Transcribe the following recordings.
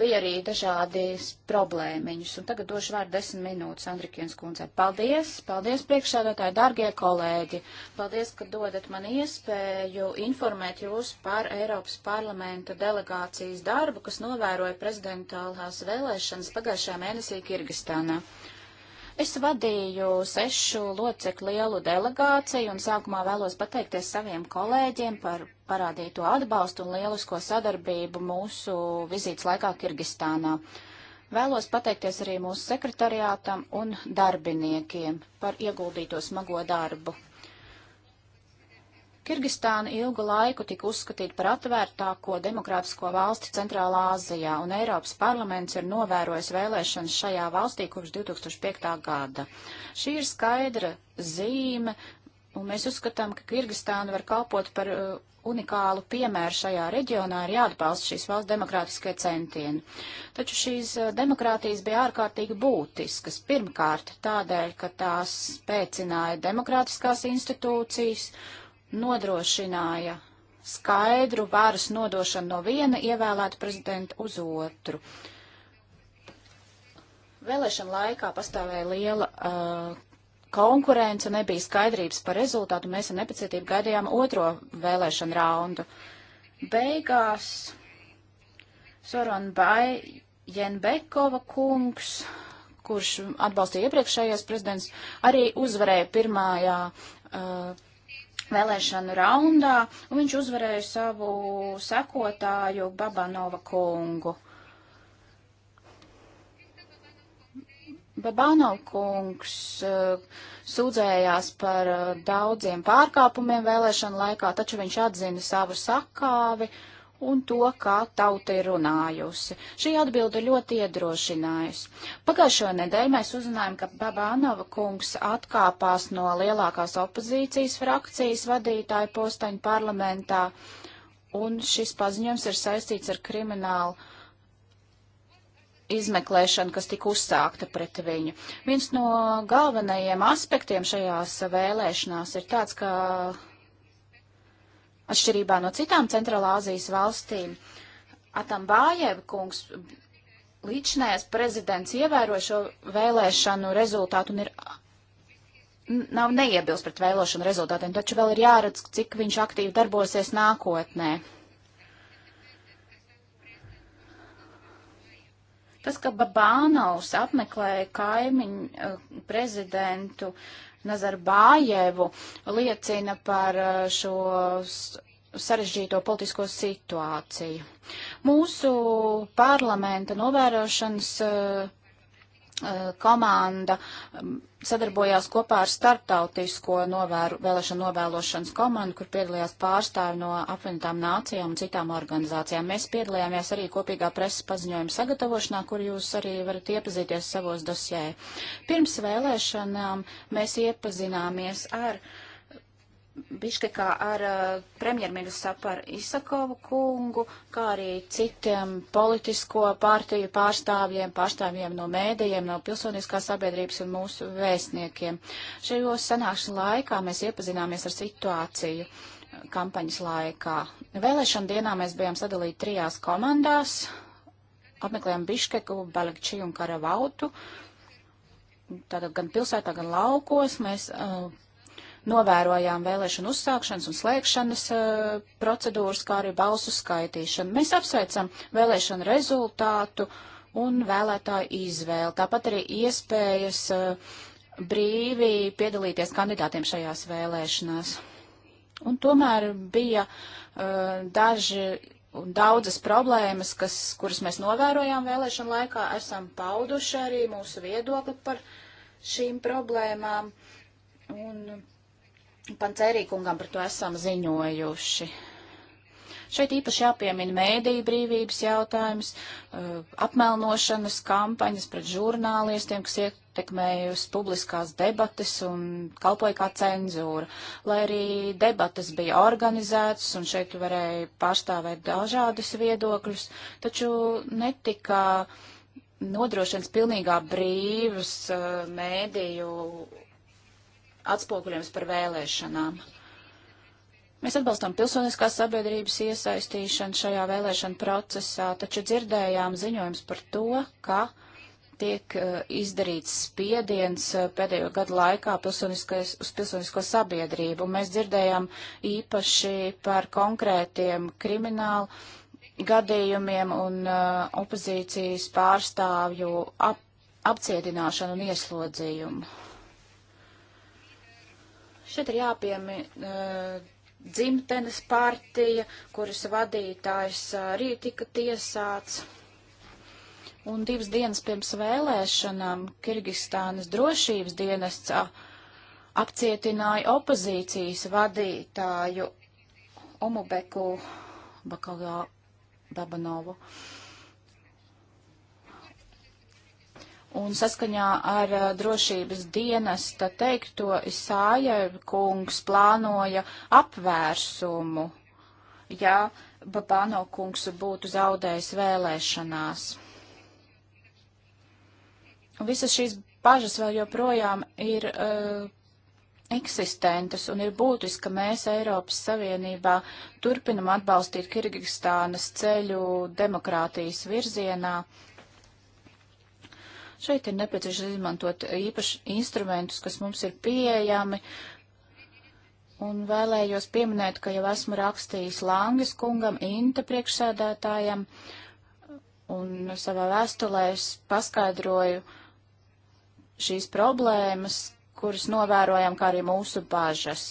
bija arī dažādi problēmiņas. Un tagad došu vārdu desmit minūtes Andrikienas kundzei. Paldies, paldies priekšsādātāji, dargie kolēģi. Paldies, ka dodat man iespēju informēt jūs par Eiropas parlamenta delegācijas darbu, kas novēroja prezidentālās vēlēšanas pagājušajā mēnesī Kirgistānā. Uh, Es vadīju sešu locekļu lielu delegāciju un sākumā vēlos pateikties saviem kolēģiem par parādīto atbalstu un lielisko sadarbību mūsu vizītes laikā Kirgistānā. Vēlos pateikties arī mūsu sekretariātam un darbiniekiem par ieguldīto smago darbu. Kirgistāna ilgu laiku tika uzskatīta par atvērtāko demokrātisko valsti Centrālā Āzijā, un Eiropas parlaments ir novērojis vēlēšanas šajā valstī kopš 2005. gada. Šī ir skaidra zīme, un mēs uzskatām, ka Kirgistāna var kalpot par uh, unikālu piemēru šajā reģionā ir jāatbalsta šīs valsts demokrātiskie centieni. Taču šīs uh, demokrātijas bija ārkārtīgi būtiskas. Pirmkārt, tādēļ, ka tās spēcināja demokrātiskās institūcijas nodrošināja skaidru varas nodošanu no viena ievēlēta prezidenta uz otru. Vēlēšana laikā pastāvēja liela uh, konkurence, nebija skaidrības par rezultātu, mēs ar nepacietību gaidījām otro vēlēšanu raundu. Beigās Soron Bai Jenbekova kungs, kurš atbalstīja iepriekšējais prezidents, arī uzvarēja pirmajā uh, vēlēšanu raundā, un viņš uzvarēja savu sekotāju Babanova kungu. Babanov kungs uh, sūdzējās par uh, daudziem pārkāpumiem vēlēšanu laikā, taču viņš atzina savu sakāvi, uh, un to, kā tauta ir runājusi. Šī atbilde ļoti iedrošinājusi. Pagājušo nedēļu mēs uzzinājām, ka Babānova kungs atkāpās no lielākās opozīcijas frakcijas vadītāja postaņu parlamentā, un šis paziņojums ir saistīts ar kriminālu izmeklēšana, kas tika uzsākta pret viņu. Viens no galvenajiem aspektiem šajās vēlēšanās ir tāds, ka Atšķirībā no citām Centrālā Azijas valstīm, Atambājeva kungs līdzinājās prezidents ievēroja šo vēlēšanu rezultātu un ir nav neiebilst pret vēlošanu rezultātiem, taču vēl ir jāredz, cik viņš aktīvi darbosies nākotnē. Tas, ka Babānaus apmeklēja kaimiņu eh, prezidentu uh, Nazarbājevu liecina par uh, šo sarežģīto politisko situāciju. Mūsu parlamenta novērošanas uh, Eh, komanda mm, sadarbojās kopā ar starptautisko novēru, vēlēšanu novēlošanas komandu, kur piedalījās pārstāvi no apvienotām nācijām un citām organizācijām. Mēs piedalījāmies arī kopīgā preses paziņojuma sagatavošanā, kur jūs arī varat iepazīties savos dosjē. Pirms vēlēšanām mēs iepazināmies ar uh, Biškekā ar uh, premjerministru Saparu Isakovu kungu, kā arī citiem politisko pārtīju pārstāvjiem, pārstāvjiem no mēdījiem, no pilsoniskās sabiedrības un mūsu vēstniekiem. Šajos sanākšanu laikā mēs iepazināmies ar situāciju kampaņas laikā. Vēlēšana dienā mēs bijām sadalīti trijās komandās, apmeklējām Biškeku, Belekčiju un Karavautu. Tātad gan pilsētā, gan laukos mēs uh, novērojām vēlēšanu uzsākšanas un slēgšanas uh, procedūras, kā arī balsu skaitīšanu. Mēs apsveicam vēlēšanu rezultātu un vēlētāju izvēli, tāpat arī iespējas uh, brīvi piedalīties kandidātiem šajās vēlēšanās. Un tomēr bija uh, daži un daudzas problēmas, kas, kuras mēs novērojām vēlēšana laikā, esam pauduši arī mūsu viedokli par šīm problēmām. Un Pancērīkungam par to esam ziņojuši. Šeit īpaši jāpiemina mēdīja brīvības jautājums, eh, apmelnošanas kampaņas pret žurnālistiem, kas ietekmējusi publiskās debates un kalpoja kā cenzūra. Lai arī debates bija organizētas un šeit varēja pārstāvēt dažādas viedokļus, taču netika nodrošins pilnīgā brīvas eh, mēdīju atspoguļojums par vēlēšanām. Mēs atbalstam pilsoniskās sabiedrības iesaistīšanu šajā vēlēšana procesā, taču dzirdējām ziņojums par to, ka tiek eh, izdarīts spiediens eh, pēdējo gadu laikā uz pilsonisko sabiedrību. Mēs dzirdējām īpaši par konkrētiem kriminālu gadījumiem un eh, opozīcijas pārstāvju ap, apcietināšanu un ieslodzījumu. Šeit ir jāpiemina eh, dzimtenes partija, kuras vadītājs eh, arī tika tiesāts. Un divas dienas pirms vēlēšanām Kirgistānas drošības dienests eh, apcietināja opozīcijas vadītāju Omubeku Bakalā Dabanovu. Uh, Un saskaņā ar uh, drošības dienesta teikto Isāja kungs plānoja apvērsumu, ja Babano kungs būtu zaudējis vēlēšanās. Visas šīs bažas vēl joprojām ir uh, eksistentas un ir būtiski, ka mēs Eiropas Savienībā turpinam atbalstīt Kirgistānas ceļu demokrātijas virzienā. Uh, Šeit ir nepieciešams izmantot īpaši instrumentus, kas mums ir pieejami. Un vēlējos pieminēt, ka jau esmu rakstījis Langas kungam, Inta priekšsēdētājam, un savā vēstulē es paskaidroju šīs problēmas, kuras novērojam, kā arī mūsu bažas.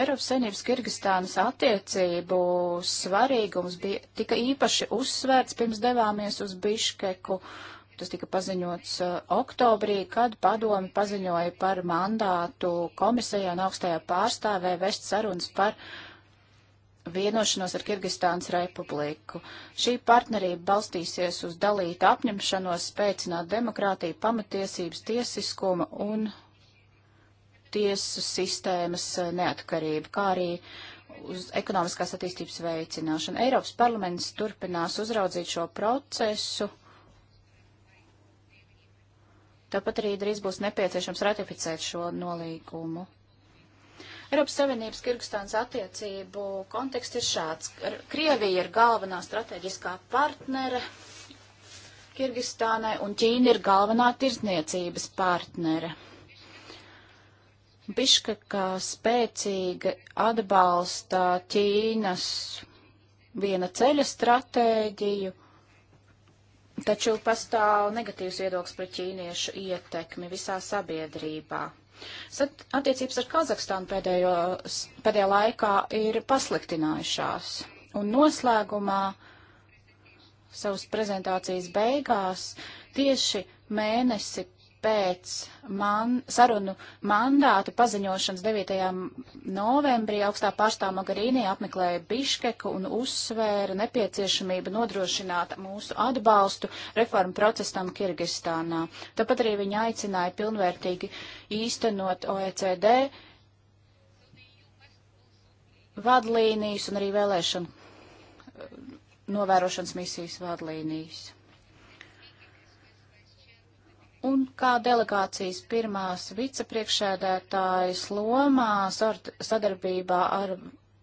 Eiropas Savienības Kirgistānas attiecību svarīgums bija tika īpaši uzsvērts pirms devāmies uz Biškeku, Tas tika paziņots uh, oktobrī, kad padomi paziņoja par mandātu komisijā un augstajā pārstāvē vest sarunas par vienošanos ar Kirgistānas republiku. Šī partnerība balstīsies uz dalītu apņemšanos spēcināt demokrātiju, pamatiesības, tiesiskuma un tiesu sistēmas uh, neatkarību, kā arī uz ekonomiskās attīstības veicināšanu. Eiropas parlaments turpinās uzraudzīt šo procesu Tāpat arī drīz būs nepieciešams ratificēt šo nolīgumu. Eiropas Savienības Kirgistānas attiecību konteksts ir šāds. Krievija ir galvenā strateģiskā partnere Kirgistānai un Ķīna ir galvenā tirzniecības partnere. Biškekā spēcīgi atbalsta Ķīnas viena ceļa stratēģiju Taču pastāv negatīvs viedoklis pret ķīniešu ietekmi visā sabiedrībā. Sat, attiecības ar Kazahstānu pēdējo, pēdējā laikā ir pasliktinājušās. Un noslēgumā savas prezentācijas beigās tieši mēnesi pēc man, sarunu mandātu paziņošanas 9. novembrī augstā pārstāv Mogarīnī apmeklēja Biškeku un uzsvēra nepieciešamību nodrošināt mūsu atbalstu reformu procesam Kirgistānā. Tāpat arī viņa aicināja pilnvērtīgi īstenot OECD vadlīnijas un arī vēlēšanu novērošanas misijas vadlīnijas. Un kā delegācijas pirmās vicepriekšēdētājas lomā sadarbībā ar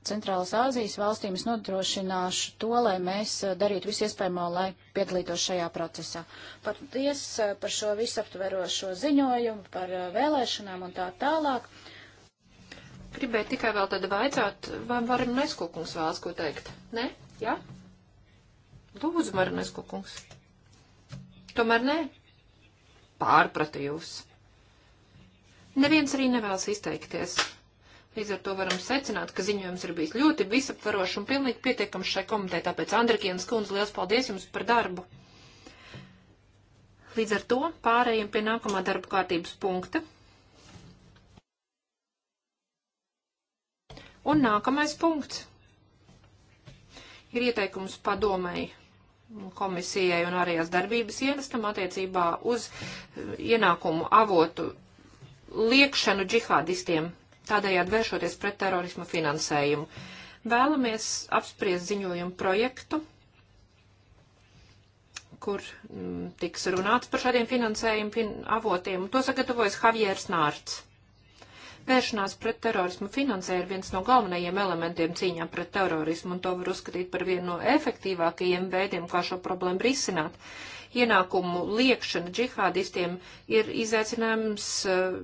Centrālas Āzijas valstīm es nodrošināšu to, lai mēs eh, darītu visu iespējamo, lai piedalītos šajā procesā. Paldies eh, par šo visaptverošo ziņojumu, par eh, vēlēšanām un tā tālāk. Gribēju tikai vēl tad vaicāt, vai varam neskukums vēlas ko teikt? Ne? Jā? Ja? Lūdzu, varam neskukums. Tomēr nē. Ne? pārprata jūs. Neviens arī nevēlas izteikties. Līdz ar to varam secināt, ka ziņojums ir bijis ļoti visaptvarošs un pilnīgi pietiekams šai komitē, tāpēc Andrikienas kundze, liels paldies jums par darbu. Līdz ar to pārējiem pie nākamā darba kārtības punkta. Un nākamais punkts ir ieteikums padomēji komisijai un ārējās darbības ienestam attiecībā uz eh, ienākumu avotu liekšanu džihādistiem, tādējādi vēršoties pret terorismu finansējumu. Vēlamies apspriest ziņojumu projektu, kur m, mm, tiks runāts par šādiem finansējumu fin avotiem. To sagatavojas Javieris Nārts. Vēršanās pret terorismu finansē ir viens no galvenajiem elementiem cīņā pret terorismu, un to var uzskatīt par vienu no efektīvākajiem veidiem, kā šo problēmu risināt. Ienākumu liekšana džihādistiem ir izaicinājums, eh,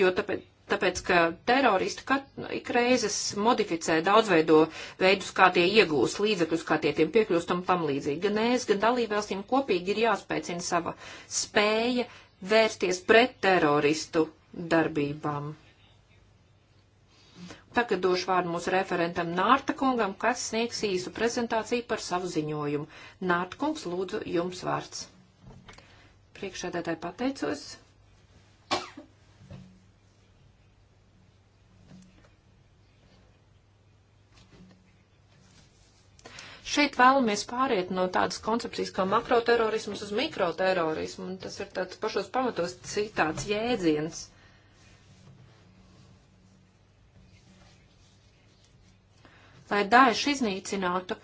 jo tāpēc, tāpēc ka teroristi kat, ik reizes modificē daudzveido veidus, kā tie iegūs līdzekļus, kā tie tiem piekļūst un tam līdzīgi. Gan es, gan dalībvalstīm kopīgi ir jāspēcina sava spēja vērsties pret teroristu darbībām. Tagad došu vārdu mūsu referentam Nārta kungam, kas sniegs īsu prezentāciju par savu ziņojumu. Nārta kungs, lūdzu, jums vārds. Priekšādētāji pateicos. Šeit vēlamies pāriet no tādas koncepcijas kā makroterorisms uz mikroterorismu, un tas ir tāds pašos pamatos citāds jēdziens. lai Daešu iznīcinātu.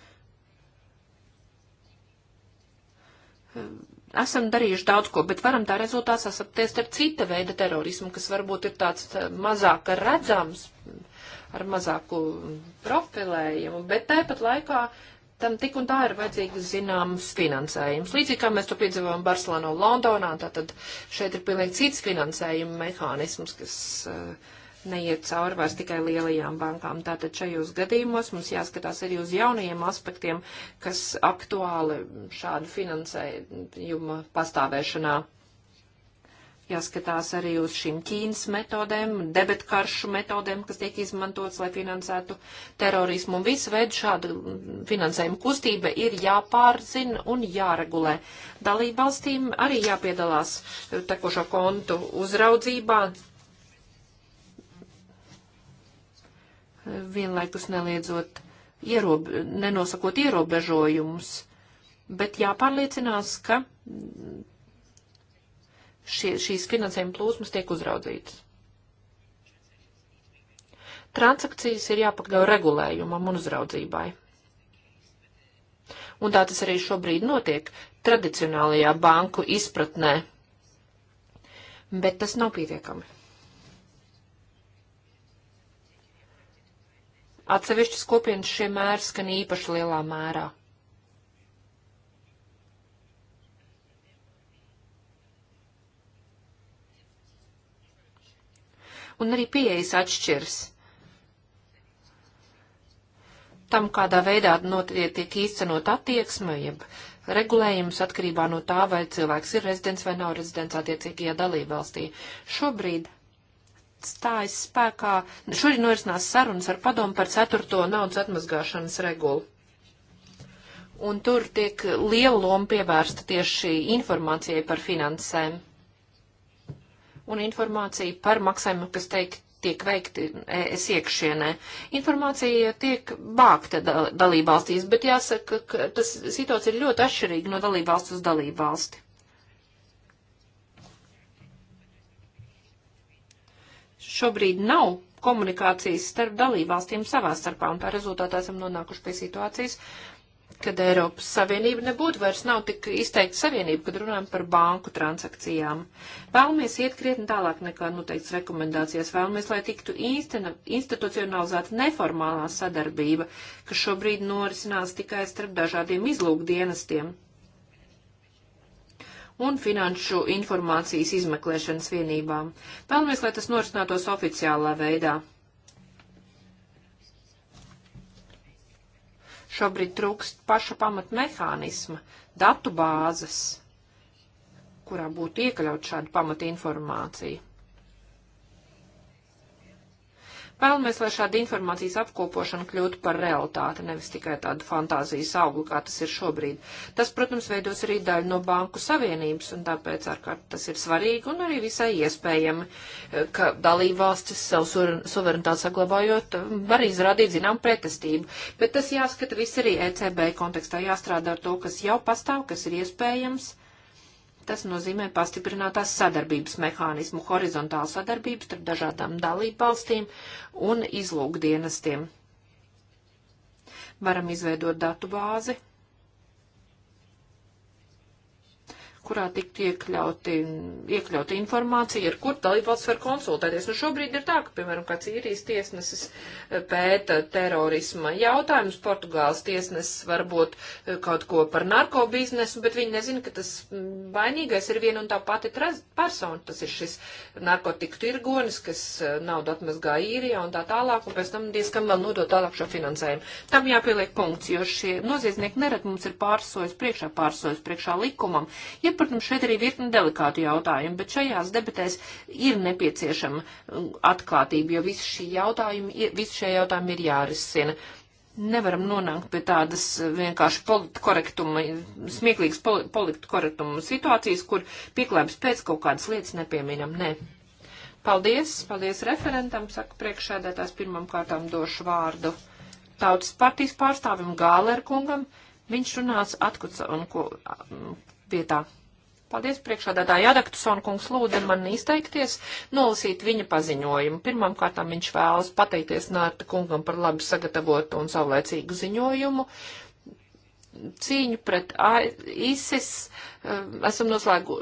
Esam darījuši daudz ko, bet varam tā rezultātā sasapties ar cita veida terorismu, kas varbūt ir tāds eh, mazāk redzams, ar mazāku profilējumu, bet tāpat laikā tam tik un tā ir vajadzīgs zināms finansējums. Līdzīgi kā mēs to piedzīvojam Barcelonā, Londonā, tātad šeit ir pilnīgi cits finansējuma mehānisms, kas uh, neiet cauri vairs tikai lielajām bankām. Tātad šajos gadījumos mums jāskatās arī uz jaunajiem aspektiem, kas aktuāli šādu finansējuma pastāvēšanā. Jāskatās arī uz šīm ķīnas metodēm, debetkaršu metodēm, kas tiek izmantotas, lai finansētu terorismu. Un visu veidu šāda finansējuma kustība ir jāpārzina un jāregulē. Dalībvalstīm arī jāpiedalās tekošo kontu uzraudzībā, vienlaikus neliedzot, ierob, nenosakot ierobežojumus, bet jāpārliecinās, ka šie, šīs finansējuma plūsmas tiek uzraudzītas. Transakcijas ir jāpakļauj regulējumam un uzraudzībai. Un tā tas arī šobrīd notiek tradicionālajā banku izpratnē. Bet tas nav pietiekami. Atsevišķas kopienas šie mēri skan īpaši lielā mērā. Un arī pieejas atšķiras tam, kādā veidā notiek, tiek īstenot attieksme, jeb regulējums atkarībā no tā, vai cilvēks ir rezidents vai nav rezidents attiecīgajā dalībvalstī. Šobrīd stājas spēkā, šodien norisinās sarunas ar padomu par ceturto naudas atmazgāšanas regulu. Un tur tiek liela loma pievērsta tieši informācijai par finansēm un informācija par maksājumu, kas teikt, tiek veikti es iekšienē. Informācija tiek bākta dalībvalstīs, bet jāsaka, ka tas situācija ir ļoti atšķirīga no dalībvalsts uz dalībvalsti. šobrīd nav komunikācijas starp dalībvalstīm savā starpā, un tā rezultātā esam nonākuši pie situācijas, kad Eiropas Savienība nebūtu vairs nav tik izteikta savienība, kad runājam par banku transakcijām. Vēlamies iet krietni tālāk nekā noteikts rekomendācijas. Vēlamies, lai tiktu īstena, institucionalizēta neformālā sadarbība, kas šobrīd norisinās tikai starp dažādiem izlūkdienestiem. dienestiem un finanšu informācijas izmeklēšanas vienībām. Vēlamies, lai tas norisinātos oficiālā veidā. Šobrīd trūkst paša pamatmehānisma, datu bāzes, kurā būtu iekļaut šādu pamatu informāciju. Vēlamies, lai šāda informācijas apkopošana kļūtu par realitāti, nevis tikai tādu fantāzijas auglu, kā tas ir šobrīd. Tas, protams, veidos arī daļu no Banku Savienības, un tāpēc ārkārt tas ir svarīgi un arī visai iespējami, eh, ka dalībvalstis savu suverenitāti saglabājot eh, var izrādīt zinām pretestību. Bet tas jāskata viss arī ECB kontekstā, jāstrādā ar to, kas jau pastāv, kas ir iespējams tas nozīmē pastiprinātās sadarbības mehānismu, horizontālu sadarbību starp dažādām dalībvalstīm un izlūkdienestiem. Varam izveidot datu bāzi kurā tiktu iekļauti, iekļauti informācija, ar kur dalībvalsts var konsultēties. Nu, šobrīd ir tā, ka, piemēram, kāds īrijas tiesnesis eh, pēta terorisma jautājumus, Portugāles tiesnesis varbūt eh, kaut ko par narkobiznesu, bet viņi nezina, ka tas mm, vainīgais ir viena un tā pati persona. Tas ir šis narkotiku tirgonis, kas eh, naudu atmazgā īrijā un tā tālāk, un pēc tam diezgan vēl nodot tālāk šo finansējumu. Tam jāpieliek punkts, jo šie noziedznieki nerad mums ir pārsojis priekšā, pārsojis priekšā likumam. Ja protams, šeit arī virkni delikāti jautājumi, bet šajās debatēs ir nepieciešama uh, atklātība, jo visi, šī jautājumi, visi šie jautājumi ir jārisina. Nevaram nonākt pie tādas uh, vienkārši politkorektuma, smieklīgas politkorektuma situācijas, kur pieklājums pēc kaut kādas lietas nepieminam. Nē. Paldies, paldies referentam, saka priekšēdētājs pirmam kārtām došu vārdu tautas partijas pārstāvim Gāler kungam. Viņš runās atkuca un ko vietā. Paldies priekšādātāji Jadaksona kungs lūdza man izteikties, nolasīt viņa paziņojumu. Pirmām kārtām viņš vēlas pateikties Nārta kungam par labi sagatavotu un savlaicīgu ziņojumu. Cīņu pret ISIS eh, esam noslēgu,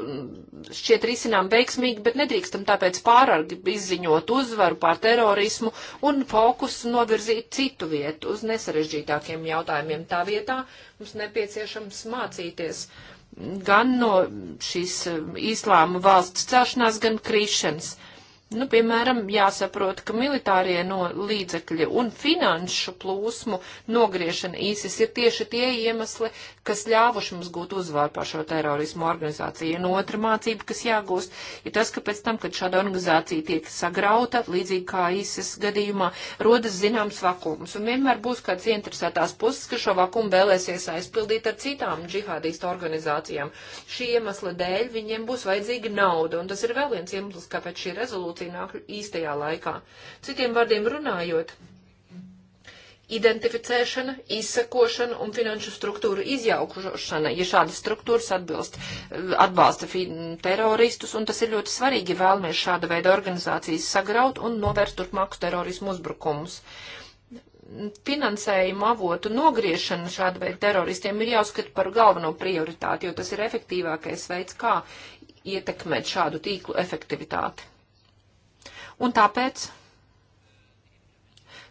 šķiet risinām veiksmīgi, bet nedrīkstam tāpēc pārargi izziņot uzvaru pār terorismu un fokusu novirzīt citu vietu uz nesarežģītākiem jautājumiem. Tā vietā mums nepieciešams mācīties. Uh, gan no šīs islāma eh, valsts celšanās, gan krīšanas. Uh, Nu, piemēram, jāsaprot, ka militārie no līdzekļi un finanšu plūsmu nogriešana īsis ir tieši tie iemesli, kas ļāvuši mums gūt uzvaru pār šo terorismu organizāciju. Un otra mācība, kas jāgūst, ir tas, ka pēc tam, kad šāda organizācija tiek sagrauta, līdzīgi kā īsis gadījumā, rodas zināms vakums. Un vienmēr būs kāds interesētās puses, ka šo vakumu vēlēsies aizpildīt ar citām džihādīstu organizācijām. Šī iemesla dēļ viņiem būs vajadzīga nauda. Un tas ir vēl viens iemesls, kāpēc šī rezolūcija ieguldīnākļu īstajā laikā. Citiem vārdiem runājot, identificēšana, izsekošana un finanšu struktūru izjaukušana, ja šādas struktūras atbilst, atbalsta teroristus, un tas ir ļoti svarīgi, ja vēlamies šāda veida organizācijas sagraut un novērst turpmākus terorismu uzbrukumus. Finansējuma avotu nogriešana šāda veida teroristiem ir jāuzskata par galveno prioritāti, jo tas ir efektīvākais veids, kā ietekmēt šādu tīklu efektivitāti. Un tāpēc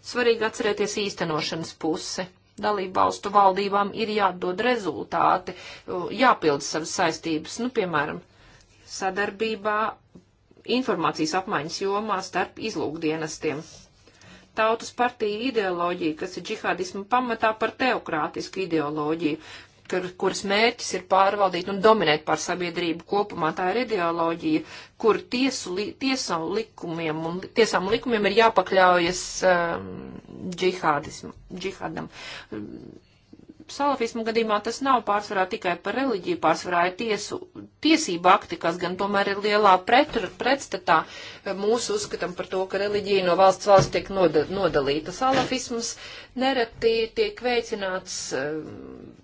svarīgi atcerēties īstenošanas pusi. Dalību valstu valdībām ir jādod rezultāti, jāpild savas saistības, nu, piemēram, sadarbībā informācijas apmaiņas jomā starp izlūkdienestiem. Tautas partija ideoloģija, kas ir džihādismu pamatā par teokrātisku ideoloģiju, kur, kuras mērķis ir pārvaldīt un dominēt pār sabiedrību kopumā. Tā ir ideoloģija, kur tiesu, li, tiesām, likumiem un, tiesām likumiem ir jāpakļaujas um, džihādism, džihādam salafismu gadījumā tas nav pārsvarā tikai par reliģiju, pārsvarā ir tiesu, tiesība akti, kas gan tomēr ir lielā pretur, pretstatā mūsu uzskatam par to, ka reliģija no valsts valsts tiek noda, nodalīta. Salafisms nereti tiek veicināts eh,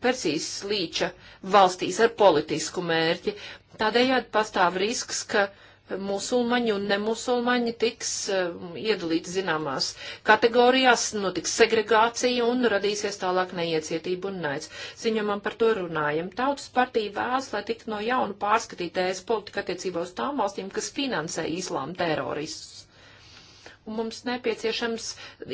Persijas līča valstīs ar politisku mērķi. Tādējādi pastāv risks, ka uh, musulmaņi un nemusulmaņi tiks um, iedalīti zināmās kategorijās, notiks segregācija un radīsies tālāk neiecietība un naids. Ziņojumam par to runājam. Tautas partija vēlas, lai tiktu no jauna pārskatīta ES politika attiecībā uz tām valstīm, kas finansē islāma teroristus. Un mums nepieciešams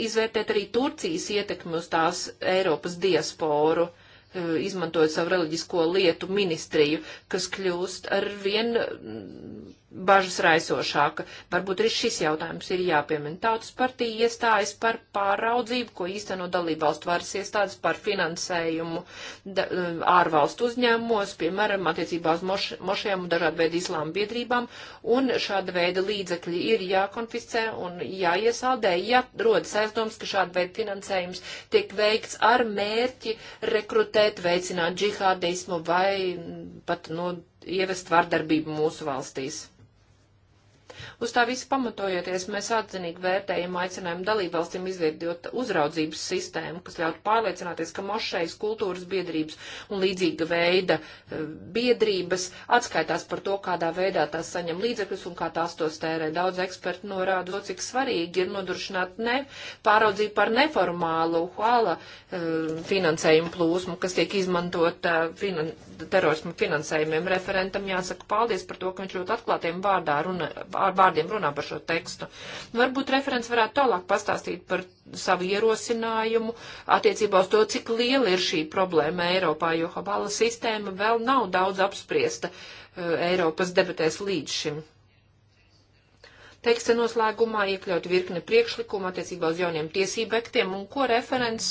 izvērtēt arī Turcijas ietekmi uz tās Eiropas diasporu uh, izmantojot savu reliģisko lietu ministriju, kas kļūst ar vien mm, bažas raisošāka. Varbūt arī šis jautājums ir jāpiemina. Tautas partija iestājas par pāraudzību, ko īsteno dalībvalstu varas iestādes par finansējumu da, eh, ārvalstu uzņēmumos, piemēram, attiecībā uz moš, mošiem un dažādu veidu islāma biedrībām, un šāda veida līdzekļi ir jākonfiscē un jāiesaldē, ja rodas aizdoms, ka šāda veida finansējums tiek veikts ar mērķi rekrutēt, veicināt džihādismu vai pat, nu, no, ievest vardarbību mūsu valstīs. Uz tā visu pamatojoties, mēs atzinīgi vērtējam aicinājumu dalībvalstīm izveidot uzraudzības sistēmu, kas ļautu pārliecināties, ka mošejas kultūras biedrības un līdzīga veida eh, biedrības atskaitās par to, kādā veidā tās saņem līdzekļus un kā tās tos tērē. Daudz eksperti norāda, to, cik svarīgi ir nodrošināt ne, pāraudzību par neformālu hāla eh, finansējumu plūsmu, kas tiek izmantot finan terorismu finansējumiem. Referentam jāsaka paldies par to, ka viņš ļoti atklātiem vārdā runa, vārdā vārdiem runā par šo tekstu. Varbūt referents varētu tālāk pastāstīt par savu ierosinājumu attiecībā uz to, cik liela ir šī problēma Eiropā, jo habala sistēma vēl nav daudz apspriesta eh, Eiropas debatēs līdz šim teksta noslēgumā iekļaut virkni priekšlikumu attiecībā uz jauniem tiesību aktiem un ko referents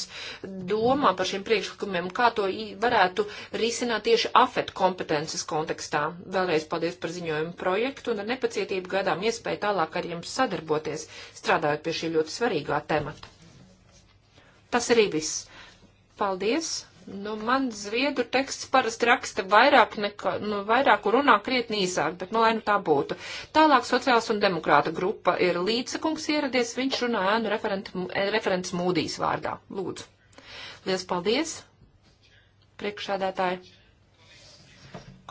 domā par šiem priekšlikumiem, kā to varētu risināt tieši afet kompetences kontekstā. Vēlreiz paldies par ziņojumu projektu un ar nepacietību gaidām iespēju tālāk ar jums sadarboties, strādājot pie šī ļoti svarīgā temata. Tas arī viss. Paldies! Nu, man zviedru teksts parasti raksta vairāk nekā, nu, vairāk un runā krietni īsāk, bet, nu, lai nu tā būtu. Tālāk sociāls un demokrāta grupa ir līdzekungs ieradies, viņš runā ēnu referent, referents mūdīs vārdā. Lūdzu. Liels paldies, priekšsēdētāji.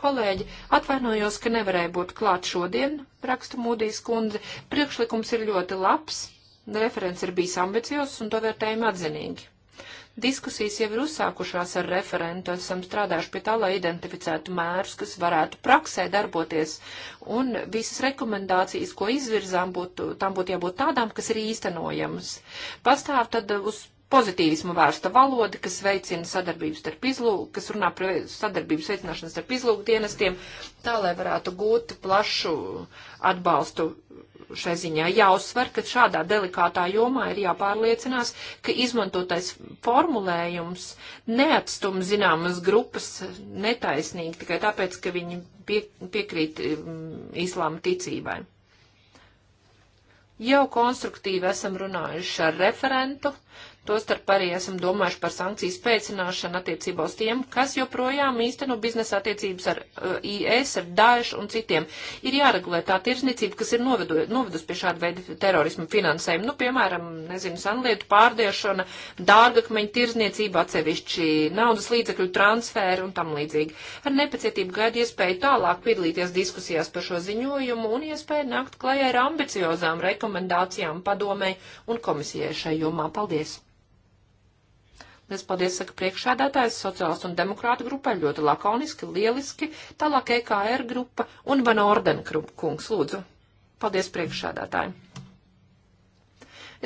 Kolēģi, atvainojos, ka nevarēju būt klāt šodien, raksta Mūdīs kundze. Priekšlikums ir ļoti labs, referents ir bijis ambiciozs un to vērtējumi atzinīgi. Diskusijas jau ir uzsākušās ar referentu, esam strādājuši pie tā, lai identificētu mērus, kas varētu praksē darboties, un visas rekomendācijas, ko izvirzām, būtu, tam būtu jābūt tādām, kas ir īstenojamas. Pastāv tad uz pozitīvismu vērsta valoda, kas veicina sadarbības starp izlūku, kas runā par sadarbības veicināšanu starp izlūku dienestiem, tā lai varētu gūt plašu atbalstu šai ziņā. Jāuzsver, ka šādā delikātā jomā ir jāpārliecinās, ka izmantotais formulējums neatstum zināmas grupas netaisnīgi tikai tāpēc, ka viņi pie, piekrīt mm, islāma ticībai. Jau konstruktīvi esam runājuši ar referentu, Tostarp arī esam domājuši par sankciju spēcināšanu attiecībā uz tiem, kas joprojām īsteno biznesa attiecības ar uh, eh, IS, e ar Daesh un citiem. Ir jāregulē tā tirsniecība, kas ir novedu, novedus pie šāda veida terorismu finansējumu. Nu, piemēram, nezinu, sanlietu pārdiešana, dārgakmeņu tirzniecība, atsevišķi naudas līdzekļu transferi un tam līdzīgi. Ar nepacietību gaidu iespēju tālāk piedalīties diskusijās par šo ziņojumu un iespēju nākt klajā ar ambiciozām rekomendācijām padomē un komisijai šai jomā. Paldies! Liels paldies, saka priekšādātājs sociālistu un demokrātu grupai, ļoti lakoniski, lieliski, tālāk EKR grupa un Van Orden kungs, lūdzu. Paldies priekšādātājiem.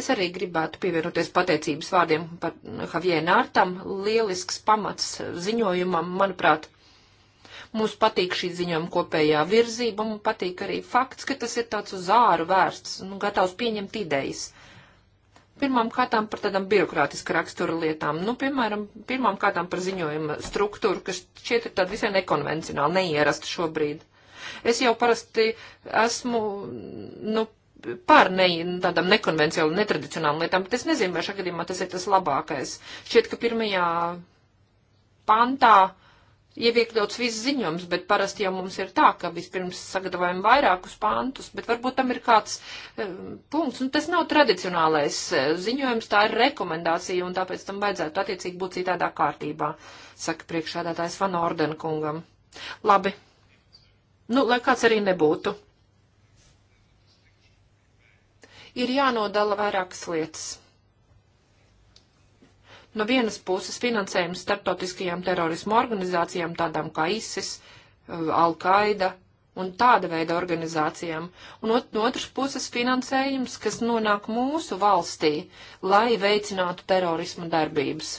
Es arī gribētu pievienoties pateicības vārdiem par Havienu Ārtam. Lielisks pamats ziņojumam, manuprāt. Mums patīk šī ziņojuma kopējā virzība, mums patīk arī fakts, ka tas ir tāds uz āru vērsts, nu, gatavs pieņemt idejas. Pirmām kārtām par tādām birokrātiska rakstura lietām. Nu, piemēram, pirmām kārtām par ziņojuma struktūru, kas šķiet ir tāda visai nekonvencionāla, neierasta šobrīd. Es jau parasti esmu, nu, pār ne, tādām nekonvencionālām, netradicionālām lietām, bet es nezinu, vai šajā gadījumā tas ir tas labākais. Šķiet, ka pirmajā pantā jau iekļauts viss ziņojums, bet parasti jau mums ir tā, ka vispirms sagatavojam vairākus pantus, bet varbūt tam ir kāds um, punkts. Nu, tas nav tradicionālais eh, ziņojums, tā ir rekomendācija, un tāpēc tam vajadzētu attiecīgi būt citādā kārtībā, saka priekšādātājs Van Orden kungam. Labi. Nu, lai kāds arī nebūtu. Ir jānodala vairākas lietas. No vienas puses finansējums starptautiskajām terorismu organizācijām, tādām kā ISIS, uh, Al-Qaida un tāda veida organizācijām, un ot, no otras puses finansējums, kas nonāk mūsu valstī, lai veicinātu terorismu darbības.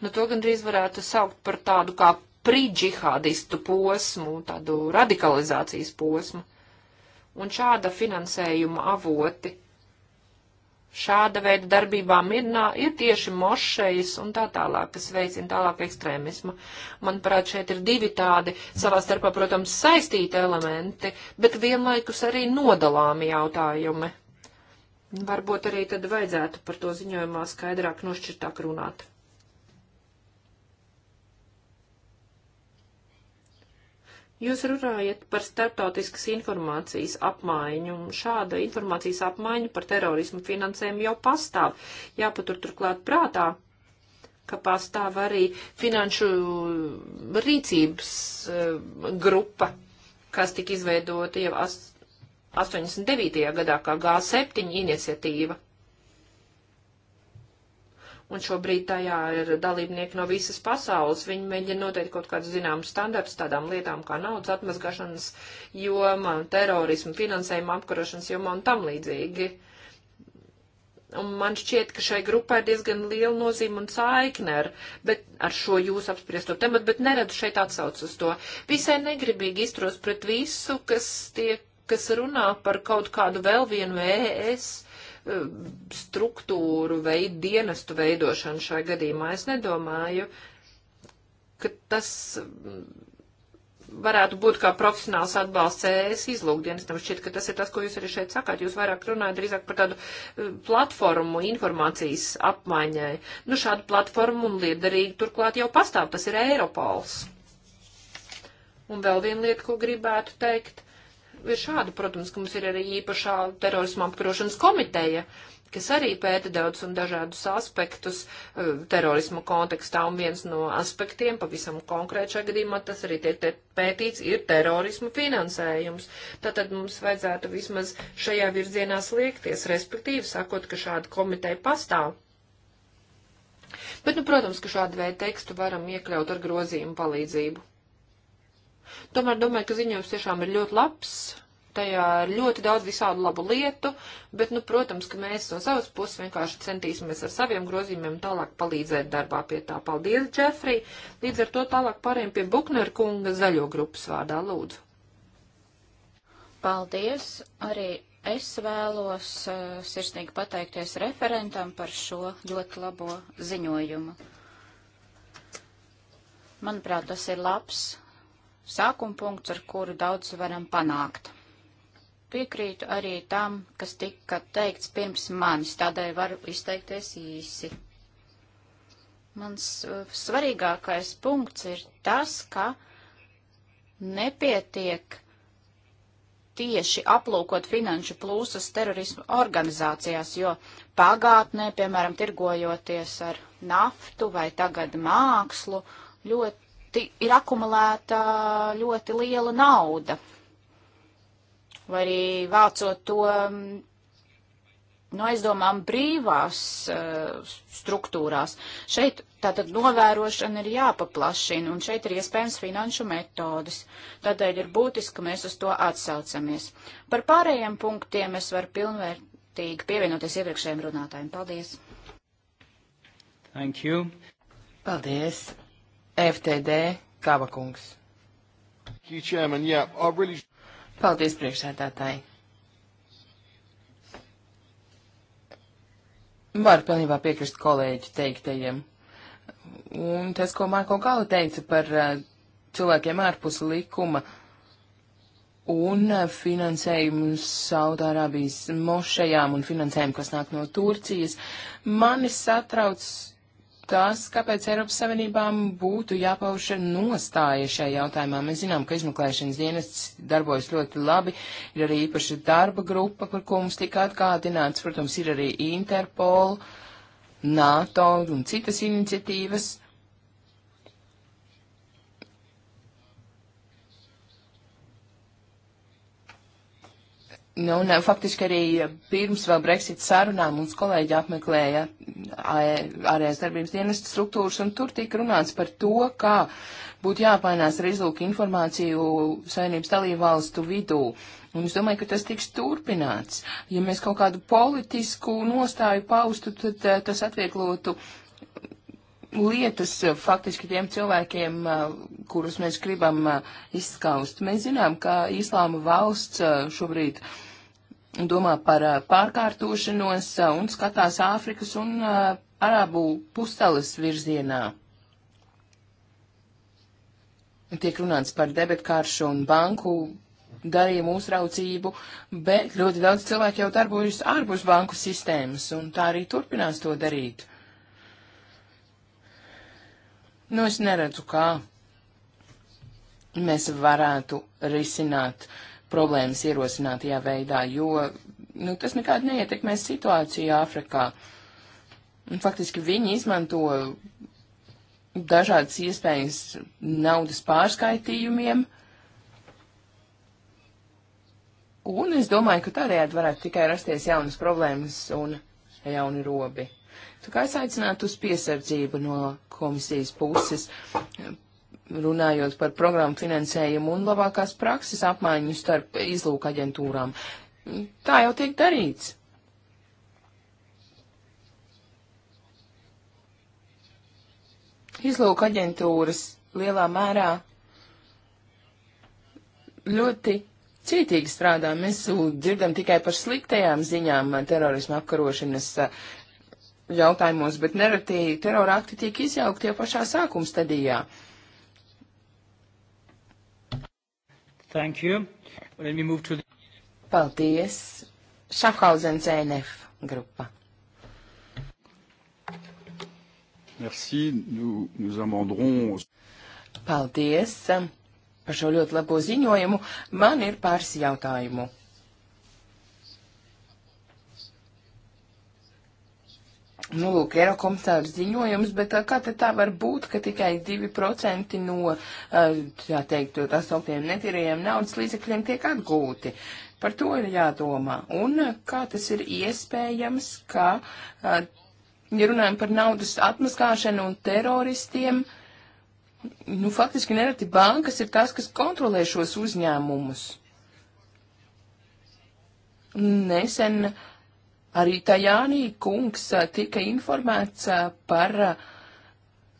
Nu, to gandrīz varētu saukt par tādu kā pridžihādistu posmu, tādu radikalizācijas posmu. Un šāda finansējuma avoti šāda veida darbībām ir, nā, ir tieši mošejas un tā tālāk, kas veicina tālāk ekstrēmismu. Manuprāt, šeit ir divi tādi savā starpā, protams, saistīti elementi, bet vienlaikus arī nodalāmi jautājumi. Varbūt arī tad vajadzētu par to ziņojumā skaidrāk nošķirtāk runāt. Jūs runājat par starptautiskas informācijas apmaiņu, un šāda informācijas apmaiņa par terorismu finansējumu jau pastāv. Jāpatur turklāt prātā, ka pastāv arī finanšu rīcības eh, grupa, kas tika izveidota jau 89. gadā kā G7 iniciatīva un šobrīd tajā ir dalībnieki no visas pasaules. Viņi mēģina noteikt kaut kādus zināmus standartus tādām lietām kā naudas atmazgašanas joma, terorismu finansējuma apkarošanas joma un tam līdzīgi. Un man šķiet, ka šai grupai ir diezgan liela nozīme un saikne ar, bet, ar šo jūsu apspriesto tematu, bet neredzu šeit atsauc uz to. Visai negribīgi izturos pret visu, kas tiek kas runā par kaut kādu vēl vienu ES Eh, struktūru vai dienestu veidošanu šajā gadījumā. Es nedomāju, ka tas mm, varētu būt kā profesionāls atbalsts ES izlūkdienestam. Šķiet, ka tas ir tas, ko jūs arī šeit sakāt. Jūs vairāk runājat drīzāk par tādu eh, platformu informācijas apmaiņai. Nu, šādu platformu un liederīgi turklāt jau pastāv. Tas ir Eiropols. Un vēl viena lieta, ko gribētu teikt ir šāda, protams, ka mums ir arī īpašā terorisma apkarošanas komiteja, kas arī pēta daudz un dažādus aspektus e, terorisma kontekstā, un viens no aspektiem, pavisam konkrēt šajā gadījumā, tas arī tiek pētīts, ir terorisma finansējums. Tātad mums vajadzētu vismaz šajā virzienā sliekties, respektīvi sakot, ka šāda komiteja pastāv. Bet, nu, protams, ka šādu veidu tekstu varam iekļaut ar grozījumu palīdzību. Tomēr domāju, ka ziņojums tiešām ir ļoti labs. Tajā ir ļoti daudz visādu labu lietu, bet, nu, protams, ka mēs no savas puses vienkārši centīsimies ar saviem grozījumiem tālāk palīdzēt darbā pie tā. Paldies, Džefrī! Līdz ar to tālāk pārējiem pie Buknera kunga zaļo grupas vārdā, lūdzu. Paldies! Arī es vēlos uh, sirsnīgi pateikties referentam par šo ļoti labo ziņojumu. Manuprāt, tas ir labs sākuma punkts, ar kuru daudz varam panākt. Piekrītu arī tam, kas tika teikts pirms manis, tādēļ varu izteikties īsi. Mans uh, svarīgākais punkts ir tas, ka nepietiek tieši aplūkot finanšu plūsas terorismu organizācijās, jo pagātnē, piemēram, tirgojoties ar naftu vai tagad mākslu, ļoti ir akumulēta ļoti liela nauda. Vai arī vācot to mm, no aizdomām brīvās uh, struktūrās. Šeit tātad novērošana ir jāpaplašina, un šeit ir iespējams finanšu metodas. Tādēļ ir būtiski, ka mēs uz to atsaucamies. Par pārējiem punktiem es varu pilnvērtīgi pievienoties iepriekšējiem runātājiem. Paldies! Thank you! Paldies! FTD Kavakungs. Paldies, priekšsēdētāji. Varu pilnībā piekrist kolēģi teiktajiem. Un tas, ko Marko Gala teica par uh, cilvēkiem ārpus likuma un uh, finansējumu Saudārābijas mošajām un finansējumu, kas nāk no Turcijas, mani satrauc tas, kāpēc Eiropas Savienībām būtu jāpauž nostāja šajā jautājumā. Mēs zinām, ka izmeklēšanas dienests darbojas ļoti labi, ir arī īpaša darba grupa, par ko mums tika atgādināts, protams, ir arī Interpol, NATO un citas iniciatīvas. Nu, un faktiski arī pirms vēl Brexit sarunām mums kolēģi apmeklēja ārējās darbības dienas struktūras, un tur tika runāts par to, kā būtu jāpainās ar izlūku informāciju savienības dalībvalstu vidū. Un es domāju, ka tas tiks turpināts. Ja mēs kaut kādu politisku nostāju paustu, tad eh, tas atvieglotu lietas eh, faktiski tiem cilvēkiem, eh, kurus mēs gribam izskaust. Mēs zinām, ka Īslāma valsts šobrīd uh, domā par pārkārtošanos un skatās Āfrikas un Arābu pusteles virzienā. Tiek runāts par debetkāršu un banku darījumu uzraucību, bet ļoti daudz cilvēku jau darbojas ārpus banku sistēmas, un tā arī turpinās to darīt. Nu, es neredzu, kā mēs varētu risināt uh, problēmas ierosinātajā veidā, jo nu, tas nekādi neietekmēs situāciju Āfrikā. Un, faktiski viņi izmanto dažādas iespējas naudas pārskaitījumiem. Un es domāju, ka tādējādi varētu tikai rasties jaunas problēmas un jauni robi. Tā kā es aicinātu uz piesardzību no komisijas puses, runājot par programmu finansējumu un labākās prakses apmaiņu starp izlūka aģentūrām. Tā jau tiek darīts. Izlūka aģentūras lielā mērā ļoti cītīgi strādā. Mēs dzirdam tikai par sliktajām ziņām terorisma apkarošanas uh, jautājumos, bet nereti terora akti tiek izjaukti jau pašā sākuma stadijā. Uh, Thank you. Let me move to the... Paldies. Schaffhausen CNF grupa. Merci. Nous, nous amendrons. Paldies um, par šo ļoti labo ziņojumu. Man ir pāris jautājumu. Nu, lūk, Eirokomisārs ziņojums, bet kā te tā var būt, ka tikai 2% no, tā teikt, tā sauktiem netīrajiem naudas līdzekļiem tiek atgūti? Par to ir jādomā. Un kā tas ir iespējams, ka, ja runājam par naudas atmaskāšanu un teroristiem, nu, faktiski nereti bankas ir tās, kas kontrolē šos uzņēmumus. Nesen. Uh, Arī Tajānī kungs tika informēts par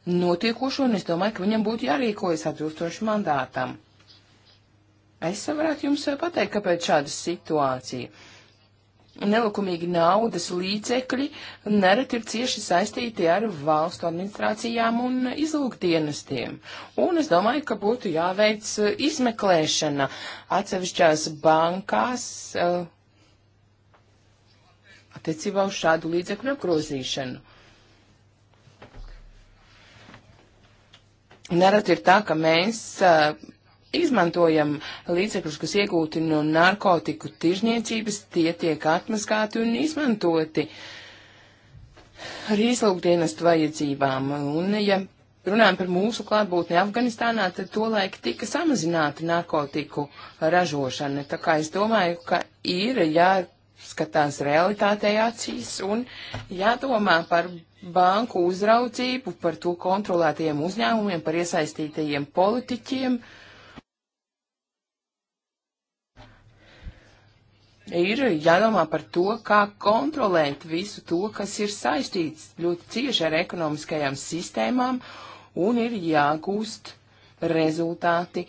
notiekošo, un es domāju, ka viņam būtu jārīkojas atbilstoši mandātam. Es varētu jums pateikt, kāpēc šāda situācija. Nelikumīgi naudas līdzekļi nereti ir cieši saistīti ar valstu administrācijām un izlūkdienestiem. Un es domāju, ka būtu jāveic izmeklēšana atsevišķās bankās, uh, attiecībā uz šādu līdzekļu apgrozīšanu. Nerad ir tā, ka mēs uh, izmantojam līdzekļus, kas iegūti no narkotiku tirzniecības, tie tiek atmaskāti un izmantoti arī izlūkdienestu vajadzībām. Un, ja runājam par mūsu klātbūtni Afganistānā, tad to laika tika samazināta narkotiku ražošana. Tā kā es domāju, ka ir, ja jāskatās realitātei acīs un jādomā par banku uzraudzību, par to kontrolētajiem uzņēmumiem, par iesaistītajiem politiķiem. Ir jādomā par to, kā kontrolēt visu to, kas ir saistīts ļoti cieši ar ekonomiskajām sistēmām, un ir jāgūst rezultāti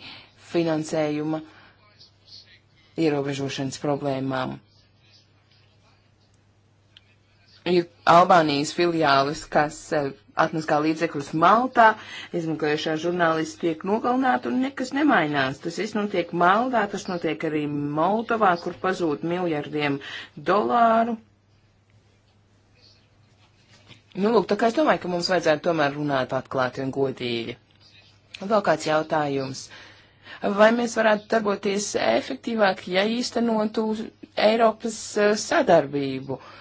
finansējuma ierobežošanas problēmām ir Albānijas filiālis, kas eh, atmaskā līdzekļus Maltā, izmeklējušā žurnālisti tiek nogalināti un nekas nemainās. Tas viss notiek Maltā, tas notiek arī Moldovā, kur pazūd miljardiem dolāru. Nu, lūk, tā kā es domāju, ka mums vajadzētu tomēr runāt atklāti un godīgi. Vēl kāds jautājums. Vai mēs varētu darboties efektīvāk, ja īstenotu Eiropas eh, sadarbību? Uh,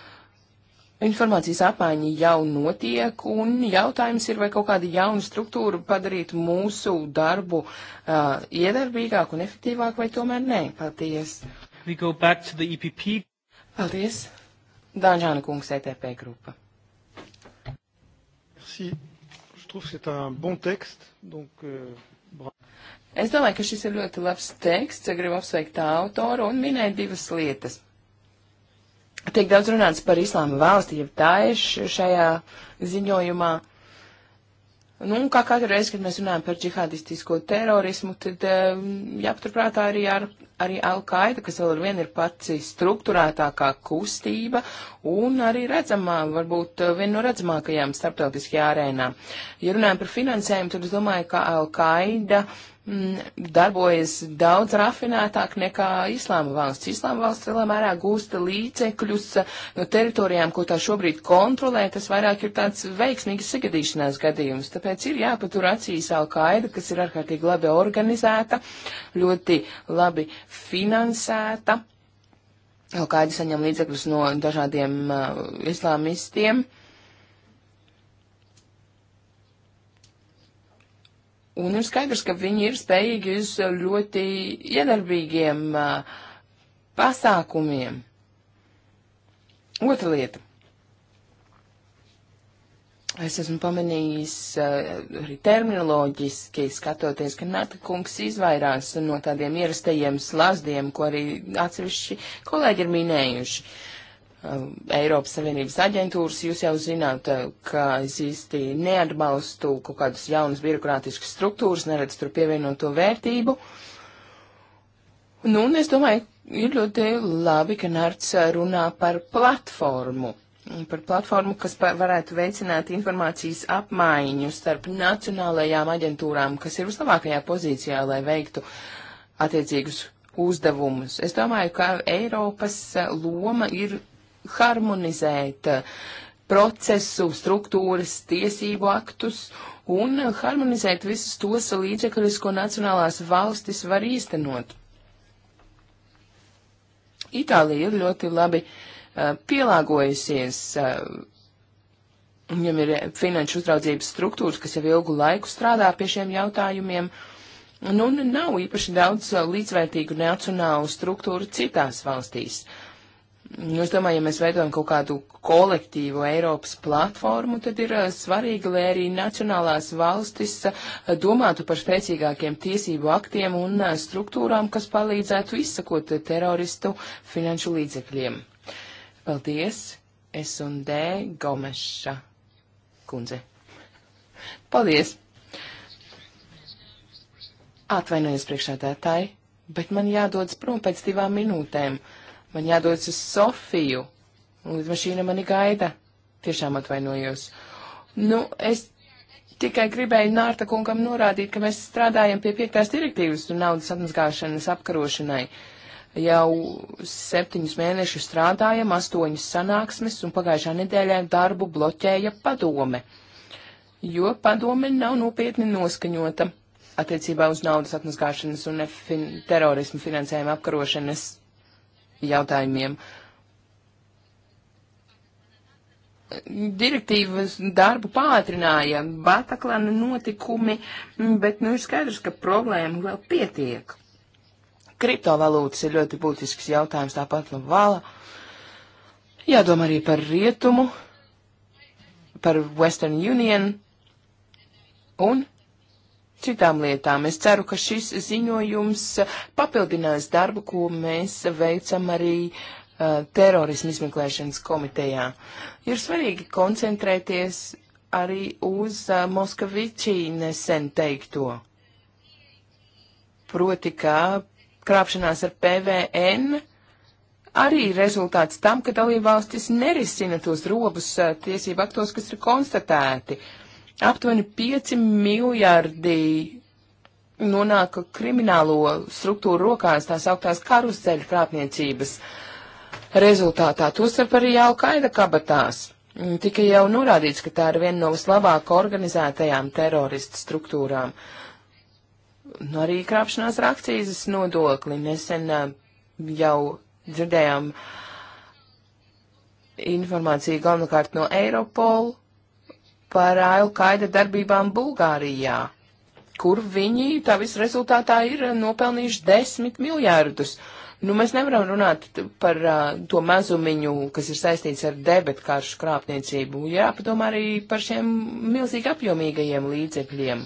Informācijas apmaiņa jau notiek, un jautājums ir, vai kaut kāda jauna struktūra padarītu mūsu darbu uh, iedarbīgāku un efektīvāku, vai tomēr nē. Paldies! E Paldies! Dāņāna kungs, ETP grupa. Bon tekst, donc, uh, es domāju, ka šis ir ļoti labs teksts, gribu apsveikt autoru un minēt divas lietas. Tiek daudz runāts par islāma valsti, jeb taišu šajā ziņojumā. Nu, kā katru reizi, kad mēs runājam par džihadistisko terorismu, tad um, jāpaturprātā arī ar, arī Al-Qaida, kas vēl ar vienu ir pats struktūrētākā kustība un arī redzamā, varbūt uh, viena no redzamākajām starptautiskajā arēnā. Ja runājam par finansējumu, tad es domāju, ka Al-Qaida uh, Mm, darbojas daudz rafinētāk nekā Islāma valsts. Islāma valsts lielā mērā gūsta līdzekļus no uh, teritorijām, ko tā šobrīd kontrolē, tas vairāk ir tāds veiksmīgs sagadīšanās gadījums. Tāpēc ir jāpatur acīs Alkaida, kas ir ārkārtīgi labi organizēta, ļoti labi finansēta. Alkaida saņem līdzekļus no dažādiem uh, islāmistiem. Uh, Un ir skaidrs, ka viņi ir spējīgi uz ļoti iedarbīgiem uh, pasākumiem. Otra lieta. Es esmu pamanījis uh, arī terminoloģiski skatoties, ka Nata kungs izvairās no tādiem ierastajiem slazdiem, ko arī atsevišķi kolēģi ir minējuši. Uh, Um, Eiropas Savienības aģentūras, jūs jau zināt, uh, ka es īsti neatbalstu kaut kādas jaunas birokrātiskas struktūras, neredz tur pievienot to vērtību. Nu, un es domāju, ir ļoti labi, ka Nārts runā par platformu. Par platformu, kas pa varētu veicināt informācijas apmaiņu starp nacionālajām aģentūrām, kas ir vislabākajā pozīcijā, lai veiktu attiecīgus uzdevumus. Es domāju, ka Eiropas uh, loma ir harmonizēt eh, procesu, struktūras, tiesību aktus un harmonizēt visus tos līdzekļus, ko nacionālās valstis var īstenot. Itālija ir ļoti labi uh, pielāgojusies, eh, viņam uh, ir finanšu uzraudzības struktūras, kas jau ilgu laiku strādā pie šiem jautājumiem, un, un nav īpaši daudz uh, līdzvērtīgu nacionālu struktūru citās valstīs. Uh, Nu, es domāju, ja mēs veidojam kaut kādu kolektīvu Eiropas platformu, tad ir uh, svarīgi, lai arī nacionālās valstis uh, domātu par spēcīgākiem tiesību aktiem un uh, struktūrām, kas palīdzētu izsakot teroristu finanšu līdzekļiem. Paldies, es un D. Gomeša kundze. Paldies! Atvainojos priekšādētāji, bet man jādodas prom pēc divām minūtēm. Uh, Man jādodas uz Sofiju. Lidmašīna mani gaida. Tiešām atvainojos. Nu, es tikai gribēju Nārta kungam norādīt, ka mēs strādājam pie piektās direktīvas un naudas atmazgāšanas apkarošanai. Jau septiņus mēnešus strādājam, astoņas sanāksmes, un pagājušā nedēļā darbu bloķēja padome, jo padome nav nopietni noskaņota attiecībā uz naudas atmazgāšanas un fin terorismu finansējuma apkarošanas jautājumiem. Direktīvas darbu pātrināja Bataklana notikumi, bet nu ir skaidrs, ka problēma vēl pietiek. Kriptovalūtas ir ļoti būtisks jautājums, tāpat Lavala. Nu, Jādomā arī par rietumu, par Western Union un citām lietām. Es ceru, ka šis ziņojums papildinās darbu, ko mēs veicam arī uh, terorismu izmeklēšanas komitejā. Ir svarīgi koncentrēties arī uz uh, Moskavičī nesen teikto. Proti, ka krāpšanās ar PVN arī rezultāts tam, ka dalībvalstis nerisina tos robus uh, tiesību aktos, kas ir konstatēti. Uh, aptuveni 5 miljārdi nonāk kriminālo struktūru rokās, tās augtās karuseļu krāpniecības rezultātā. Tostarp arī jau kaida kabatās. Mm, Tikai jau norādīts, ka tā ir viena no vislabāk organizētajām teroristu struktūrām. Nu, arī krāpšanās ar akcijas nodokli. Nesen mm, jau dzirdējām informāciju galvenokārt no Eiropola par Ailkaida darbībām Bulgārijā, kur viņi tā visu rezultātā ir nopelnījuši desmit miljārdus. Nu, mēs nevaram runāt par uh, to mazumiņu, kas ir saistīts ar debetkāršu krāpniecību. Jāpadomā arī par šiem milzīgi apjomīgajiem līdzekļiem.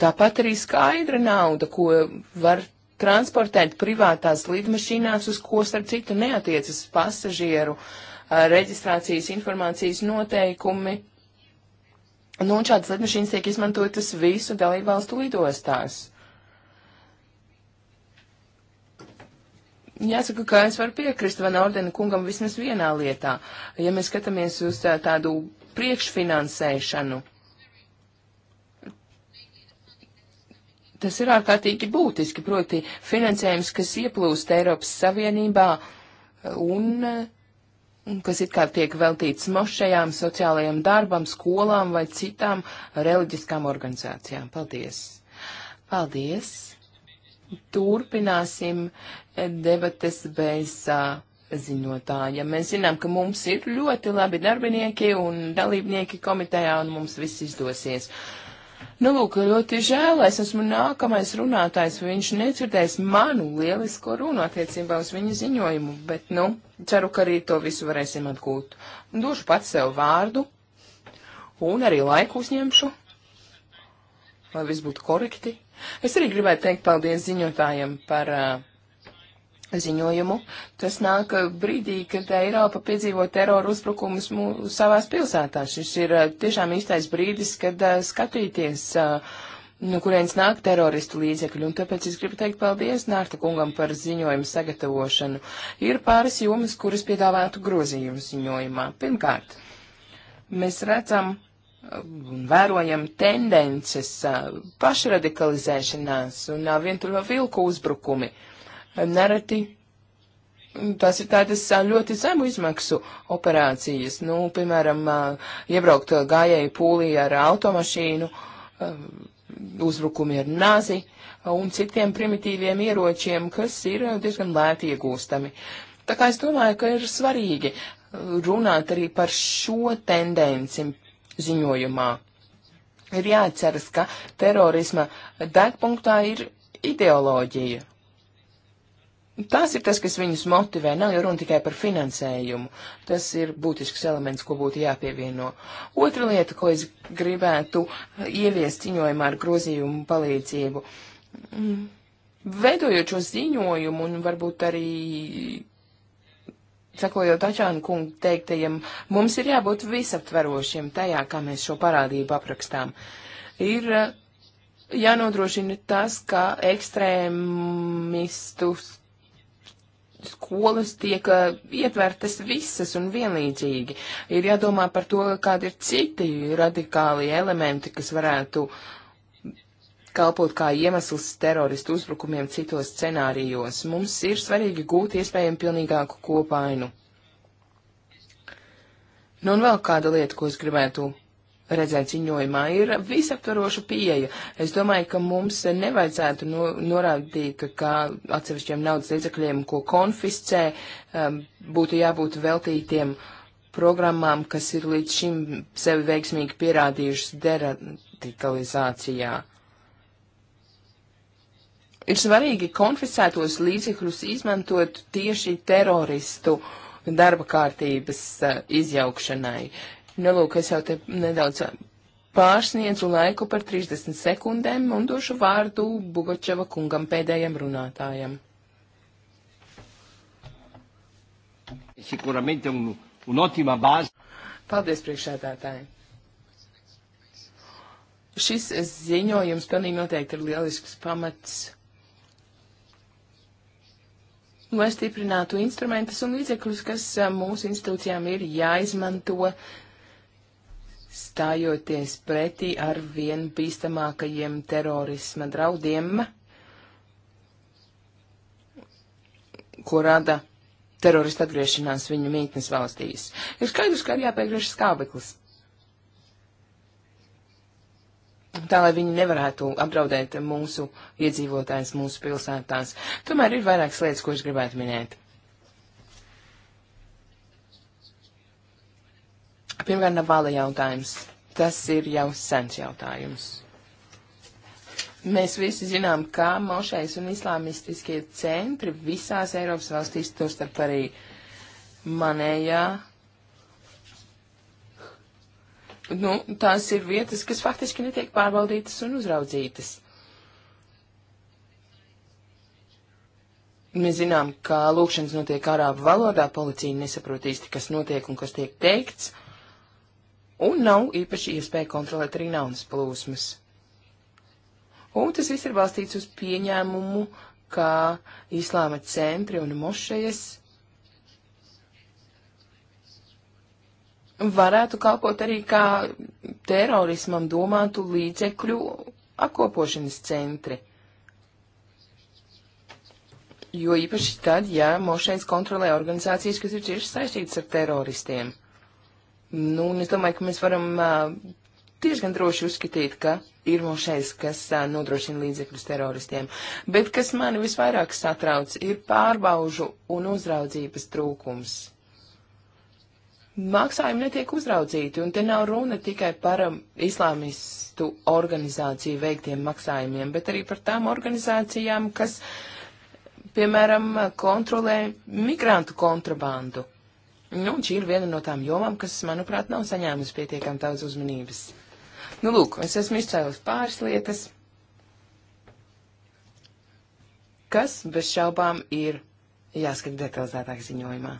Tāpat arī skaidra nauda, ko var transportēt privātās lidmašīnās, uz ko starp citu neatiecas pasažieru uh, reģistrācijas informācijas noteikumi. Nu, un šādas lidmašīnas tiek izmantotas visu dalībvalstu lidostās. Jāsaka, ka es varu piekrist Van Ordena kungam vismaz vienā lietā. Ja mēs skatāmies uz tā, tādu priekšfinansēšanu, tas ir ārkārtīgi būtiski, proti finansējums, kas ieplūst Eiropas Savienībā un uh, kas it kā tiek veltīts mošajām, sociālajām darbam, skolām vai citām reliģiskām organizācijām. Paldies! Paldies! Turpināsim debates bez uh, ziņotāja. Mēs zinām, ka mums ir ļoti labi darbinieki un dalībnieki komitejā, un mums viss izdosies. Uh, Nu, lūk, ļoti žēl, es esmu nākamais runātājs, viņš nedzirdēs manu lielisko runu attiecībā uz viņa ziņojumu, bet, nu, ceru, ka arī to visu varēsim atgūt. Un došu pats sev vārdu un arī laiku uzņemšu, lai viss būtu korekti. Es arī gribētu teikt paldies ziņotājiem par uh, ziņojumu. Tas nāk brīdī, kad Eiropa piedzīvo teroru uzbrukumus savās pilsētās. Šis ir eh, tiešām īstais brīdis, kad eh, skatīties, eh, no kurienes nāk teroristu līdzekļi. Un tāpēc es gribu teikt paldies Nārta kungam par ziņojumu sagatavošanu. Ir pāris jomas, kuras piedāvātu grozījumu ziņojumā. Pirmkārt, mēs redzam un vērojam tendences pašradikalizēšanās un vien tur vēl vilku uzbrukumi. Uh, nereti tās ir tādas ļoti zemu izmaksu operācijas. Nu, piemēram, iebraukt gājēju pūlī ar automašīnu, uzbrukumi ar nazi un citiem primitīviem ieročiem, kas ir diezgan lēti iegūstami. Tā kā es domāju, ka ir svarīgi runāt arī par šo tendenci ziņojumā. Ir jāatceras, ka terorisma degpunktā ir ideoloģija. Tas ir tas, kas viņus motivē. Nav jau runa tikai par finansējumu. Tas ir būtisks elements, ko būtu jāpievieno. Otra lieta, ko es gribētu ieviest ziņojumā ar grozījumu palīdzību. Mm. Veidojot šo ziņojumu un varbūt arī sakojot Ačānu kungu teiktajiem, mums ir jābūt visaptverošiem tajā, kā mēs šo parādību aprakstām. Ir eh, jānodrošina tas, ka ekstrēmistus skolas tiek eh, ietvertas visas un vienlīdzīgi. Ir jādomā par to, kādi ir citi radikāli elementi, kas varētu kalpot kā iemesls teroristu uzbrukumiem citos scenārijos. Mums ir svarīgi gūt iespējami pilnīgāku kopainu. Nu un vēl kāda lieta, ko es gribētu redzēt ziņojumā, ir visaptvaroša pieeja. Es domāju, ka mums nevajadzētu no, norādīt, ka atsevišķiem naudas līdzekļiem, ko konfiscē, um, būtu jābūt veltītiem programmām, kas ir līdz šim sevi veiksmīgi pierādījušas deradikalizācijā. Ir svarīgi konfiscētos līdzekļus izmantot tieši teroristu darba kārtības uh, izjaukšanai. Uh, Nu, lūk, es jau te nedaudz pārsniedzu laiku par 30 sekundēm un došu vārdu Bugačeva kungam pēdējiem runātājiem. Un, un Paldies, priekšsēdētāji! Šis ziņojums pilnīgi noteikti ir lielisks pamats, lai stiprinātu instrumentus un līdzekļus, kas eh, mūsu institūcijām ir jāizmanto stājoties pretī ar vien bīstamākajiem terorisma draudiem, ko rada terorista atgriešanās viņu mītnes valstīs. Ir skaidrs, ka ir jāpiegriež skābeklis. Tā, lai viņi nevarētu apdraudēt mūsu iedzīvotājs mūsu pilsētās. Tomēr ir vairākas lietas, ko es gribētu minēt. Pirmkārt, Navala jautājums. Tas ir jau sens jautājums. Mēs visi zinām, kā mošais un islāmistiskie centri visās Eiropas valstīs, tostarp arī manējā. Nu, tās ir vietas, kas faktiski netiek pārbaudītas un uzraudzītas. Mēs zinām, ka lūkšanas notiek arābu valodā, policija nesaprot īsti, kas notiek un kas tiek teikts. Uh, un nav īpaši iespēja kontrolēt arī naudas plūsmas. Un tas viss ir balstīts uz pieņēmumu, ka islāma centri un mošejas varētu kalpot arī kā terorismam domātu līdzekļu apkopošanas centri. Jo īpaši tad, ja mošais kontrolē organizācijas, kas ir cieši saistītas ar teroristiem. Nu, un es domāju, ka mēs varam uh, diezgan droši uzskatīt, ka ir mošais, kas uh, nodrošina līdzekļus teroristiem. Bet kas mani visvairāk satrauc, ir pārbaužu un uzraudzības trūkums. Maksājumi netiek uzraudzīti, un te nav runa tikai par um, islāmistu organizāciju veiktiem maksājumiem, bet arī par tām organizācijām, kas, piemēram, kontrolē migrantu kontrabandu. Nu, šī ir viena no tām jomām, kas, manuprāt, nav saņēmusi pietiekam daudz uzmanības. Nu, lūk, es esmu izcēlus pāris lietas, kas bez šaubām ir jāskat detalizētāk ziņojumā.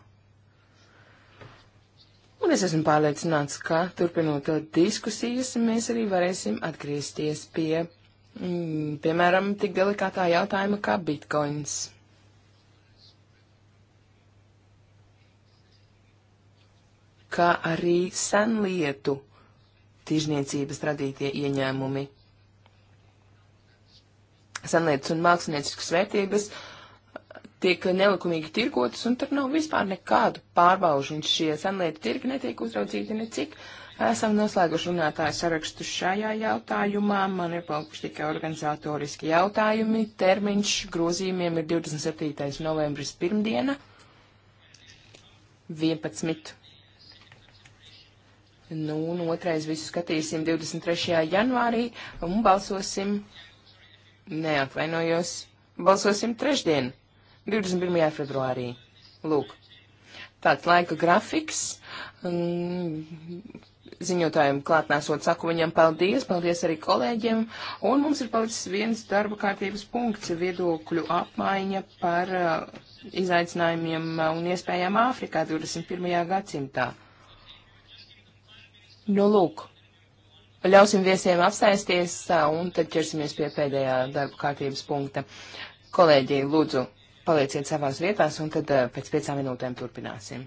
Un es esmu pārliecināts, ka turpinot diskusijas, mēs arī varēsim atgriezties pie, mm, piemēram, tik delikātā jautājuma kā bitkoins. kā arī senlietu tirzniecības radītie ieņēmumi. Senlietas un mākslinieckas vērtības tiek nelikumīgi tirgotas, un tur nav vispār nekādu pārbaužu, un šie senlietu tirgi netiek uzraudzīti necik. Esam noslēguši runātāju sarakstu šajā jautājumā. Man ir palikuši tikai organizatoriski jautājumi. Termiņš grozījumiem ir 27. novembris pirmdiena, 11. Nu, un otrais visu skatīsim 23. janvārī un balsosim, neatvainojos, balsosim trešdien, 21. februārī. Lūk, tāds laika grafiks. Ziņotājiem klātnēsot saku viņam paldies, paldies arī kolēģiem, un mums ir palicis viens darba kārtības punkts - viedokļu apmaiņa par uh, izaicinājumiem un iespējām Āfrikā 21. gadsimtā. Nu, lūk, ļausim viesiem apsēsties un tad ķersimies pie pēdējā darba kārtības punkta. Kolēģi, lūdzu, palieciet savās vietās un tad pēc piecām minūtēm turpināsim.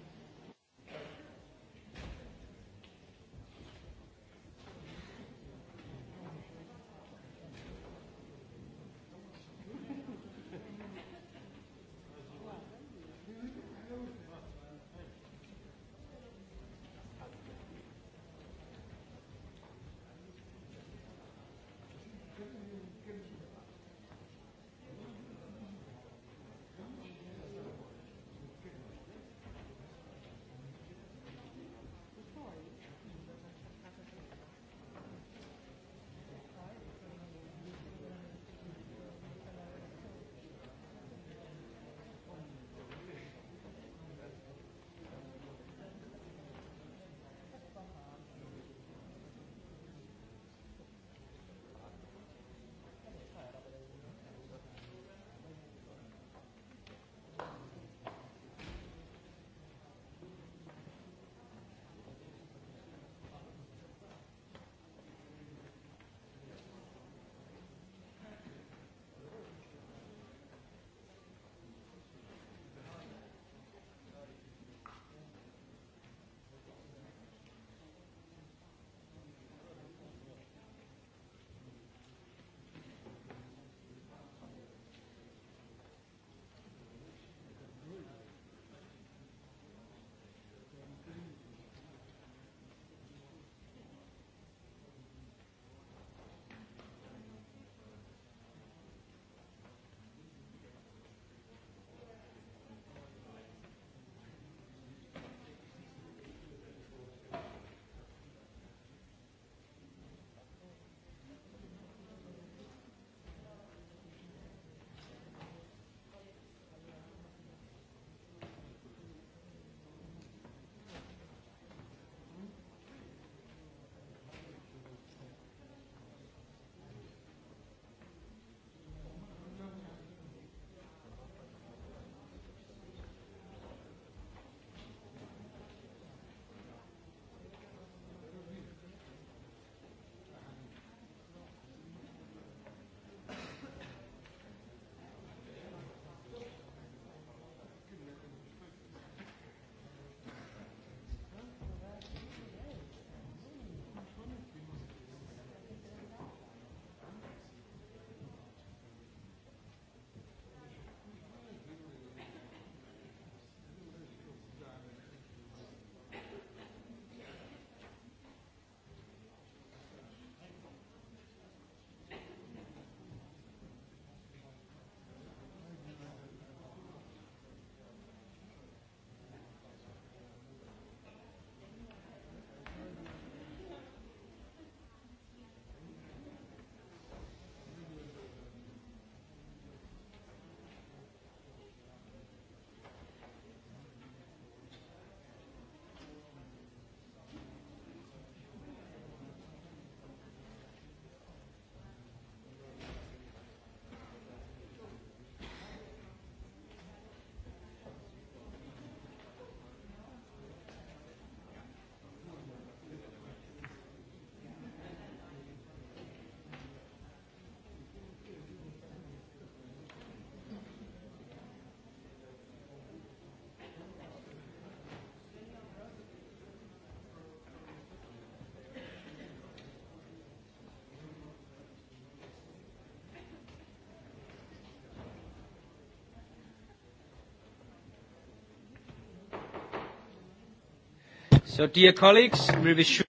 So, dear colleagues, we should...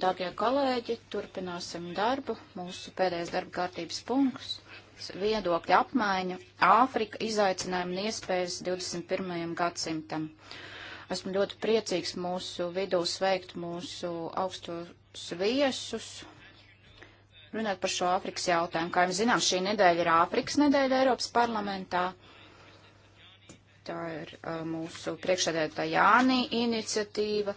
Darbie kolēģi, turpināsim darbu. Mūsu pēdējais darba kārtības punkts - viedokļa apmaiņa Āfrika izaicinājumi un iespējas 21. gadsimtam. Esmu ļoti priecīgs mūsu vidū sveikt mūsu augstos viesus. Runāt par šo Āfrikas jautājumu. Kā jums zinām, šī nedēļa ir Āfrikas nedēļa Eiropas parlamentā. Tā ir uh, mūsu priekšsēdētāja Jāni iniciatīva,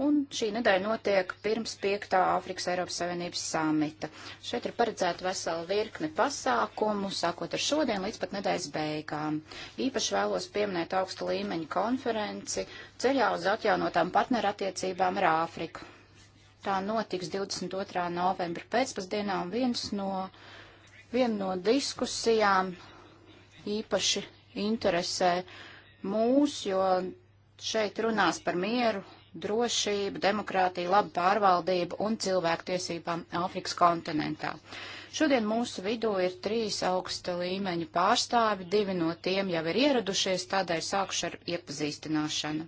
un šī nedēļa notiek pirms 5. Āfrikas Eiropas Savienības samita. Šeit ir paredzēta vesela virkne pasākumu, sākot ar šodien līdz pat nedēļas beigām. Īpaši vēlos pieminēt augsta līmeņa konferenci ceļā uz atjaunotām partnerattiecībām ar Āfriku. Tā notiks 22. novembra pēcpusdienā un viens no, viena no diskusijām īpaši interesē uh, mūs, jo šeit runās par mieru, drošību, demokrātiju, labu pārvaldību un cilvēktiesībām Āfrikas kontinentā. Šodien mūsu vidū ir trīs augsta līmeņa pārstāvi, divi no tiem jau ir ieradušies, tādēļ sākšu ar iepazīstināšanu.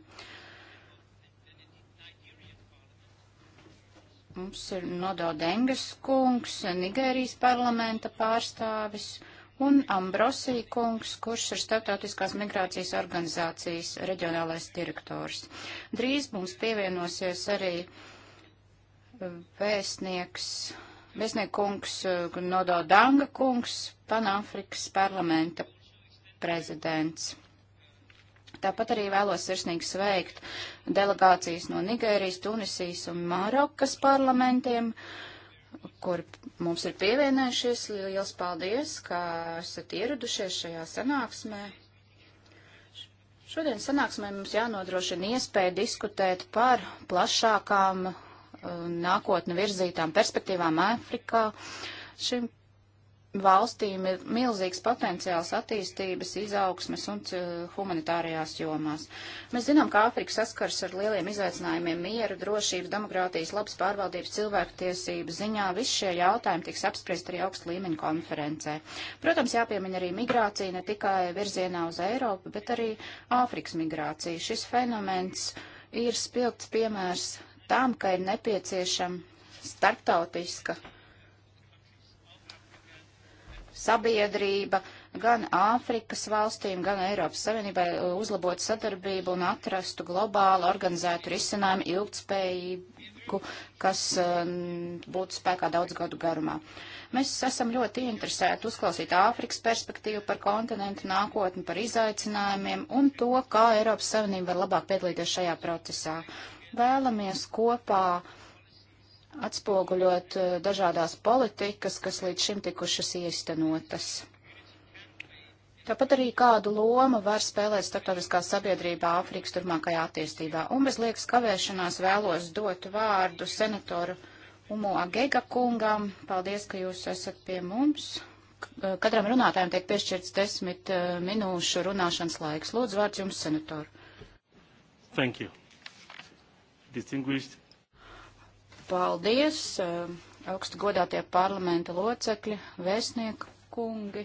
Mums ir Nodo Dengas kungs, Nigērijas parlamenta pārstāvis. Uh, un Ambrosī kungs, kurš ir Startautiskās migrācijas organizācijas reģionālais direktors. Drīz mums pievienosies arī uh, vēstnieks, vēstnieku kungs uh, Nodo Danga kungs, Panāfrikas parlamenta prezidents. Tāpat arī vēlos sirsnīgi sveikt delegācijas no Nigērijas, Tunisijas un Marokas parlamentiem. Uh, kuri mums ir pievienojušies. Liels paldies, ka esat ieradušies šajā sanāksmē. Šodien sanāksmē mums jānodrošina iespēja diskutēt par plašākām uh, nākotni virzītām perspektīvām Āfrikā. Šim valstīm ir milzīgs potenciāls attīstības, izaugsmes un uh, humanitārajās jomās. Mēs zinām, ka Āfrika saskars ar lieliem izaicinājumiem miera, drošības, demokrātijas, labas pārvaldības, cilvēktiesības ziņā. Visi šie jautājumi tiks apspriest arī augstu līmeņu konferencē. Protams, jāpiemina arī migrācija ne tikai virzienā uz Eiropu, bet arī Āfrikas migrācija. Šis fenomens ir spilgts piemērs tam, ka ir nepieciešama starptautiska sabiedrība gan Āfrikas valstīm, gan Eiropas Savienībai uh, uzlabotu sadarbību un atrastu globālu organizētu risinājumu ilgtspējīgu, kas uh, būtu spēkā daudz gadu garumā. Mēs esam ļoti interesēti uzklausīt Āfrikas perspektīvu par kontinentu nākotni, par izaicinājumiem un to, kā Eiropas Savienība var labāk piedalīties šajā procesā. Vēlamies kopā uh, atspoguļot eh, dažādās politikas, kas līdz šim tikušas īstenotas. Tāpat arī kādu lomu var spēlēt starptautiskā sabiedrībā Āfrikas turpmākajā attīstībā. Un bez liekas kavēšanās vēlos dot vārdu senatoru Umu Agega kungam. Paldies, ka jūs esat pie mums. Eh, katram runātājam tiek piešķirts desmit eh, minūšu runāšanas laiks. Lūdzu, vārds jums, senatoru. Thank you. Distinguished Paldies, eh, augstu godātie parlamenta locekļi, vēstnieku kungi.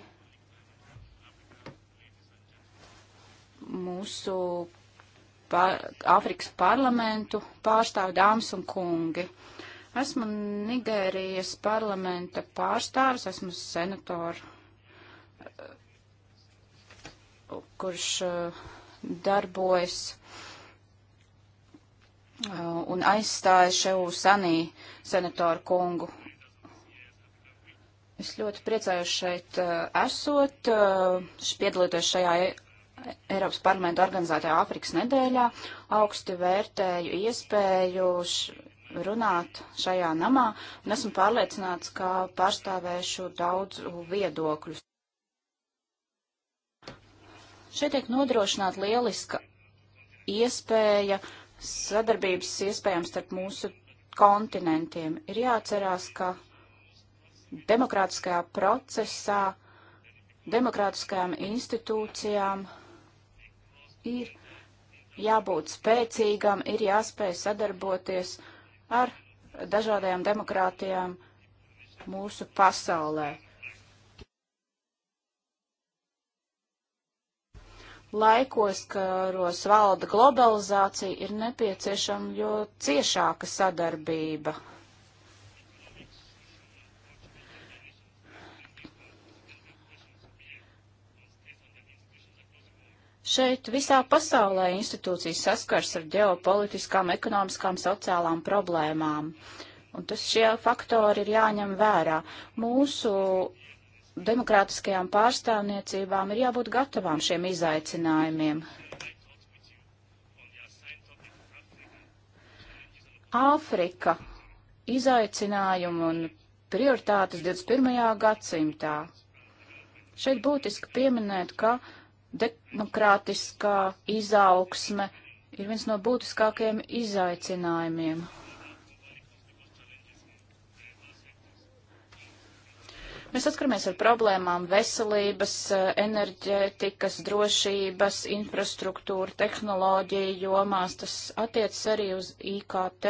Mūsu par, Afrikas parlamentu pārstāvi dāmas un kungi. Esmu Nigērijas parlamenta pārstāvis, esmu senators, eh, kurš eh, darbojas Uh, un aizstāja Ševu Sanī senatoru kungu. Es ļoti priecājos šeit uh, esot, uh, piedalīties šajā e- Eiropas parlamenta organizētajā Āfrikas nedēļā, augsti vērtēju iespēju runāt šajā namā, un esmu pārliecināts, ka pārstāvēšu daudz viedokļu. Šeit tiek nodrošināta lieliska iespēja uh, sadarbības iespējām starp mūsu kontinentiem. Ir jāatcerās, ka demokrātiskajā procesā, demokrātiskajām institūcijām ir jābūt spēcīgam, ir jāspēj sadarboties ar dažādajām demokrātijām mūsu pasaulē. Laikos, kuros valda globalizācija, ir nepieciešama jo ciešāka sadarbība. Šeit visā pasaulē institūcijas saskars ar ģeopolitiskām, ekonomiskām, sociālām problēmām. Un tas šie faktori ir jāņem vērā. Mūsu demokrātiskajām pārstāvniecībām ir jābūt gatavām šiem izaicinājumiem. Āfrika izaicinājumu un prioritātes 21. gadsimtā. Šeit būtiski pieminēt, ka demokrātiskā izaugsme ir viens no būtiskākajiem izaicinājumiem Mēs saskaramies ar problēmām veselības, enerģētikas, drošības, infrastruktūra, tehnoloģija jomās. Tas attiecas arī uz IKT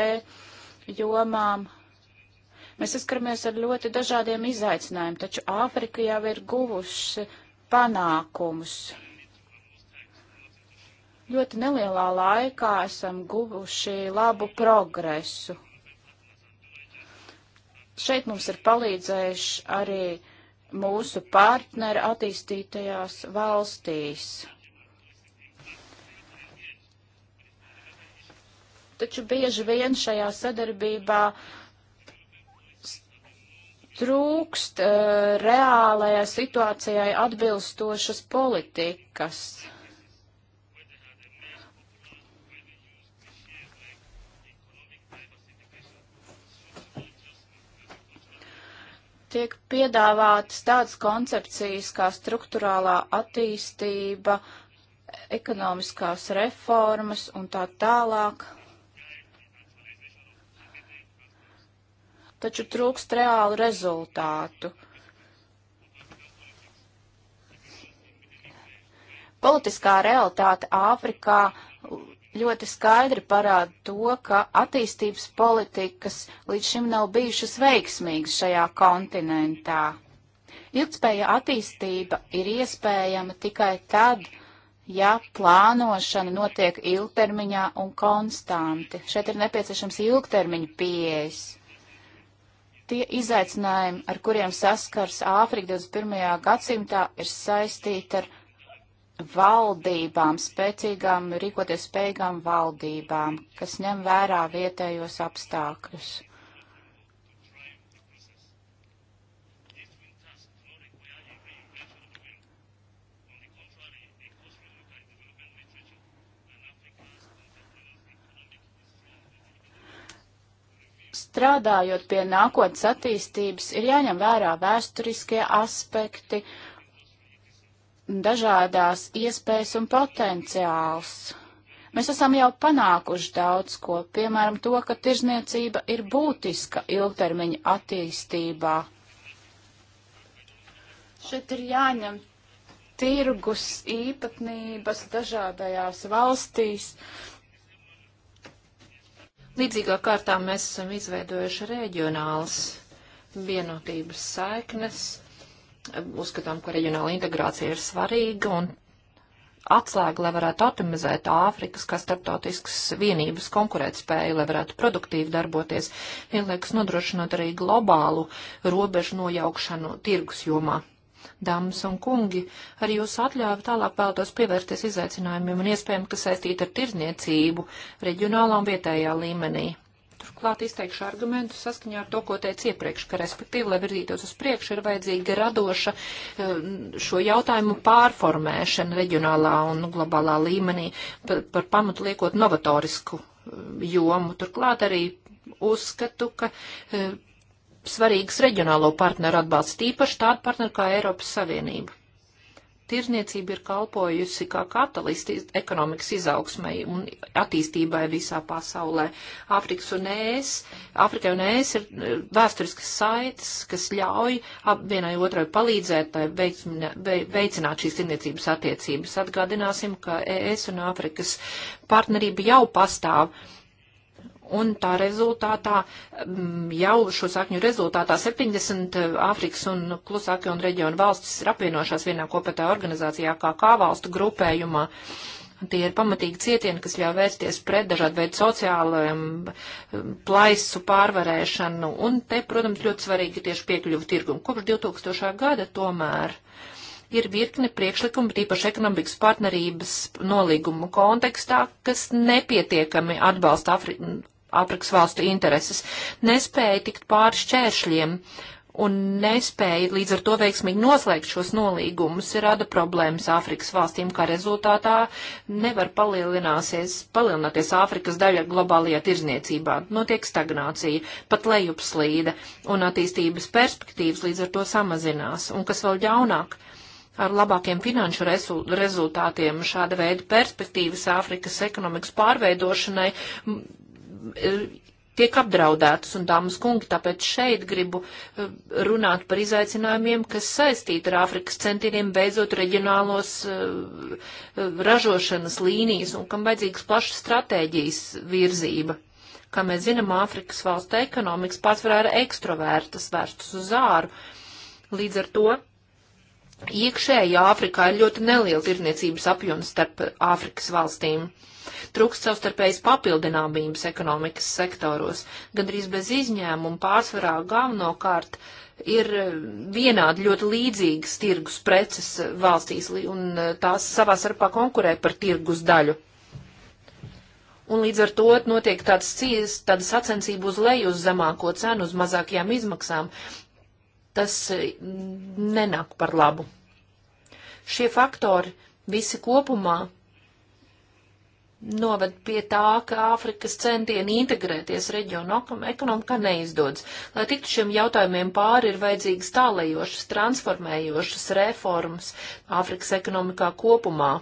jomām. Mēs saskaramies ar ļoti dažādiem izaicinājumiem, taču Āfrika jau ir guvuši panākumus. Ļoti nelielā laikā esam guvuši labu progresu. Šeit mums ir palīdzējuši arī mūsu partneri attīstītajās valstīs. Taču bieži vien šajā sadarbībā trūkst uh, eh, reālajā situācijai atbilstošas politikas. Tiek piedāvātas tādas koncepcijas kā struktūrālā attīstība, ekonomiskās reformas un tā tālāk. Taču trūkst reālu rezultātu. Politiskā realitāte Āfrikā ļoti skaidri parāda to, ka attīstības politikas līdz šim nav bijušas veiksmīgas šajā kontinentā. Ilgspēja attīstība ir iespējama tikai tad, ja plānošana notiek ilgtermiņā un konstanti. Šeit ir nepieciešams ilgtermiņa pieejas. Tie izaicinājumi, ar kuriem saskars Āfrika 21. gadsimtā, ir saistīti ar valdībām, spēcīgām, rīkoties spējīgām valdībām, kas ņem vērā vietējos apstākļus. Strādājot pie nākotnes attīstības, ir jāņem vērā vēsturiskie aspekti, uh, dažādās iespējas un potenciāls. Mēs esam jau panākuši daudz ko, piemēram, to, ka tirzniecība ir būtiska ilgtermiņa attīstībā. Šeit ir jāņem tirgus īpatnības dažādajās valstīs. Līdzīgā kārtā mēs esam izveidojuši reģionāls vienotības saiknes Uzskatām, ka reģionāla integrācija ir svarīga un atslēga, lai varētu atomizēt Āfrikas kā starptautiskas vienības konkurētspēju, lai varētu produktīvi darboties, vienlaikus nodrošinot arī globālu robežu nojaukšanu tirgus jomā. Dāmas un kungi, ar jūsu atļauju tālāk vēlētos pievērsties izaicinājumiem un iespējām, kas saistīti ar tirzniecību reģionālā un vietējā līmenī. Turklāt izteikšu argumentu saskaņā ar to, ko teicu iepriekš, ka, respektīvi, lai virzītos uz priekšu, ir vajadzīga radoša eh, šo jautājumu pārformēšana reģionālā un globālā līmenī, par, par pamatu liekot novatorisku eh, jomu. Turklāt arī uzskatu, ka eh, svarīgs reģionālo partneru atbalsts, tīpaši tādu partneru kā Eiropas Savienība. Tirzniecība ir kalpojusi kā katalisti ekonomikas izaugsmai un attīstībai visā pasaulē. Āfrikas un ES, Āfrikai un ES ir eh, vēsturiskas saites, kas ļauj vienai otrai palīdzēt, tai veicināt šīs tirzniecības attiecības. Atgādināsim, ka ES un Āfrikas partnerība jau pastāv un tā rezultātā mm, jau šo sakņu rezultātā 70 eh, Āfrikas un klusākie un reģionu valstis ir apvienošās vienā kopētā organizācijā kā kā valstu grupējumā. Tie ir pamatīgi cietieni, kas ļauj vērsties pret dažādu veidu sociālajiem mm, plaisu pārvarēšanu, un te, protams, ļoti svarīgi tieši piekļuvu tirgumu. Kopš 2000. gada tomēr ir virkne priekšlikumu, tīpaši ekonomikas partnerības nolīgumu kontekstā, kas nepietiekami atbalsta Afri Āfrikas valstu intereses, nespēja tikt pāri šķēršļiem un nespēja līdz ar to veiksmīgi noslēgt šos nolīgumus, rada problēmas Āfrikas valstīm, kā rezultātā nevar palielināties Āfrikas daļa globālajā tirzniecībā. Notiek stagnācija, pat lejupslīde, un attīstības perspektīvas līdz ar to samazinās. Un kas vēl ļaunāk, ar labākiem finanšu rezultātiem šāda veida perspektīvas Āfrikas ekonomikas pārveidošanai tiek apdraudētas un dāmas kungi, tāpēc šeit gribu eh, runāt par izaicinājumiem, kas saistīti ar Āfrikas centieniem beidzot reģionālos eh, eh, ražošanas līnijas un kam vajadzīgas plašas stratēģijas virzība. Kā mēs zinām, Āfrikas valsts ekonomikas pārsvarā ir ekstrovērtas vērstas uz āru. Līdz ar to Iekšēji Āfrikā ir ļoti neliela tirniecības apjoms starp Āfrikas valstīm. Trūkst savstarpējas papildināmības ekonomikas sektoros, gandrīz bez izņēmuma pārsvarā galvenokārt ir eh, vienādi ļoti līdzīgas tirgus preces valstīs un eh, tās savā starpā konkurē par tirgus daļu. Un līdz ar to notiek tāds cīs, tāda sacensība uz leju uz zemāko cenu, uz mazākajām izmaksām, tas e, nenāk par labu. Šie faktori visi kopumā noved pie tā, ka Āfrikas centieni integrēties reģionu ekonomikā neizdodas. Lai tiktu šiem jautājumiem pāri, ir vajadzīgas tālējošas, transformējošas reformas Āfrikas ekonomikā kopumā.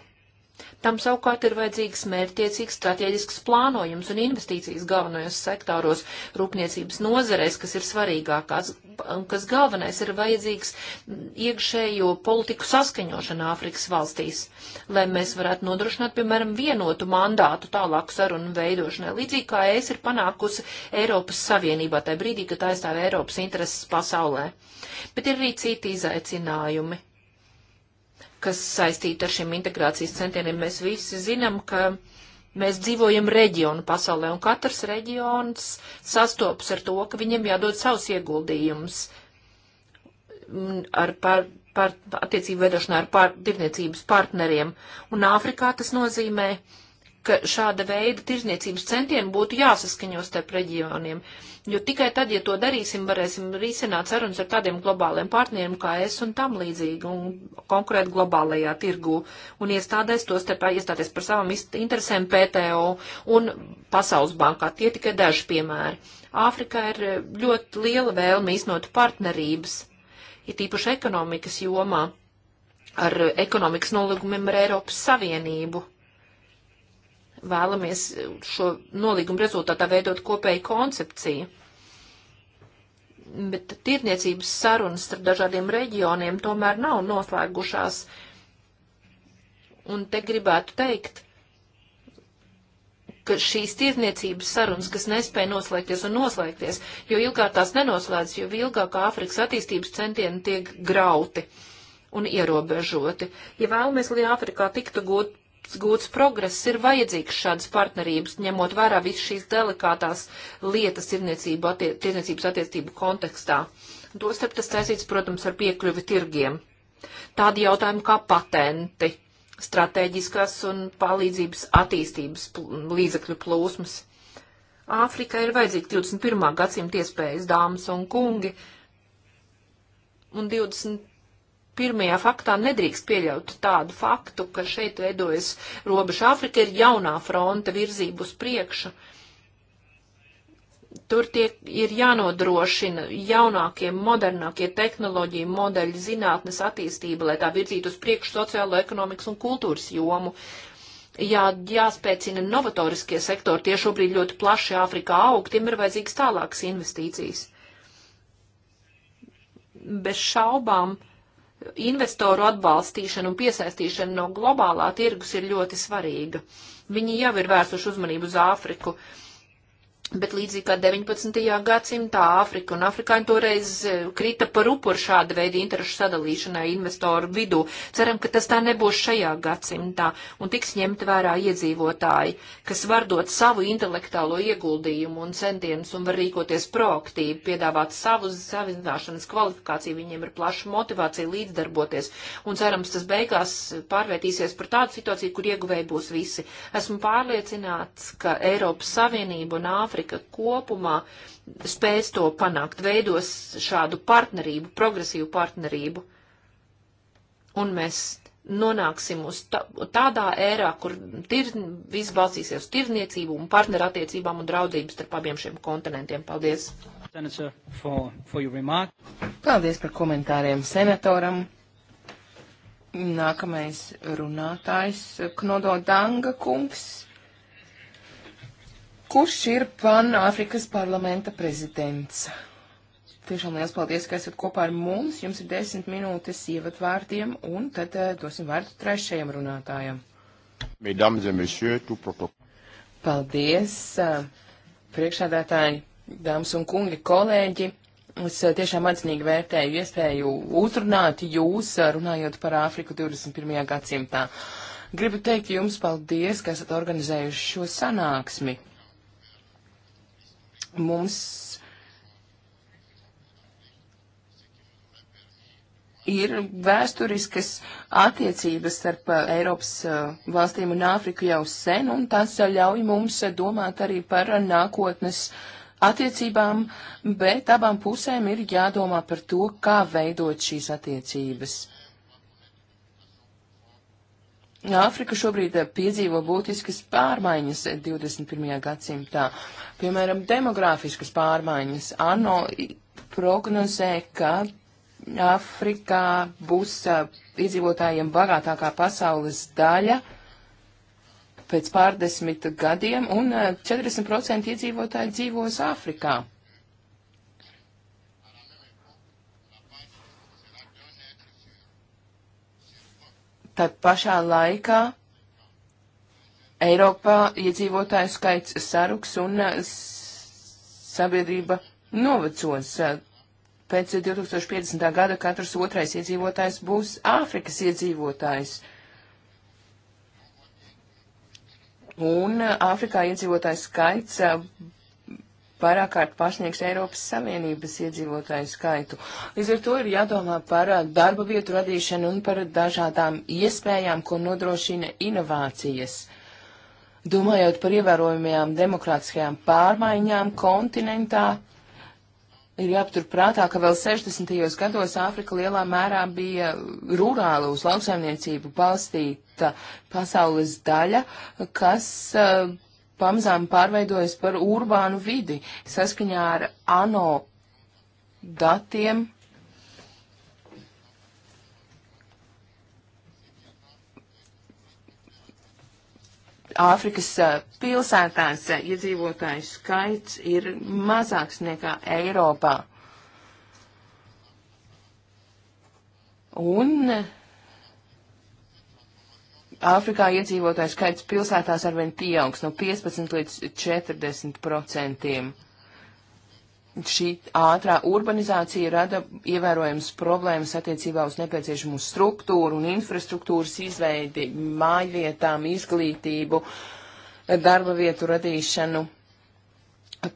Tam savukārt ir vajadzīgs mērķtiecīgs strateģisks plānojums un investīcijas galvenajos sektoros rūpniecības nozarēs, kas ir svarīgākās, un kas galvenais ir vajadzīgs iekšējo politiku saskaņošana Āfrikas valstīs, lai mēs varētu nodrošināt, piemēram, vienotu mandātu tālāku sarunu veidošanai, līdzīgi kā es ir panākusi Eiropas Savienībā, tajā brīdī, kad aizstāv Eiropas intereses pasaulē. Bet ir arī citi izaicinājumi kas saistīta ar šiem integrācijas centieniem. Mēs visi zinām, ka mēs dzīvojam reģionu pasaulē, un katrs reģions sastopas ar to, ka viņam jādod savus ieguldījumus ar par, par attiecību vedošanā ar pār, tirniecības partneriem. Un Āfrikā tas nozīmē ka šāda veida tirzniecības centieni būtu jāsaskaņo starp reģioniem. Jo tikai tad, ja to darīsim, varēsim risināt sarunas ar tādiem globāliem partneriem kā es un tam līdzīgi un konkurēt globālajā tirgu un iestādēs to starp iestāties par savām interesēm PTO un Pasaules bankā. Tie tikai daži piemēri. Āfrikā ir ļoti liela vēlme iznot partnerības, ir tīpaši ekonomikas jomā, ar ekonomikas nolīgumiem ar Eiropas Savienību vēlamies šo nolīgumu rezultātā veidot kopēju koncepciju. Bet tirniecības sarunas ar dažādiem reģioniem tomēr nav noslēgušās. Un te gribētu teikt, ka šīs tirniecības sarunas, kas nespēja noslēgties un noslēgties, jo ilgāk tās nenoslēdz, jo ilgāk Āfrikas attīstības centieni tiek grauti un ierobežoti. Ja vēlamies, lai Āfrikā tiktu gūt gūts progress, ir vajadzīgs šādas partnerības, ņemot vērā visu šīs delikātās lietas tirniecību, attie, tirniecības attiecību kontekstā. Tostarp tas saistīts, protams, ar piekļuvi tirgiem. Tādi jautājumi kā patenti, stratēģiskās un palīdzības attīstības pl līdzekļu plūsmas. Āfrikai ir vajadzīgi 21. gadsimta iespējas, dāmas un kungi, un 20 pirmajā faktā nedrīkst pieļaut tādu faktu, ka šeit veidojas robeža. Āfrika ir jaunā fronte virzību uz priekšu. Tur tiek, ir jānodrošina jaunākie, modernākie tehnoloģiju modeļi, zinātnes attīstība, lai tā virzītu uz priekšu sociālo, ekonomikas un kultūras jomu jā, jāspēcina novatoriskie sektori, tie šobrīd ļoti plaši Āfrikā aug, tiem ir vajadzīgas tālākas investīcijas. Bez šaubām investoru atbalstīšana un piesaistīšana no globālā tirgus ir ļoti svarīga. Viņi jau ir vērsuši uzmanību uz Āfriku. Uh, Bet līdzīgi kā 19. gadsimtā Āfrika un Afrikāņi toreiz e, krita par upuru šāda veida interešu sadalīšanai investoru vidū. Ceram, ka tas tā nebūs šajā gadsimtā un tiks ņemt vērā iedzīvotāji, kas var dot savu intelektuālo ieguldījumu un centienus un var rīkoties proaktīvi, piedāvāt savus savināšanas kvalifikāciju, viņiem ir plaša motivācija līdzdarboties un cerams, tas beigās pārvērtīsies par tādu situāciju, kur ieguvēji būs visi. Esmu pārliecināts, ka Eiropas Savienība un Āfrika Āfrika kopumā spēs to panākt, veidos šādu partnerību, progresīvu partnerību. Un mēs nonāksim uz tā, tādā ērā, kur tir, viss balstīsies uz tirniecību un partnerattiecībām un draudzības starp abiem šiem kontinentiem. Paldies! Senator, for, for your remark. Paldies par komentāriem senatoram. Nākamais runātājs Knodo Danga kungs. Kurš ir Pan-Āfrikas parlamenta prezidents? Tiešām liels paldies, ka esat kopā ar mums. Jums ir desmit minūtes ievadvārdiem, un tad uh, dosim vārdu trešajam runātājam. Mesdames et messieurs, tout protokol. Paldies, eh, priekšādātāji, dāmas un kungi, kolēģi. Es eh, tiešām atzinīgi vērtēju iespēju uzrunāt jūs, runājot par Āfriku 21. gadsimtā. Gribu teikt jums paldies, ka esat organizējuši šo sanāksmi mums ir vēsturiskas attiecības starp uh, Eiropas uh, valstīm un Āfriku jau sen, un tas uh, ļauj mums domāt arī par nākotnes attiecībām, bet abām pusēm ir jādomā par to, kā veidot šīs attiecības. Āfrika šobrīd eh, piedzīvo būtiskas pārmaiņas 21. Eh, gadsimtā, piemēram, demogrāfiskas pārmaiņas. ANO prognozē, ka Āfrikā būs eh, iedzīvotājiem bagātākā pasaules daļa pēc pārdesmit gadiem, un 40% iedzīvotāji dzīvos Āfrikā. Tā pašā laikā Eiropā iedzīvotāju skaits saruks un eh, sabiedrība novecos. Pēc 2050. gada katrs otrais iedzīvotājs būs Āfrikas iedzīvotājs. Un eh, Āfrikā iedzīvotājs skaits eh, pārāk kārt pārsniegs Eiropas Savienības iedzīvotāju skaitu. Līdz ar to ir jādomā par uh, darba vietu radīšanu un par dažādām iespējām, ko nodrošina inovācijas. Domājot par ievērojumajām demokrātiskajām pārmaiņām kontinentā, ir jāpatur prātā, ka vēl 60. gados Āfrika lielā mērā bija rurāla uz lauksaimniecību balstīta pasaules daļa, kas uh, pamazām pārveidojas par urbānu vidi saskaņā ar ANO datiem. Āfrikas eh, pilsētās eh, iedzīvotāju skaits ir mazāks nekā Eiropā. Un eh, Āfrikā iedzīvotāju skaits pilsētās arvien pieaugs no 15 līdz 40 procentiem. Šī ātrā urbanizācija rada ievērojams problēmas attiecībā uz nepieciešamu struktūru un infrastruktūras izveidi, mājvietām, izglītību, darba vietu radīšanu,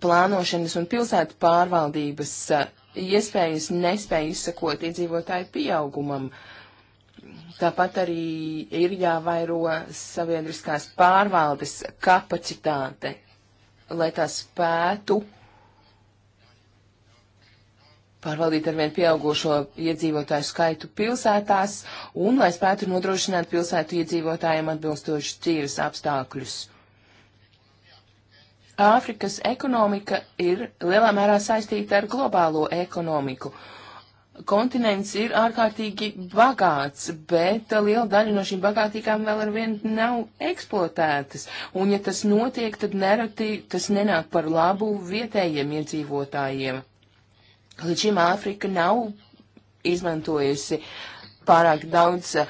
plānošanas un pilsētu pārvaldības eh, iespējas nespēja izsakot iedzīvotāju pieaugumam. Uh, Tāpat arī ir jāvairo sabiedriskās pārvaldes kapacitāte, lai tā spētu pārvaldīt ar vien pieaugušo iedzīvotāju skaitu pilsētās un lai spētu nodrošināt pilsētu iedzīvotājiem atbilstošus dzīves apstākļus. Āfrikas ekonomika ir lielā mērā saistīta ar globālo ekonomiku kontinents ir ārkārtīgi bagāts, bet liela daļa no šīm bagātīgām vēl ar vienu nav eksploatētas. Un ja tas notiek, tad nereti tas nenāk par labu vietējiem iedzīvotājiem. Līdz šim Āfrika nav izmantojusi uh, pārāk daudz uh,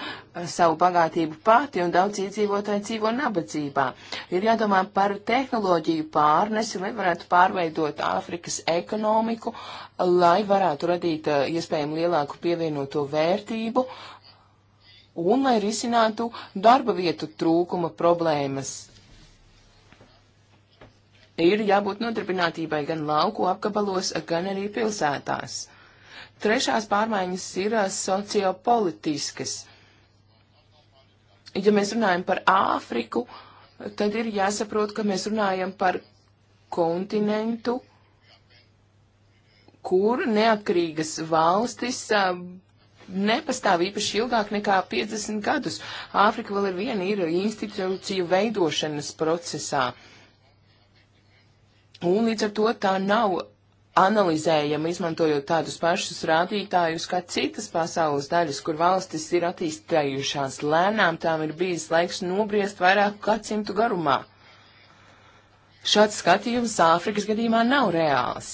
savu bagātību pati un daudz iedzīvotāji dzīvo nabadzībā. Ir jādomā par tehnoloģiju pārnesi, lai varētu pārveidot Āfrikas ekonomiku, lai varētu radīt uh, iespējami lielāku pievienoto vērtību un lai risinātu darba vietu trūkuma problēmas. Ir jābūt nodarbinātībai gan lauku apgabalos, gan arī pilsētās. Trešās pārmaiņas ir eh, sociopolitiskas. Ja mēs runājam par Āfriku, tad ir jāsaprot, ka mēs runājam par kontinentu, kur neatkarīgas valstis a, eh, nepastāv īpaši ilgāk nekā 50 gadus. Āfrika vēl ir viena ir institūciju veidošanas procesā. Un līdz ar to tā nav analizējam, izmantojot tādus pašus rādītājus kā citas pasaules daļas, kur valstis ir attīstījušās lēnām, tām ir bijis laiks nobriest vairāku gadsimtu garumā. Šāds skatījums Āfrikas gadījumā nav reāls.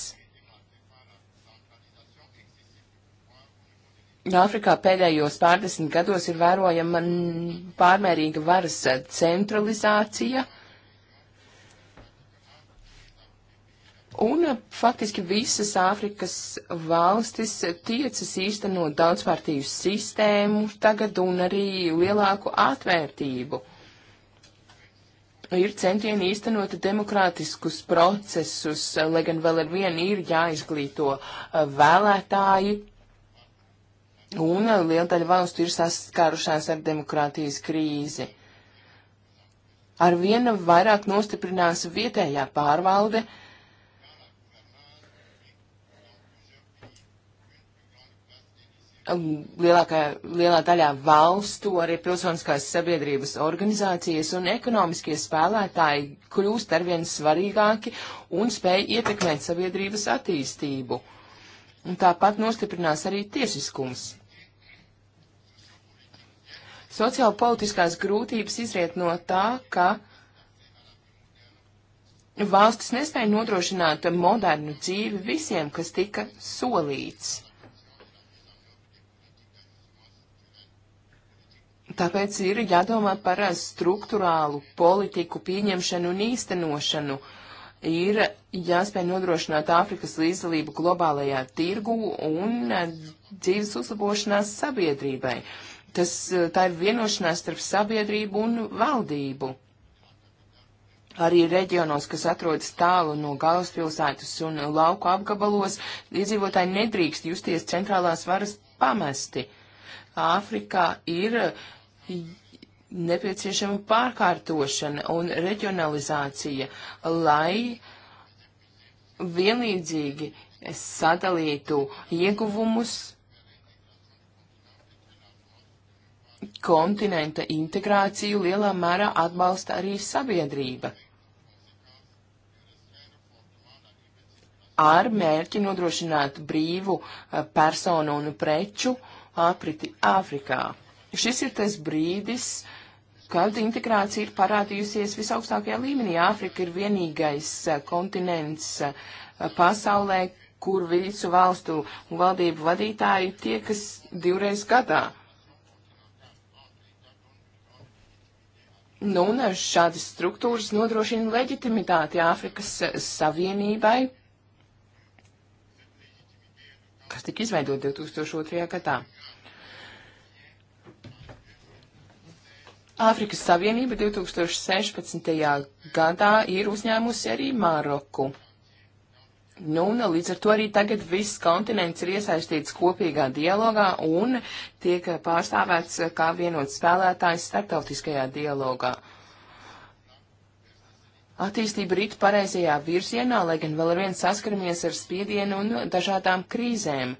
Āfrikā pēdējos pārdesmit gados ir vērojama pārmērīga varas centralizācija – Un eh, faktiski visas Āfrikas valstis tiecas īstenot daudzpartiju sistēmu tagad un arī lielāku atvērtību. Ir centieni īstenot demokrātiskus procesus, eh, lai gan vēl ar vienu ir jāizglīto eh, vēlētāji. Un liela daļa valstu ir saskārušās ar demokrātijas krīzi. Ar vienu vairāk nostiprinās vietējā pārvalde, uh, Um, lielākā, lielā daļā valstu, arī pilsoniskās sabiedrības organizācijas un ekonomiskie spēlētāji kļūst arvien svarīgāki un spēj ietekmēt sabiedrības attīstību. Un tāpat nostiprinās arī tiesiskums. Sociālpolitiskās grūtības izriet no tā, ka valstis nespēja nodrošināt modernu dzīvi visiem, kas tika solīts. Tāpēc ir jādomā par struktūrālu politiku pieņemšanu un īstenošanu. Ir jāspēj nodrošināt Āfrikas līdzdalību globālajā tirgu un dzīves uzlabošanās sabiedrībai. Tas, tā ir vienošanās starp sabiedrību un valdību. Arī reģionos, kas atrodas tālu no galvaspilsētas un lauku apgabalos, iedzīvotāji nedrīkst justies centrālās varas pamesti. Āfrikā ir uh, nepieciešama pārkārtošana un reģionalizācija, lai vienlīdzīgi sadalītu ieguvumus kontinenta integrāciju lielā mērā atbalsta arī sabiedrība. Ar mērķi nodrošināt brīvu eh, personu un preču apriti Āfrikā šis ir tas brīdis, kad integrācija ir parādījusies visaugstākajā līmenī. Āfrika ir vienīgais eh, kontinents eh, pasaulē, kur visu valstu un valdību vadītāji tiekas divreiz gadā. Nu, un eh, šādas struktūras nodrošina leģitimitāti Āfrikas Savienībai, kas tika izveidota 2002. gadā. Āfrikas Savienība 2016. gadā ir uzņēmusi arī Maroku. Nu, un līdz ar to arī tagad viss kontinents ir iesaistīts kopīgā dialogā un tiek pārstāvēts kā vienots spēlētājs starptautiskajā dialogā. Attīstība rit pareizajā virzienā, lai gan vēl ar vien saskaramies ar spiedienu un dažādām krīzēm.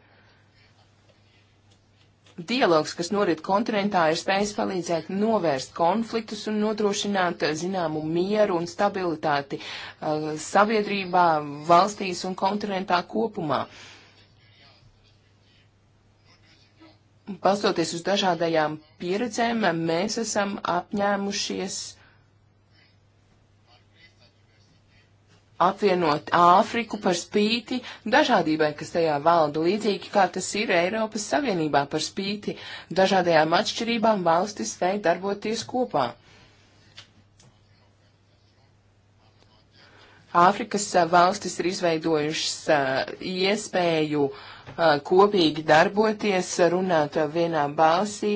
Dialogs, kas norit kontinentā, ir spējis palīdzēt novērst konfliktus un nodrošināt eh, zināmu mieru un stabilitāti uh, sabiedrībā, valstīs un kontinentā kopumā. Balstoties uz dažādajām pieredzēm, eh, mēs esam apņēmušies apvienot Āfriku par spīti dažādībai, kas tajā valda, līdzīgi kā tas ir Eiropas Savienībā par spīti dažādajām atšķirībām valstis spēj darboties kopā. Āfrikas valstis ir izveidojušas iespēju kopīgi darboties, runāt vienā balsī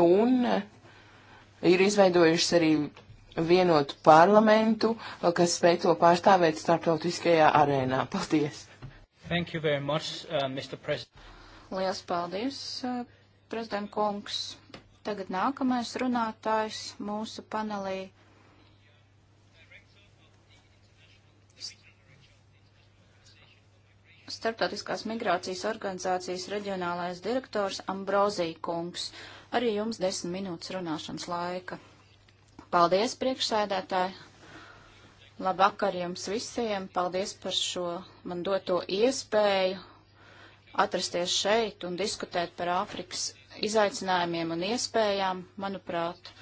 un ir izveidojušas arī vienotu parlamentu, uh, kas spēj to pārstāvēt starptautiskajā arēnā. Paldies! Thank you very much, uh, Mr. President. Liels paldies, uh, prezident kungs. Tagad nākamais runātājs mūsu panelī. Startautiskās migrācijas organizācijas reģionālais direktors Ambrozī kungs. Arī jums desmit minūtes runāšanas laika. Paldies, priekšsēdētāji! Labvakar jums visiem! Paldies par šo man doto iespēju atrasties šeit un diskutēt par Āfrikas izaicinājumiem un iespējām. Manuprāt,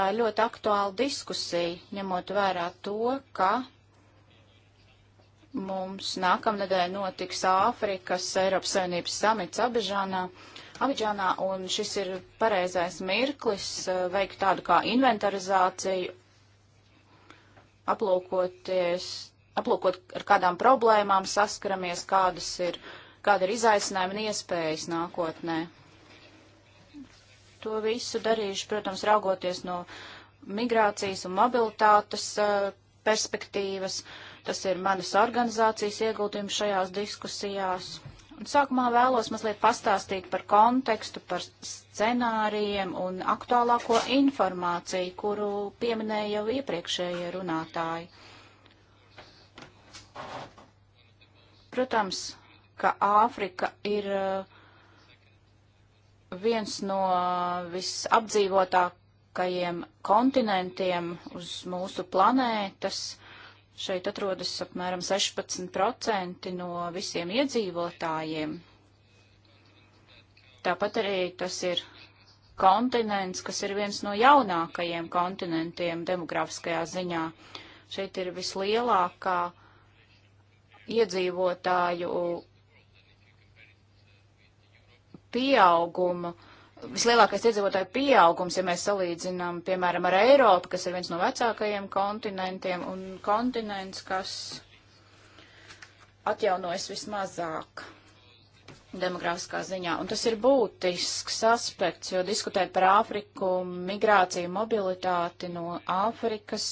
tā ir ļoti aktuāla diskusija, ņemot vērā to, ka mums nākamnedēļ notiks Āfrikas Eiropas Savienības samits Abežānā. Abidžānā, un šis ir pareizais mirklis eh, veikt tādu kā inventarizāciju, aplūkoties, aplūkot ar kādām problēmām saskaramies, kādas ir, kāda ir izaicinājuma un iespējas nākotnē. To visu darīšu, protams, raugoties no migrācijas un mobilitātes eh, perspektīvas. Tas ir manas organizācijas ieguldījums šajās diskusijās. Sākumā vēlos mazliet pastāstīt par kontekstu, par scenārijiem un aktuālāko informāciju, kuru pieminēja jau iepriekšējie runātāji. Protams, ka Āfrika ir uh, viens no visapdzīvotākajiem kontinentiem uz mūsu planētas. Uh, Šeit atrodas apmēram 16% no visiem iedzīvotājiem. Tāpat arī tas ir kontinents, kas ir viens no jaunākajiem kontinentiem demografiskajā ziņā. Šeit ir vislielākā iedzīvotāju pieauguma uh, vislielākais iedzīvotāju pieaugums, ja mēs salīdzinām, piemēram, ar Eiropu, kas ir viens no vecākajiem kontinentiem, un kontinents, kas atjaunojas vismazāk demografiskā ziņā. Un tas ir būtisks aspekts, jo diskutēt par Āfriku, migrāciju, mobilitāti no Āfrikas.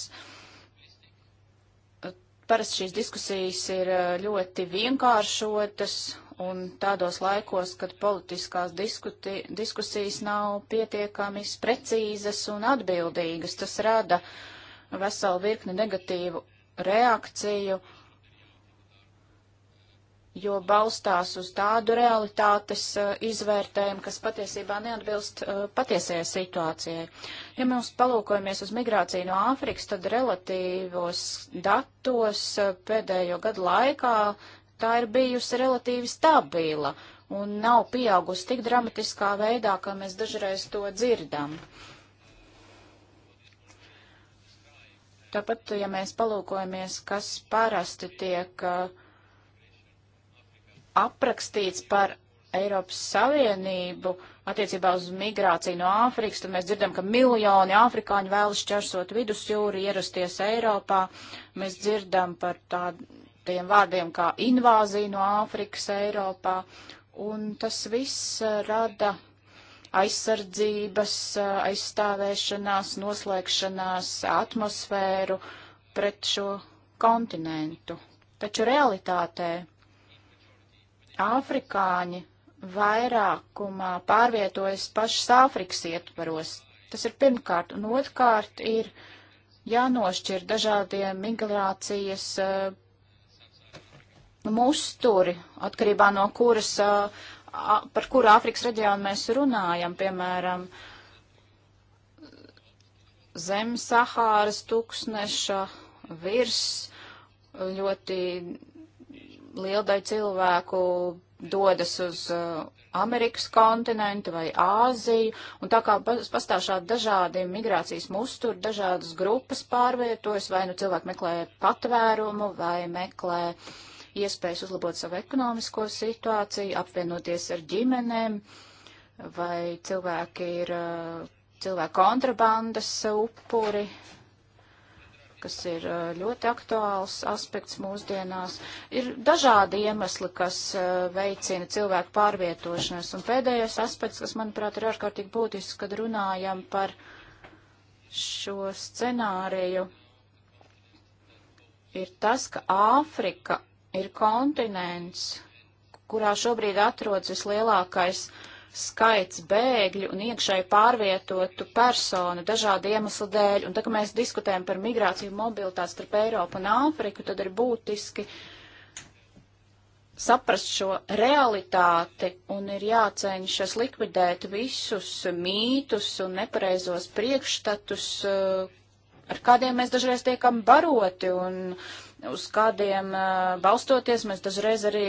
Parasti šīs diskusijas ir eh, ļoti vienkāršotas un tādos laikos, kad politiskās diskuti, diskusijas nav pietiekami precīzas un atbildīgas, tas rada veselu virkni negatīvu reakciju, jo balstās uz tādu realitātes uh, izvērtējumu, kas patiesībā neatbilst uh, patiesajai situācijai. Ja mēs palūkojamies uz migrāciju no Āfrikas, tad relatīvos datos uh, pēdējo gadu laikā tā ir bijusi relatīvi stabila un nav pieaugusi tik dramatiskā veidā, kā mēs dažreiz to dzirdam. Tāpat, ja mēs palūkojamies, kas parasti tiek uh, aprakstīts par Eiropas Savienību attiecībā uz migrāciju no Āfrikas, tad mēs dzirdam, ka miljoni afrikāņu vēlas šķērsot vidusjūru, ierasties Eiropā. Mēs dzirdam par tādu tādiem vārdiem kā invāzija no Āfrikas Eiropā, un tas viss eh, rada aizsardzības, eh, aizstāvēšanās, noslēgšanās atmosfēru pret šo kontinentu. Taču realitātē afrikāņi vairākumā pārvietojas pašas Āfrikas ietvaros. Tas ir pirmkārt, un otrkārt ir jānošķir dažādie migrācijas uh, musturi, atkarībā no kuras, par kuru Āfrikas reģionu mēs runājam, piemēram, zem Sahāras tūkstneša virs ļoti liela daļa cilvēku dodas uz Amerikas kontinentu vai Āziju, un tā kā pastāv šādi dažādi migrācijas musturi, dažādas grupas pārvietojas, vai nu cilvēki meklē patvērumu, vai meklē uh, iespējas uzlabot savu ekonomisko situāciju, apvienoties ar ģimenēm, vai cilvēki ir cilvēku kontrabandas upuri, kas ir ļoti aktuāls aspekts mūsdienās. Ir dažādi iemesli, kas veicina cilvēku pārvietošanos. Un pēdējais aspekts, kas, manuprāt, ir ārkārtīgi būtisks, kad runājam par šo scenāriju, ir tas, ka Āfrika ir kontinents, kurā šobrīd atrodas vislielākais skaits bēgļu un iekšēji pārvietotu personu dažādu iemeslu dēļ. Un tā, ka mēs diskutējam par migrāciju mobilitāti starp Eiropu un Āfriku, tad ir būtiski saprast šo realitāti un ir jāceņšas likvidēt visus mītus un nepareizos priekšstatus, eh, ar kādiem mēs dažreiz tiekam baroti. Un, uh, uz kādiem balstoties mēs dažreiz arī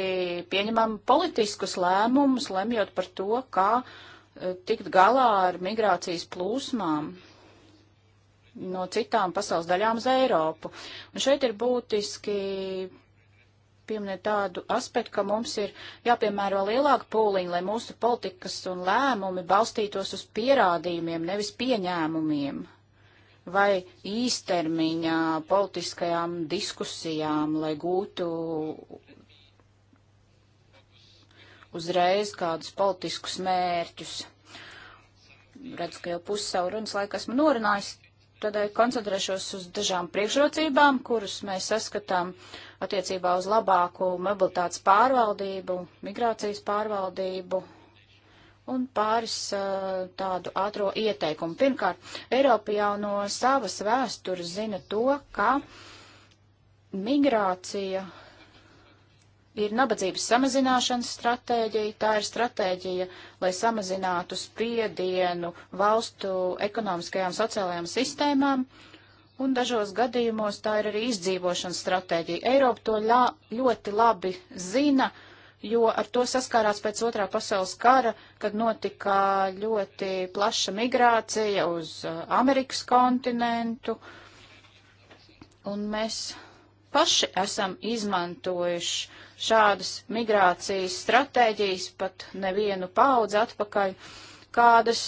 pieņemam politiskus lēmumus, lemjot par to, kā tikt galā ar migrācijas plūsmām no citām pasaules daļām uz Eiropu. Un šeit ir būtiski pieminēt tādu aspektu, ka mums ir jāpiemēro lielāka pūliņa, lai mūsu politikas un lēmumi balstītos uz pierādījumiem, nevis pieņēmumiem vai īstermiņā politiskajām diskusijām, lai gūtu uzreiz kādus politiskus mērķus. Redzu, ka jau pusi savu runas laiku esmu norunājis, tādēļ eh, koncentrēšos uz dažām priekšrocībām, kuras mēs saskatām attiecībā uz labāku mobilitātes pārvaldību, migrācijas pārvaldību un pāris tādu ātro ieteikumu. Pirmkārt, Eiropa jau no savas vēstures zina to, ka migrācija ir nabadzības samazināšanas stratēģija, tā ir stratēģija, lai samazinātu spiedienu valstu ekonomiskajām sociālajām sistēmām, un dažos gadījumos tā ir arī izdzīvošanas stratēģija. Eiropa to ļā, ļoti labi zina, uh, jo ar to saskārās pēc otrā pasaules kara, kad notika ļoti plaša migrācija uz uh, Amerikas kontinentu, un mēs paši esam izmantojuši šādas migrācijas stratēģijas pat nevienu paudzi atpakaļ, kādas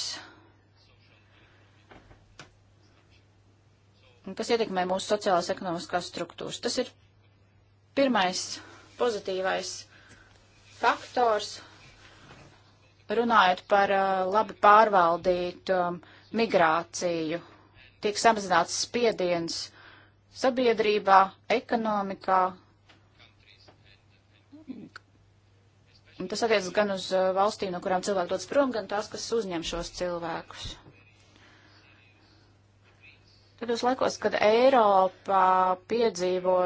kas ietekmē mūsu sociālās ekonomiskās struktūras. Tas ir pirmais pozitīvais faktors, runājot par uh, labi pārvaldītu um, migrāciju. Tiek samazināts spiediens sabiedrībā, ekonomikā. Un tas attiecas gan uz uh, valstīm, no kurām cilvēki dodas prom, gan tās, kas uzņem šos cilvēkus. Tādos laikos, kad Eiropa piedzīvo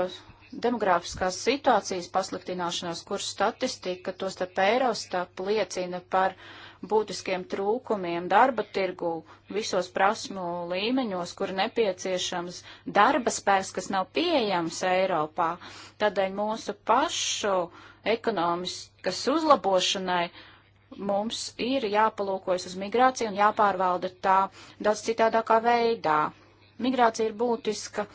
demogrāfiskās situācijas pasliktināšanos, kur statistika, to starp Eirostat, liecina par būtiskiem trūkumiem darba tirgu visos prasmu līmeņos, kur nepieciešams darba spēks, kas nav pieejams Eiropā. Tādēļ mūsu pašu ekonomiskas uzlabošanai mums ir jāpalūkojas uz migrāciju un jāpārvalda tā daudz citādākā veidā. Migrācija ir būtiska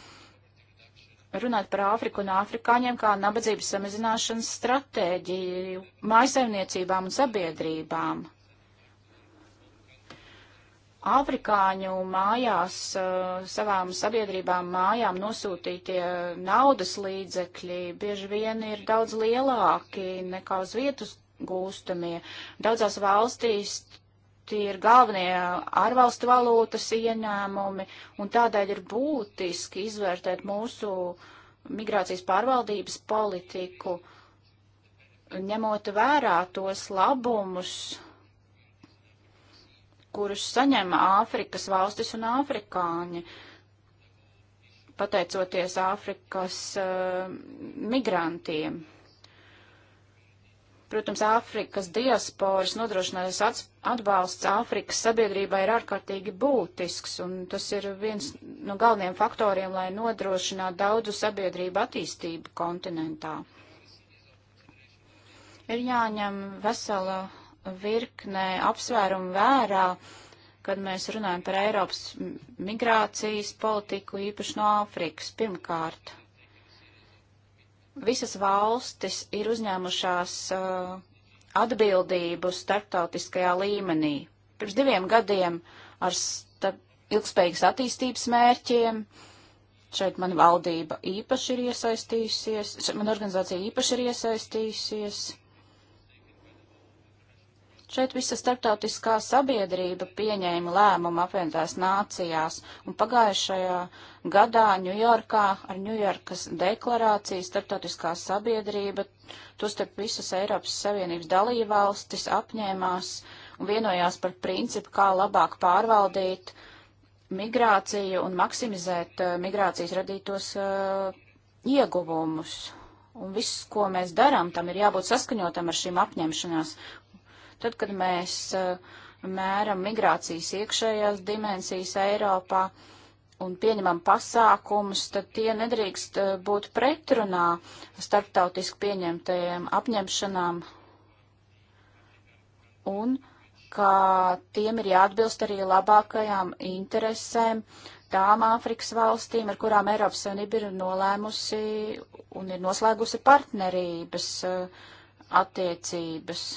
runāt par Āfriku un Āfrikāņiem kā nabadzības samazināšanas stratēģiju mājasaimniecībām un sabiedrībām. Āfrikāņu mājās, uh, savām sabiedrībām mājām nosūtītie naudas līdzekļi bieži vien ir daudz lielāki nekā uz vietas gūstamie. Daudzās valstīs tie ir galvenie ārvalstu valūtas ienāmumi, un tādēļ ir būtiski izvērtēt mūsu migrācijas pārvaldības politiku, ņemot vērā tos labumus, kurus saņem Āfrikas valstis un afrikāņi, pateicoties Āfrikas uh, migrantiem. Protams, Āfrikas diasporas nodrošinātais atbalsts Āfrikas sabiedrībai ir ārkārtīgi būtisks, un tas ir viens no galvenajiem faktoriem, lai nodrošinātu daudzu sabiedrību attīstību kontinentā. Ir jāņem vesela virknē apsvērumu vērā, kad mēs runājam par Eiropas migrācijas politiku, īpaši no Āfrikas pirmkārt visas valstis ir uzņēmušās uh, atbildību starptautiskajā līmenī. Pirms diviem gadiem ar ilgspējīgas attīstības mērķiem. Šeit man valdība īpaši ir iesaistījusies, šeit man organizācija īpaši ir iesaistījusies. Šeit visa starptautiskā sabiedrība pieņēma lēmumu apvienotās nācijās, un pagājušajā gadā Ņujorkā ar Ņujorkas deklarāciju starptautiskā sabiedrība, tostarp visas Eiropas Savienības dalībvalstis apņēmās un vienojās par principu, kā labāk pārvaldīt migrāciju un maksimizēt uh, migrācijas radītos uh, ieguvumus. Un viss, ko mēs darām, tam ir jābūt saskaņotam ar šīm apņemšanās. Tad, kad mēs eh, mēram migrācijas iekšējās dimensijas Eiropā un pieņemam pasākumus, tad tie nedrīkst eh, būt pretrunā starptautiski pieņemtajiem apņemšanām un ka tiem ir jāatbilst arī labākajām interesēm tām Āfrikas valstīm, ar kurām Eiropas Savienība ir nolēmusi un ir noslēgusi partnerības eh, attiecības.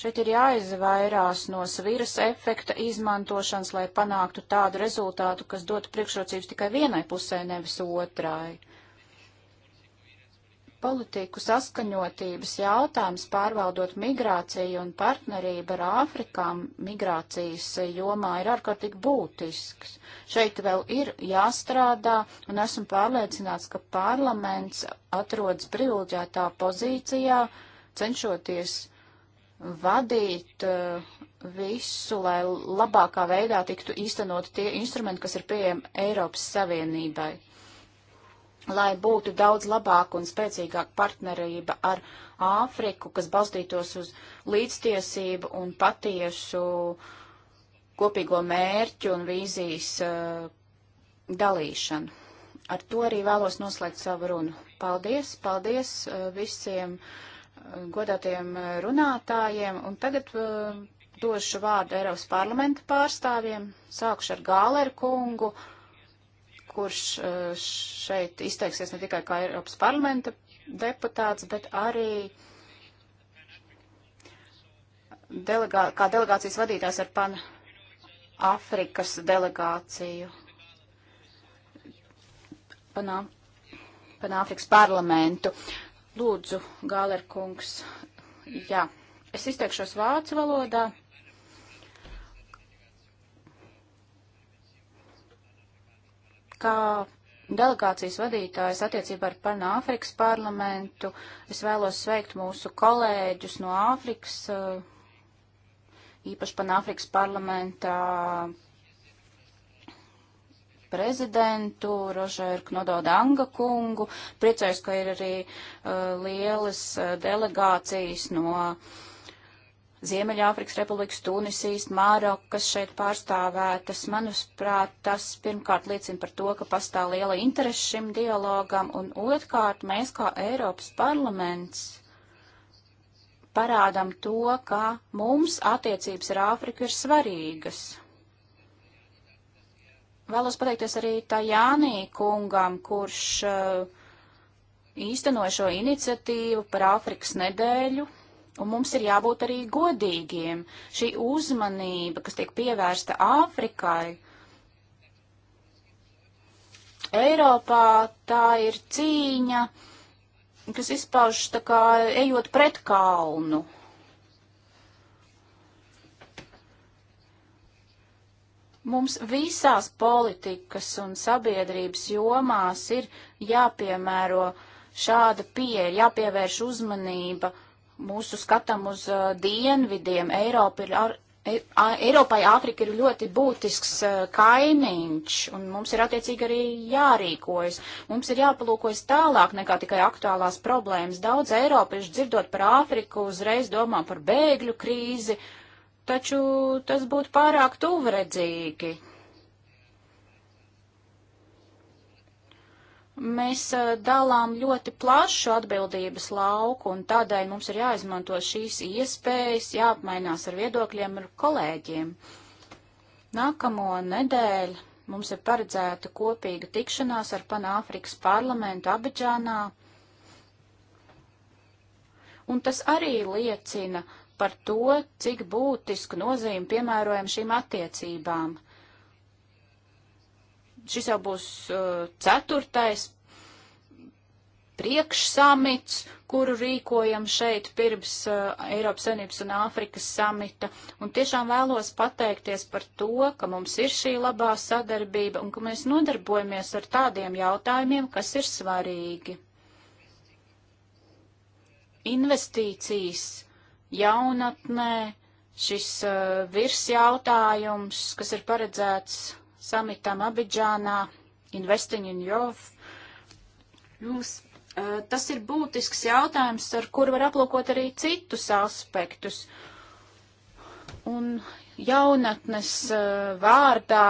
Šeit ir jāizvairās no sviras efekta izmantošanas, lai panāktu tādu rezultātu, kas dotu priekšrocības tikai vienai pusē, nevis otrai. Politiku saskaņotības jautājums pārvaldot migrāciju un partnerību ar Āfrikām migrācijas jomā ir ārkārtīgi būtisks. Šeit vēl ir jāstrādā, un esmu pārliecināts, ka parlaments atrodas privileģētā pozīcijā, cenšoties uh, vadīt eh, visu, lai labākā veidā tiktu īstenot tie instrumenti, kas ir pieejami Eiropas Savienībai, lai būtu daudz labāka un spēcīgāka partnerība ar Āfriku, kas balstītos uz līdztiesību un patiesu kopīgo mērķu un vīzijas uh, dalīšanu. Ar to arī vēlos noslēgt savu runu. Paldies, paldies uh, visiem! Uh, godātajiem runātājiem, un tagad uh, došu vārdu Eiropas parlamenta pārstāvjiem. Sākuši ar Gāleru kungu, kurš uh, šeit izteiksies ne tikai kā Eiropas parlamenta deputāts, bet arī delegā, kā delegācijas vadītājs ar Pan Afrikas delegāciju. Panā, Panāfrikas parlamentu. Uh, Lūdzu, Gāler kungs, jā, es izteikšos vācu valodā. Kā delegācijas vadītājs attiecībā ar Panāfrikas parlamentu, es vēlos sveikt mūsu kolēģus no Āfrikas, īpaši Panāfrikas parlamentā prezidentu, Rožēru Knododanga kungu. Priecājos, ka ir arī uh, lielas uh, delegācijas no Ziemeļāfrikas Republikas, Tunisijas, Mārokas šeit pārstāvētas. Manuprāt, tas pirmkārt liecina par to, ka pastāv liela interese šim dialogam, un otrkārt mēs kā Eiropas parlaments parādam to, ka mums attiecības ar Āfriku ir svarīgas. Vēlos pateikties arī Tajānī kungam, kurš uh, īstenoja šo iniciatīvu par Āfrikas nedēļu, un mums ir jābūt arī godīgiem. Šī uzmanība, kas tiek pievērsta Āfrikai, Eiropā tā ir cīņa, kas izpaužas tā kā ejot pret kalnu. Mums visās politikas un sabiedrības jomās ir jāpiemēro šāda pieeja, jāpievērš uzmanība mūsu skatam uz uh, dienvidiem. Eiropa ir ar, e, a, Eiropai Āfrika ir ļoti būtisks uh, kaimiņš, un mums ir attiecīgi arī jārīkojas. Mums ir jāpalūkojas tālāk nekā tikai aktuālās problēmas. Daudz Eiropiešu dzirdot par Āfriku uzreiz domā par bēgļu krīzi, uh, taču tas būtu pārāk tuvredzīgi. Mēs dalām ļoti plašu atbildības lauku, un tādēļ mums ir jāizmanto šīs iespējas, jāapmainās ar viedokļiem ar kolēģiem. Nākamo nedēļu mums ir paredzēta kopīga tikšanās ar Panāfrikas parlamentu Abidžānā. Un tas arī liecina par to, cik būtisku nozīmi piemērojam šīm attiecībām. Šis jau būs uh, ceturtais priekšsamits, kuru rīkojam šeit pirms uh, Eiropas Savienības un Āfrikas samita. Un tiešām vēlos pateikties par to, ka mums ir šī labā sadarbība un ka mēs nodarbojamies ar tādiem jautājumiem, kas ir svarīgi. Investīcijas jaunatnē, šis uh, virsjautājums, kas ir paredzēts samitam Abidžānā, Investing in Youth. Jūs, uh, tas ir būtisks jautājums, ar kur var aplūkot arī citus aspektus. Un jaunatnes uh, vārdā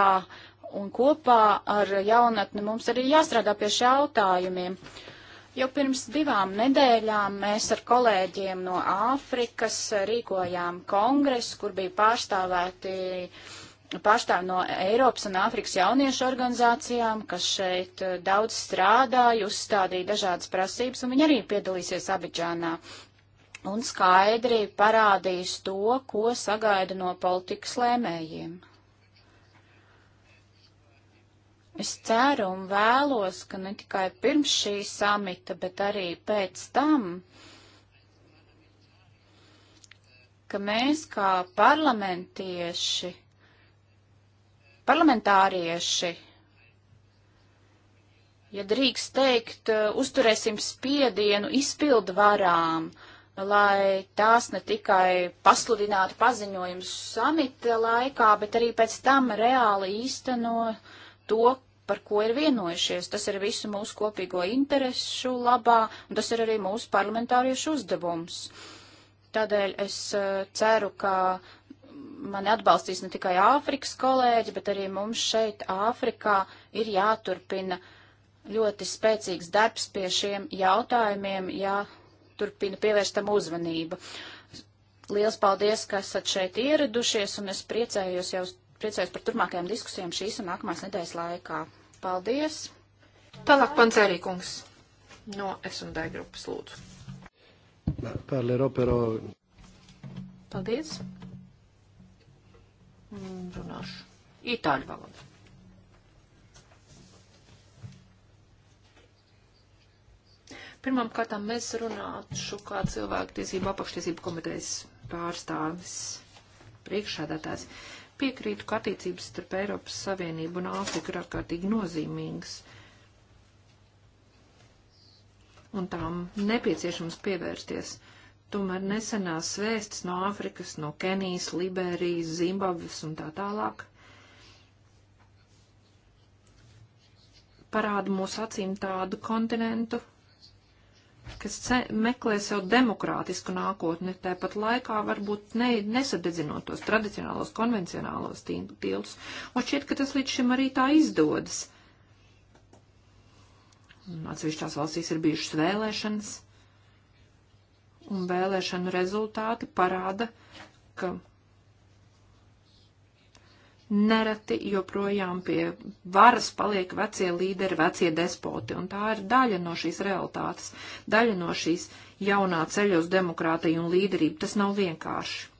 un kopā ar jaunatni mums arī jāstrādā pie šiem jautājumiem. Uh, Jau pirms divām nedēļām mēs ar kolēģiem no Āfrikas rīkojām kongresu, kur bija pārstāvēti pārstāvi no Eiropas un Āfrikas jauniešu organizācijām, kas šeit eh, daudz strādāja, uzstādīja dažādas prasības, un viņi arī piedalīsies Abidžānā un skaidri parādīs to, ko sagaida no politikas lēmējiem. Es ceru un vēlos, ka ne tikai pirms šī samita, bet arī pēc tam, ka mēs kā parlamentieši, parlamentārieši, ja drīkst teikt, uzturēsim spiedienu izpildu varām, lai tās ne tikai pasludinātu paziņojumus samita laikā, bet arī pēc tam reāli īsteno to, par ko ir vienojušies. Tas ir visu mūsu kopīgo interesu labā, un tas ir arī mūsu parlamentāriešu uzdevums. Tādēļ es eh, ceru, ka mani atbalstīs ne tikai Āfrikas kolēģi, bet arī mums šeit Āfrikā ir jāturpina ļoti spēcīgs darbs pie šiem jautājumiem, jāturpina pievērst tam uzmanību. Liels paldies, ka esat šeit ieradušies, un es priecējos jau priecājos par turpmākajām diskusijām šīs un nākamās nedēļas laikā. Paldies. Tālāk Pancerīkungs no S&D grupas lūdzu. Parlerò però. Paldies. Mm, runāšu. Itāļu valoda. Pirmām kārtām mēs runāšu kā cilvēku tiesību apakštiesību komitejas pārstāvis priekšādātājs piekrītu, ka attiecības starp Eiropas Savienību un Āfriku ir ārkārtīgi nozīmīgas. Un tām nepieciešams pievērsties. Tomēr nesenās vēstis no Āfrikas, no Kenijas, Liberijas, Zimbabves un tā tālāk parāda mūsu acīm tādu kontinentu, kas meklē sev demokrātisku nākotni, tāpat laikā varbūt ne, nesadezinot tos tradicionālos, konvencionālos tiltus. Un šķiet, ka tas līdz šim arī tā izdodas. Atsevišķās valstīs ir bijušas vēlēšanas, un vēlēšanu rezultāti parāda, ka nereti joprojām pie varas paliek vecie līderi, vecie despoti, un tā ir daļa no šīs realitātes, daļa no šīs jaunā ceļa uz demokrātiju un līderību. Tas nav vienkārši.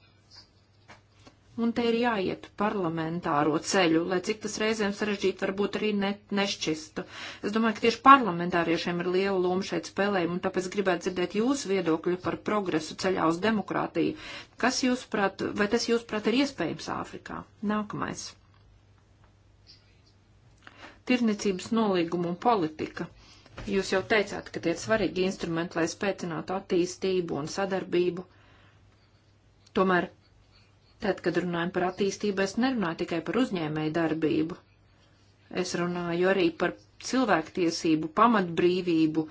Un te ir jāiet parlamentāro ceļu, lai cik tas reizēm sarežģīti varbūt arī ne, nešķistu. Es domāju, ka tieši parlamentāriešiem ir liela loma šeit spēlējuma, un tāpēc gribētu dzirdēt jūsu viedokļu par progresu ceļā uz demokrātiju. Kas jūsuprāt, vai tas jūsuprāt ir iespējams Āfrikā? Nākamais. Tirnicības nolīguma un politika. Jūs jau teicāt, ka tie ir svarīgi instrumenti, lai spēcinātu attīstību un sadarbību. Tomēr Tad, kad runājam par attīstību, es nerunāju tikai par uzņēmēju darbību. Es runāju arī par cilvēktiesību, pamatbrīvību,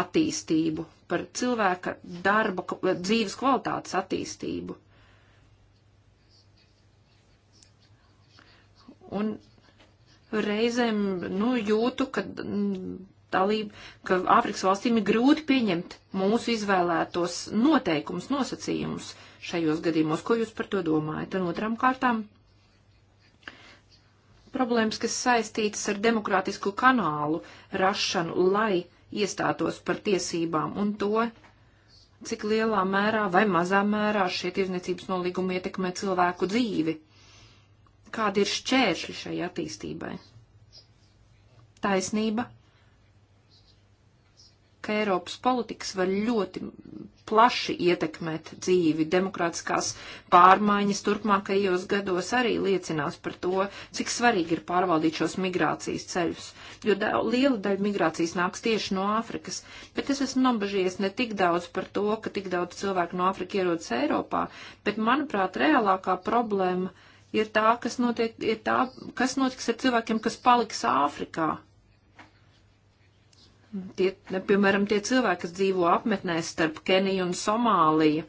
attīstību, par cilvēka darba, dzīves kvalitātes attīstību. Un reizēm, nu, jūtu, ka dalību, ka Āfrikas valstīm ir grūti pieņemt mūsu izvēlētos noteikumus, nosacījumus šajos gadījumos. Ko jūs par to domājat? Un otrām kārtām problēmas, kas saistītas ar demokrātisku kanālu rašanu, lai iestātos par tiesībām un to, cik lielā mērā vai mazā mērā šie tirzniecības nolīgumi ietekmē cilvēku dzīvi. Kādi ir šķēršļi šai attīstībai? Taisnība, ka Eiropas politikas var ļoti plaši ietekmēt dzīvi. Demokrātiskās pārmaiņas turpmākajos gados arī liecinās par to, cik svarīgi ir pārvaldīt šos migrācijas ceļus, jo da liela daļa migrācijas nāks tieši no Āfrikas. Bet es esmu nobažies ne tik daudz par to, ka tik daudz cilvēku no Āfrika ierodas Eiropā, bet, manuprāt, reālākā problēma ir tā, kas, notiek, ir tā, kas notiks ar cilvēkiem, kas paliks Āfrikā Tie, piemēram, tie cilvēki, kas dzīvo apmetnēs starp Keniju un Somāliju,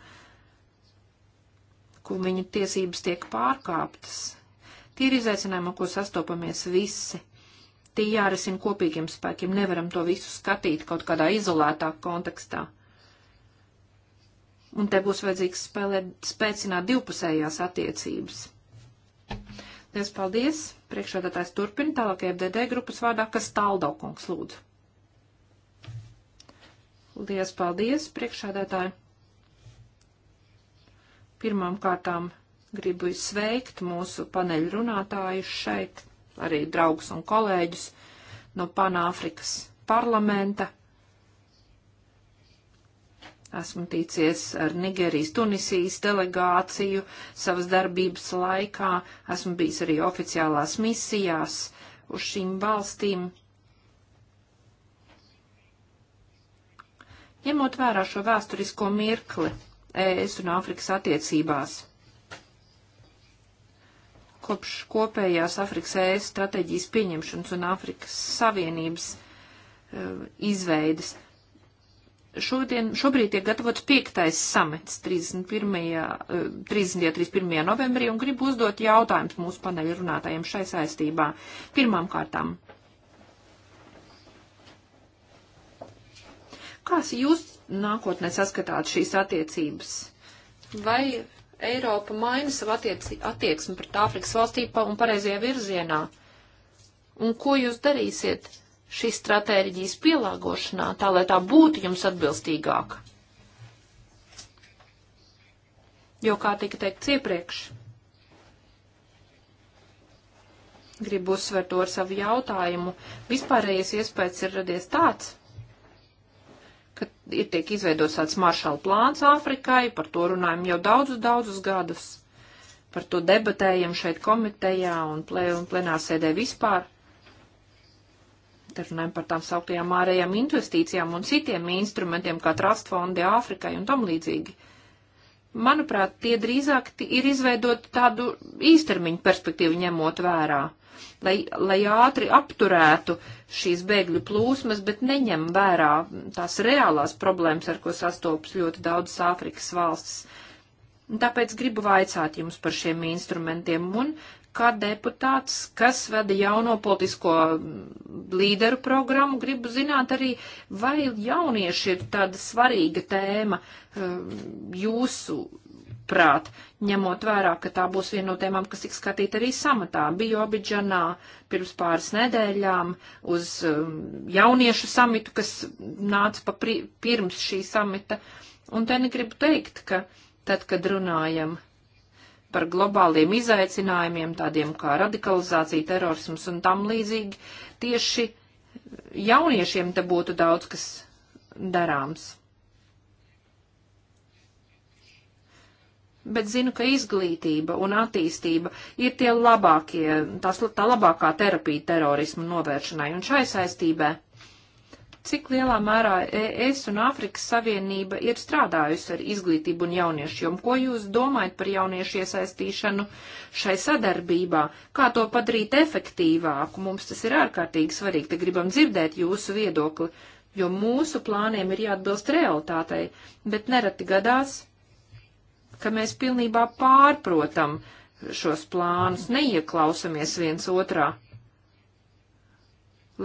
kur viņu tiesības tiek pārkāptas. Tie ir izaicinājumi, ko sastopamies visi. Tie jārisina kopīgiem spēkiem, nevaram to visu skatīt kaut kādā izolētā kontekstā. Un te būs vajadzīgs spēlēt, spēcināt divpusējās attiecības. Liels paldies! Priekšādātājs turpina tālākajai e FDD grupas vārdā, kas tāldokungs lūdzu. Lielas paldies, priekšādātāji! Pirmām kārtām gribu sveikt mūsu paneļu runātājus šeit, arī draugus un kolēģus no Panāfrikas parlamenta. Esmu tīcies ar Nigerijas, Tunisijas delegāciju savas darbības laikā, esmu bijis arī oficiālās misijās uz šīm valstīm Ņemot vērā šo vēsturisko mirkli ES un Āfrikas attiecībās, kopš kopējās Afrikas ES stratēģijas pieņemšanas un Āfrikas Savienības uh, izveides, šodien, šobrīd tiek gatavots piektais samets 31. 30. 31. novembrī un gribu uzdot jautājumus mūsu paneļu runātājiem šai saistībā. Pirmām kārtām, Kās jūs nākotnē saskatāt šīs attiecības? Vai Eiropa maina savu attieksmi pret Āfrikas valstīm un pareizajā virzienā? Un ko jūs darīsiet šīs stratēģijas pielāgošanā, tā lai tā būtu jums atbilstīgāka? Jo, kā tika teikts iepriekš, gribu uzsvert to ar savu jautājumu, vispārējais iespējas ir radies tāds, ka ir tiek izveidots tāds maršala plāns Āfrikai, par to runājam jau daudzus, daudzus gadus, par to debatējam šeit komitejā un, plē, un plenārsēdē vispār. Te runājam par tām sauktajām ārējām investīcijām un citiem instrumentiem, kā trust fondi Āfrikai un tam līdzīgi. Manuprāt, tie drīzāk ir izveidot tādu īstermiņu perspektīvu ņemot vērā lai, lai ātri apturētu šīs bēgļu plūsmas, bet neņem vērā tās reālās problēmas, ar ko sastopas ļoti daudzas Āfrikas valstis. Tāpēc gribu vaicāt jums par šiem instrumentiem un kā deputāts, kas veda jauno politisko līderu programmu, gribu zināt arī, vai jaunieši ir tāda svarīga tēma eh, jūsu prāt, ņemot vērā, ka tā būs viena no tēmām, kas tiks skatīta arī samatā. Biju Abidžanā pirms pāris nedēļām uz um, jauniešu samitu, kas nāca pa pirms šī samita. Un te negribu teikt, ka tad, kad runājam par globāliem izaicinājumiem, tādiem kā radikalizācija, terorisms un tam līdzīgi, tieši jauniešiem te būtu daudz kas darāms. bet zinu, ka izglītība un attīstība ir tie labākie, tās, tā labākā terapija terorismu novēršanai. Un šai saistībā, cik lielā mērā ES un Āfrikas Savienība ir strādājusi ar izglītību un jauniešiem? Ko jūs domājat par jauniešu iesaistīšanu šai sadarbībā? Kā to padarīt efektīvāku? Mums tas ir ārkārtīgi svarīgi, te gribam dzirdēt jūsu viedokli. Jo mūsu plāniem ir jāatbilst realitātei, bet nereti gadās, ka mēs pilnībā pārprotam šos plānus, neieklausamies viens otrā,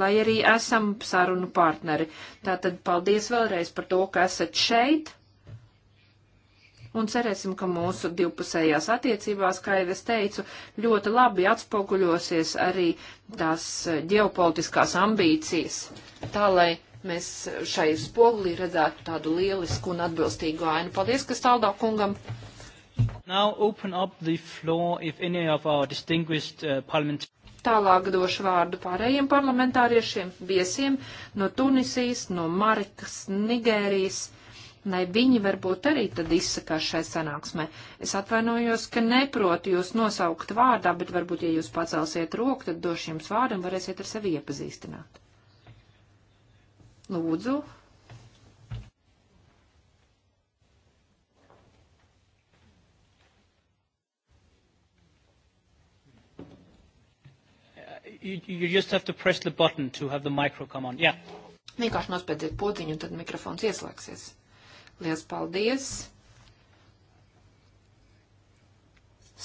lai arī esam sarunu partneri. Tātad paldies vēlreiz par to, ka esat šeit, un cerēsim, ka mūsu divpusējās attiecībās, kā jau es teicu, ļoti labi atspoguļosies arī tās ģeopolitiskās ambīcijas, tā lai mēs šai spogulī redzētu tādu lielisku un atbilstīgu ainu. Paldies, kas tāldā kungam. Now open up the floor if any of our distinguished uh, parliamentarians. Tālāk došu vārdu pārējiem parlamentāriešiem, viesiem no Tunisijas, no Marikas, Nigērijas, lai viņi varbūt arī tad izsakās šai sanāksmē. Es atvainojos, ka neprotu jūs nosaukt vārdā, bet varbūt, ja jūs pacelsiet roku, tad došu jums vārdu un varēsiet ar sevi iepazīstināt. Lūdzu. You, you just have to press the button to have the micro come on. Yeah. Vienkārši nospiediet podziņu, un tad mikrofons ieslēgsies. Lielas paldies!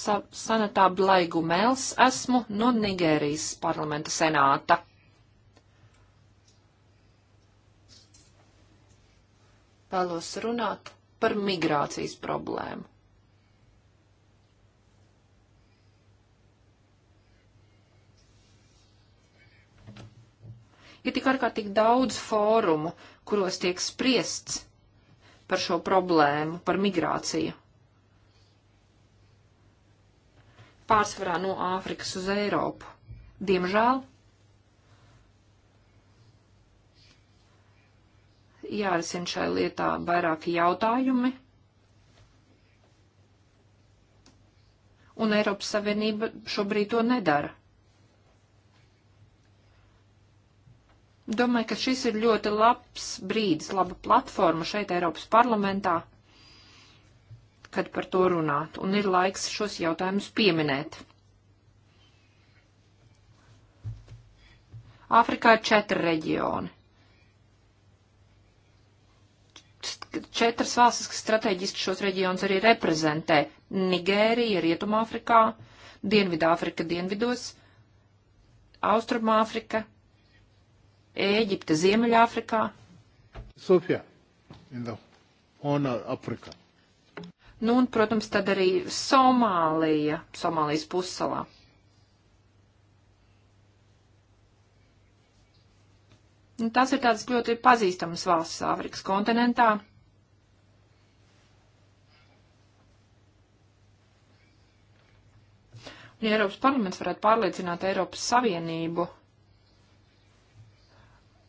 Sa Sanatā Blaigu Mēls esmu no Nigērijas parlamenta senāta. vēlos runāt par migrācijas problēmu. Ir tik ārkārtīgi daudz fórumu, kuros tiek spriests par šo problēmu, par migrāciju. Pārsvarā no Āfrikas uz Eiropu. Diemžēl jārisina šai lietā vairāki jautājumi. Un Eiropas Savienība šobrīd to nedara. Domāju, ka šis ir ļoti labs brīdis, laba platforma šeit Eiropas parlamentā, kad par to runāt, un ir laiks šos jautājumus pieminēt. Āfrikā ir četri reģioni četras valstis, kas strateģiski šos reģionus arī reprezentē - Nigērija, Rietumāfrikā, Dienvidāfrika dienvidos, Austrumāfrika, Ēģipte Ziemeļāfrikā. Sofija, Ona Afrika. Nu un, protams, tad arī Somālija, Somālijas pussalā. Un nu, tas ir tāds ļoti pazīstams valsts Āfrikas kontinentā. ja Eiropas parlaments varētu pārliecināt Eiropas Savienību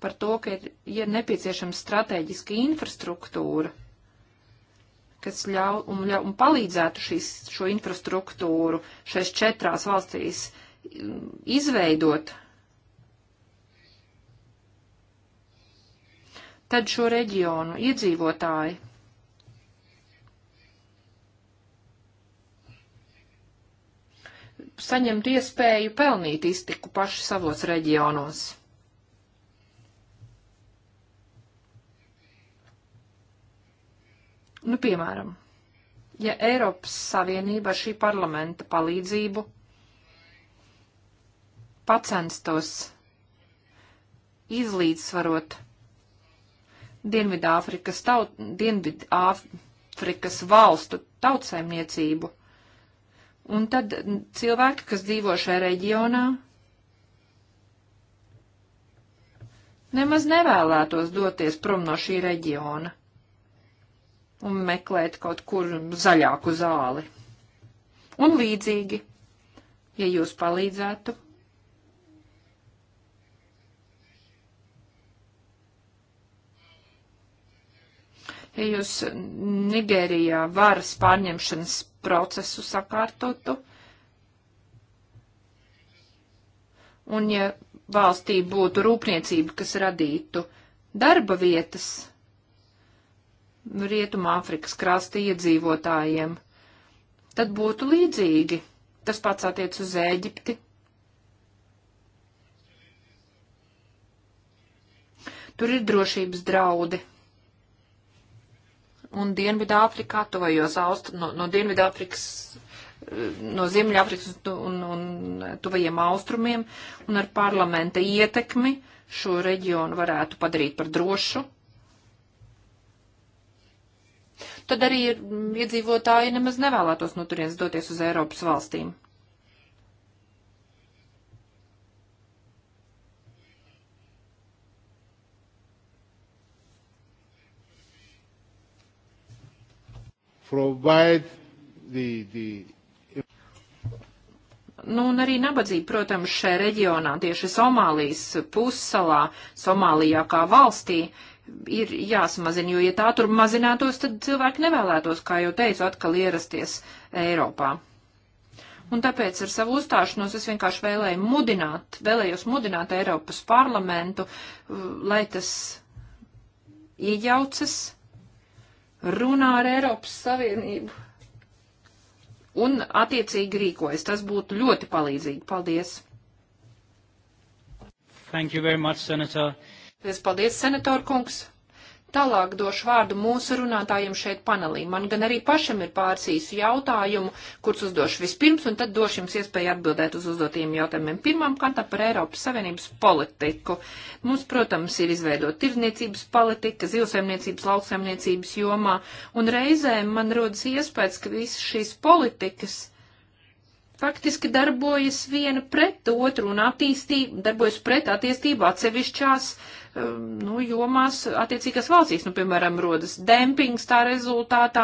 par to, ka ir, ir nepieciešama strateģiska infrastruktūra, kas ļauj un, ļau, un palīdzētu šīs, šo infrastruktūru šais četrās valstīs mm, izveidot, tad šo reģionu iedzīvotāji saņemtu iespēju pelnīt iztiku paši savos reģionos. Nu, piemēram, ja Eiropas Savienība ar šī parlamenta palīdzību pacenstos izlīdzsvarot Dienvidāfrikas, taut, Dienvidāfrikas valstu tautsēmniecību, Un tad cilvēki, kas dzīvo šajā reģionā, nemaz nevēlētos doties prom no šī reģiona un meklēt kaut kur zaļāku zāli. Un līdzīgi, ja jūs palīdzētu. Ja jūs Nigērijā varas pārņemšanas procesu sakārtotu. Un ja valstī būtu rūpniecība, kas radītu darba vietas Rietumā Afrikas krasta iedzīvotājiem, tad būtu līdzīgi. Tas pats attiec uz Ēģipti. Tur ir drošības draudi un Dienvidāfrikā, tuvajos aust, no, no Dienvidāfrikas, eh, no Ziemeļāfrikas un, un, un tuvajiem austrumiem, un ar parlamenta ietekmi šo reģionu varētu padarīt par drošu. Tad arī mm, iedzīvotāji nemaz nevēlētos no turienes doties uz Eiropas valstīm. provide the, the Nu, un arī nabadzība, protams, šajā reģionā, tieši Somālijas pussalā, Somālijā kā valstī, ir jāsamazina, jo, ja tā tur mazinātos, tad cilvēki nevēlētos, kā jau teicu, atkal ierasties Eiropā. Un tāpēc ar savu uzstāšanos es vienkārši vēlēju mudināt, vēlējos mudināt Eiropas parlamentu, lai tas iejaucas runā ar Eiropas Savienību un attiecīgi rīkojas. Tas būtu ļoti palīdzīgi. Paldies! Thank you very much, Senator. Paldies, senator kungs! Tālāk došu vārdu mūsu runātājiem šeit panelī. Man gan arī pašam ir pāris īsu jautājumu, kurus uzdošu vispirms, un tad došu jums iespēju atbildēt uz uzdotiem jautājumiem. Pirmām kārtām par Eiropas Savienības politiku. Mums, protams, ir izveidot tirzniecības politika, zivsaimniecības, lauksaimniecības jomā, un reizēm man rodas iespējas, ka visas šīs politikas faktiski darbojas viena pret otru un attīstība, darbojas pret attīstību atsevišķās uh, Um, nu, jomās attiecīgās valstīs. Nu, piemēram, rodas dempings tā rezultātā,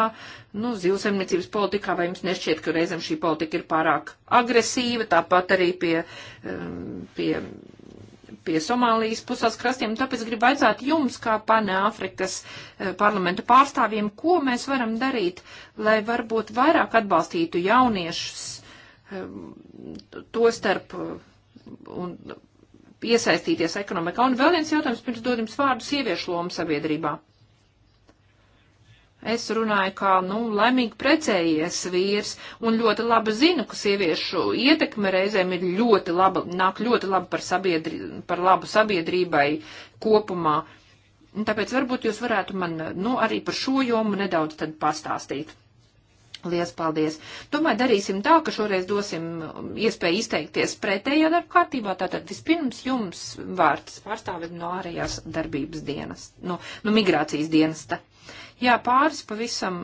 nu, zivsemniecības politikā, vai jums nešķiet, ka reizēm šī politika ir pārāk agresīva, tāpat arī pie, um, pie, pie Somālijas pusās krastiem. Tāpēc gribu aicāt jums, kā Panāfrikas eh, parlamenta pārstāvjiem, ko mēs varam darīt, lai varbūt vairāk atbalstītu jauniešus eh, to starp eh, un iesaistīties ekonomikā. Un vēl viens jautājums, pirms dod jums vārdu sieviešu lomu sabiedrībā. Es runāju kā, nu, laimīgi precējies vīrs un ļoti labi zinu, ka sieviešu ietekme reizēm ir ļoti laba, nāk ļoti labi par, sabiedri, par labu sabiedrībai kopumā. Un tāpēc varbūt jūs varētu man, nu, arī par šo jomu nedaudz tad pastāstīt. Lielas paldies! Domāju, darīsim tā, ka šoreiz dosim iespēju izteikties pretējā darba kārtībā. Tātad vispirms jums vārds pārstāvim no ārējās darbības dienas, no, no migrācijas dienesta. Jā, pāris pavisam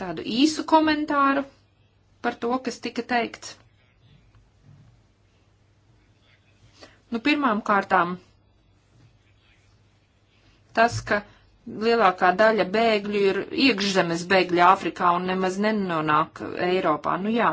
tādu īsu komentāru par to, kas tika teikts. Nu, pirmām kārtām tas, ka lielākā daļa bēgļu ir iekšzemes bēgļi Āfrikā un nemaz nenonāk Eiropā. Nu jā.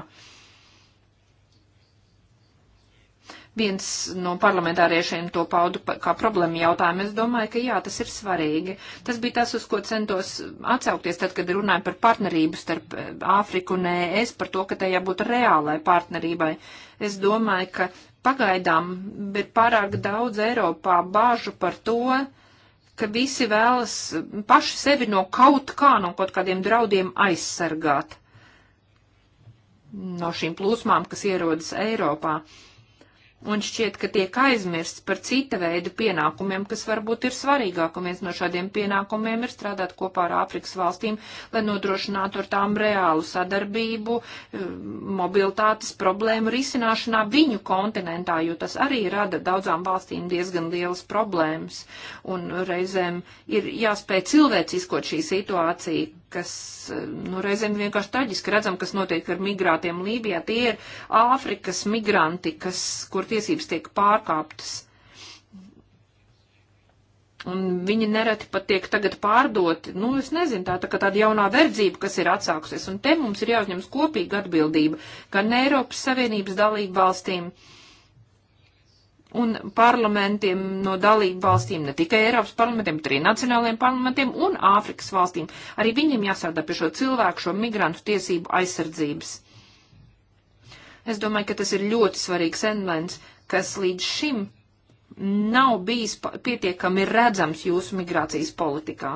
Viens no parlamentāriešiem to paudu kā problēmu jautājumu. Es domāju, ka jā, tas ir svarīgi. Tas bija tas, uz ko centos atsaukties, tad, kad runāju par partnerību starp eh, Āfriku un ES, par to, ka tai jābūt reālai partnerībai. Es domāju, ka pagaidām ir pārāk daudz Eiropā bāžu par to, uh, ka visi vēlas paši sevi no kaut kā, no kaut kādiem draudiem aizsargāt no šīm plūsmām, kas ierodas Eiropā. Uh, un šķiet, ka tiek aizmirsts par cita veida pienākumiem, kas varbūt ir svarīgāk, un viens no šādiem pienākumiem ir strādāt kopā ar Āfrikas valstīm, lai nodrošinātu ar tām reālu sadarbību, eh, mobilitātes problēmu risināšanā viņu kontinentā, jo tas arī rada daudzām valstīm diezgan lielas problēmas, un reizēm ir jāspēj cilvēciskot šī situācija kas, eh, nu, reizēm vienkārši traģiski redzam, kas notiek ar migrātiem Lībijā. Tie ir Āfrikas migranti, kas, kur tiesības tiek pārkāptas. Un viņi nereti pat tiek tagad pārdoti. Nu, es nezinu, tā, tā kā tāda jaunā verdzība, kas ir atsākusies. Un te mums ir jāuzņemas kopīga atbildība gan Eiropas Savienības dalību valstīm. Uh, un parlamentiem no dalību valstīm, ne tikai Eiropas parlamentiem, bet arī nacionālajiem parlamentiem un Āfrikas valstīm. Arī viņiem jāsārdā pie šo cilvēku, šo migrantu tiesību aizsardzības. Es domāju, ka tas ir ļoti svarīgs elements, kas līdz šim nav bijis pietiekami redzams jūsu migrācijas politikā.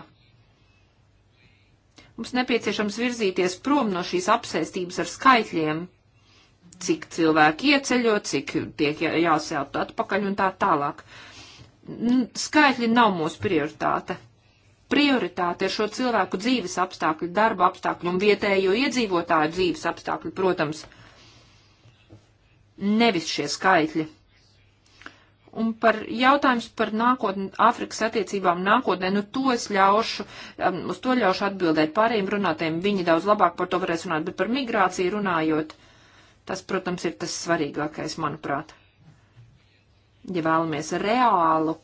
Mums nepieciešams virzīties prom no šīs apsēstības ar skaitļiem cik cilvēki ieceļo, cik tiek jāsēlt atpakaļ un tā tālāk. Skaitļi nav mūsu prioritāte. Prioritāte ir šo cilvēku dzīves apstākļi, darba apstākļi un vietējo iedzīvotāju dzīves apstākļi, protams, nevis šie skaitļi. Un par jautājums par nākotni, Āfrikas attiecībām nākotnē, nu to es ļaušu, um, uz to ļaušu atbildēt pārējiem runātiem, viņi daudz labāk par to varēs runāt, bet par migrāciju runājot. Uh, Tas, protams, ir tas svarīgākais, manuprāt. Ja vēlamies reālu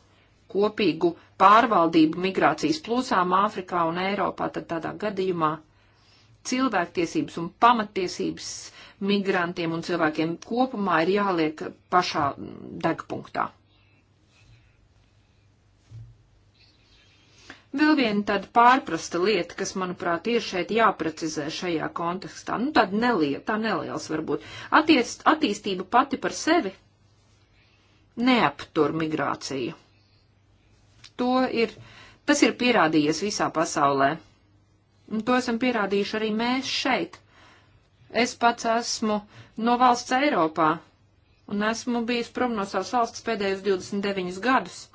kopīgu pārvaldību migrācijas plūsām Āfrikā un Eiropā, tad tādā gadījumā cilvēktiesības un pamatiesības migrantiem un cilvēkiem kopumā ir jāliek pašā degpunktā. Vēl viena tāda pārprasta lieta, kas, manuprāt, ir šeit jāprecizē šajā kontekstā, nu tāda neliela, tā neliels varbūt, Attiest, attīstība pati par sevi neaptur migrāciju. To ir, tas ir pierādījies visā pasaulē. Un to esam pierādījuši arī mēs šeit. Es pats esmu no valsts Eiropā, un esmu bijis prom no savas valsts pēdējos 29 gadus.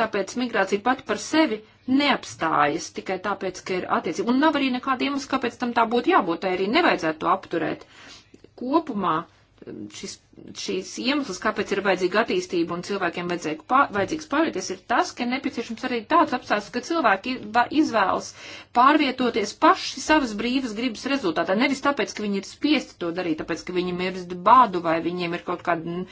Tāpēc migrācija pati par sevi neapstājas tikai tāpēc, ka ir attiecība. Un nav arī nekāda iemesla, kāpēc tam tā būtu jābūt. Tā arī nevajadzētu to apturēt. Kopumā šis šīs iemesls, kāpēc ir vajadzīga attīstība un cilvēkiem pār, vajadzīgs pārvieties, ir tas, ka nepieciešams arī tāds apstāsts, ka cilvēki izvēlas pārvietoties paši savas brīvas gribas rezultātā. Nevis tāpēc, ka viņi ir spiesti to darīt, tāpēc, ka viņiem ir bādu vai viņiem ir kaut kāda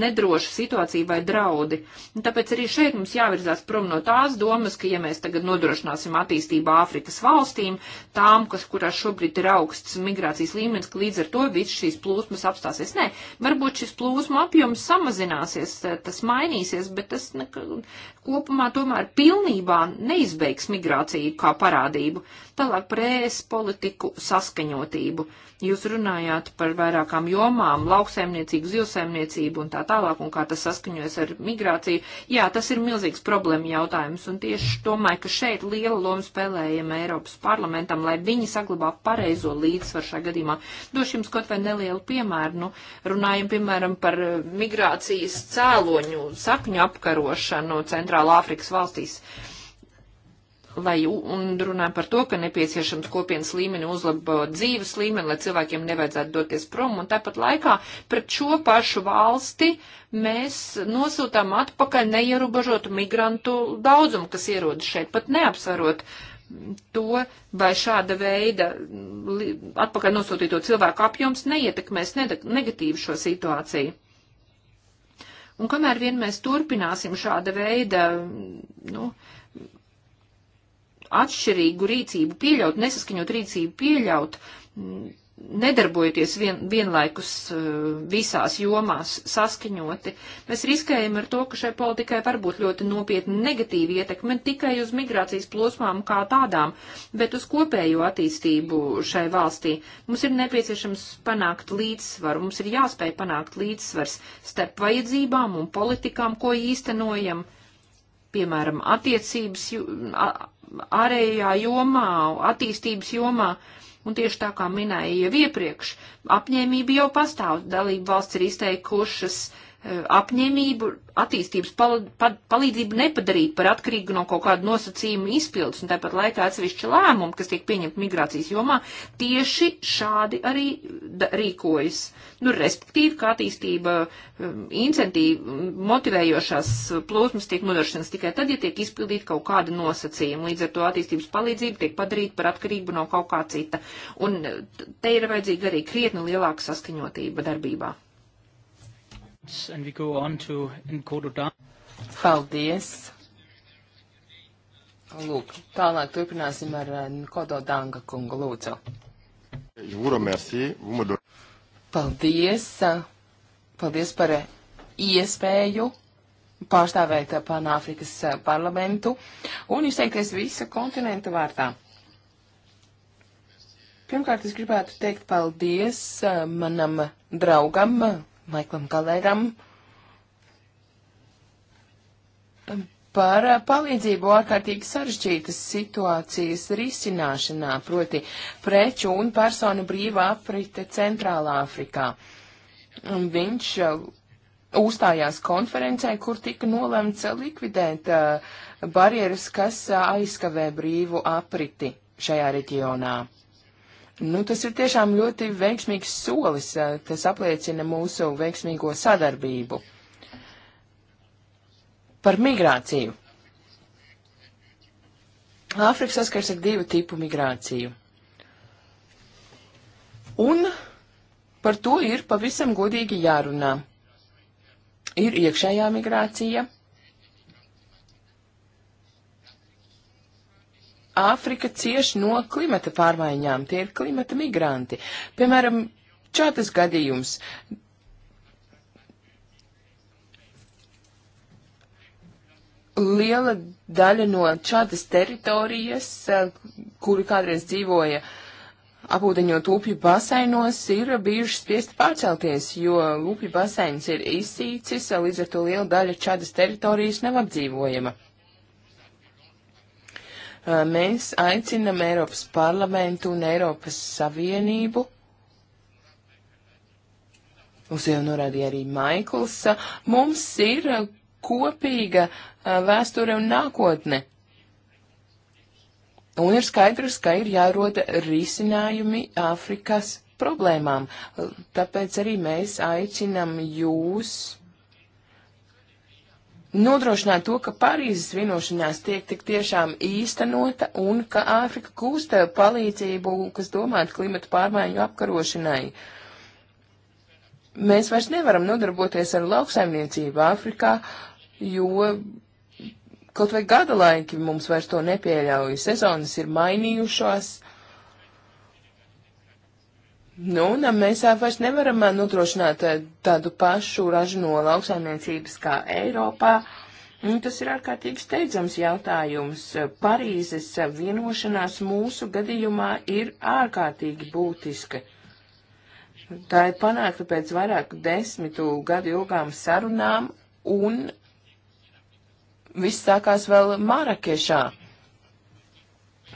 nedroša situācija vai draudi. Un tāpēc arī šeit mums jāvirzās prom no tās domas, ka ja mēs tagad nodrošināsim attīstību Āfrikas valstīm, tām, kas, kurās šobrīd ir augsts migrācijas līmenis, ka līdz ar to viss šīs plūsmas apstāsies. Nē, varbūt varbūt šis plūsma apjoms samazināsies, eh, tas mainīsies, bet tas nekā, kopumā tomēr pilnībā neizbeigs migrāciju kā parādību. Tālāk par ēs politiku saskaņotību. Jūs runājāt par vairākām jomām, lauksaimniecību, zilsaimniecību un tā tālāk, un kā tas saskaņojas ar migrāciju. Jā, tas ir milzīgs problēma jautājums, un tieši domāju, ka šeit liela loma spēlējama Eiropas parlamentam, lai viņi saglabā pareizo līdzsvaru šajā gadījumā. Došu jums kaut vai nelielu piemēru. Nu, runājam, piemēram, piemēram, par eh, migrācijas cēloņu, sakņu apkarošanu Centrāla Āfrikas valstīs. Lai, un runāja par to, ka nepieciešams kopienas līmeni uzlabot dzīves līmeni, lai cilvēkiem nevajadzētu doties prom, un tāpat laikā pret šo pašu valsti mēs nosūtām atpakaļ neierobežotu migrantu daudzumu, kas ierodas šeit, pat neapsvarot uh, to, vai šāda veida atpakaļ nosūtīto cilvēku apjoms neietekmēs negatīvi šo situāciju. Un kamēr vien mēs turpināsim šāda veida, nu, atšķirīgu rīcību pieļaut, nesaskaņot rīcību pieļaut, nedarbojoties vien, vienlaikus e, visās jomās saskaņoti, mēs riskējam ar to, ka šai politikai var būt ļoti nopietni negatīvi ietekme ne tikai uz migrācijas plosmām kā tādām, bet uz kopējo attīstību šai valstī. Mums ir nepieciešams panākt līdzsvaru, mums ir jāspēj panākt līdzsvars starp vajadzībām un politikām, ko īstenojam, piemēram, attiecības ārējā jomā, attīstības jomā. Uh, Un tieši tā kā minēja jau iepriekš, apņēmība jau pastāv. Dalība valsts ir izteikušas uh, apņēmību attīstības pal pal palīdzību nepadarīt par atkarīgu no kaut kāda nosacījuma izpildus, un tāpat laikā atsevišķi lēmumi, kas tiek pieņemti migrācijas jomā, tieši šādi arī rīkojas. Nu, respektīvi, kā attīstība um, incentīva motivējošās uh, plūsmas tiek nodrošinas tikai tad, ja tiek izpildīta kaut kāda nosacījuma. Līdz ar to attīstības palīdzība tiek padarīta par atkarību no kaut kā cita. Un uh, te ir vajadzīga arī krietni lielāka saskaņotība darbībā. Paldies! Lūk, tālāk turpināsim ar eh, Kodo Danga kungu lūdzu. Paldies! Eh, paldies par eh, iespēju pārstāvēt Panāfrikas parlamentu un izteikties visa kontinenta vārtā. Pirmkārt, es gribētu teikt paldies manam draugam, Maiklam Galeram par palīdzību ārkārtīgi sarežģītas situācijas risināšanā, proti preču un personu brīvā aprite Centrālā Afrikā. Viņš uh, uzstājās konferencē, kur tika nolemts likvidēt uh, barjeras, kas uh, aizskavē brīvu apriti šajā reģionā. Nu, tas ir tiešām ļoti veiksmīgs solis, tas apliecina mūsu veiksmīgo sadarbību. Par migrāciju. Āfrika saskars ar divu tipu migrāciju. Un par to ir pavisam godīgi jārunā. Ir iekšējā migrācija Āfrika cieši no klimata pārmaiņām, tie ir klimata migranti. Piemēram, čātas gadījums. Liela daļa no čātas teritorijas, eh, kuri kādreiz dzīvoja apūdeņot upju basainos, ir bijuši spiesti pārcelties, jo upju basains ir izsīcis, eh, līdz ar to liela daļa čātas teritorijas nav apdzīvojama mēs aicinam Eiropas parlamentu un Eiropas Savienību Uz jau norādīja arī Maikls. Mums ir kopīga vēsture un nākotne. Un ir skaidrs, ka ir jāroda risinājumi Āfrikas problēmām. Tāpēc arī mēs aicinam jūs nodrošināt to, ka Parīzes vienošanās tiek tik tiešām īstenota un ka Āfrika gūsta palīdzību, kas domāta klimatu pārmaiņu apkarošanai. Mēs vairs nevaram nodarboties ar lauksaimniecību Āfrikā, jo kaut vai gada laiki mums vairs to nepieļauj. Sezonas ir mainījušās Nu, un um, mēs uh, vairs nevaram uh, nodrošināt uh, tādu pašu ražu no lauksaimniecības kā Eiropā. Un tas ir ārkārtīgi steidzams jautājums. Parīzes vienošanās mūsu gadījumā ir ārkārtīgi būtiska. Tā ir panākta pēc vairāku desmitu gadu ilgām sarunām, un viss sākās vēl Marakešā.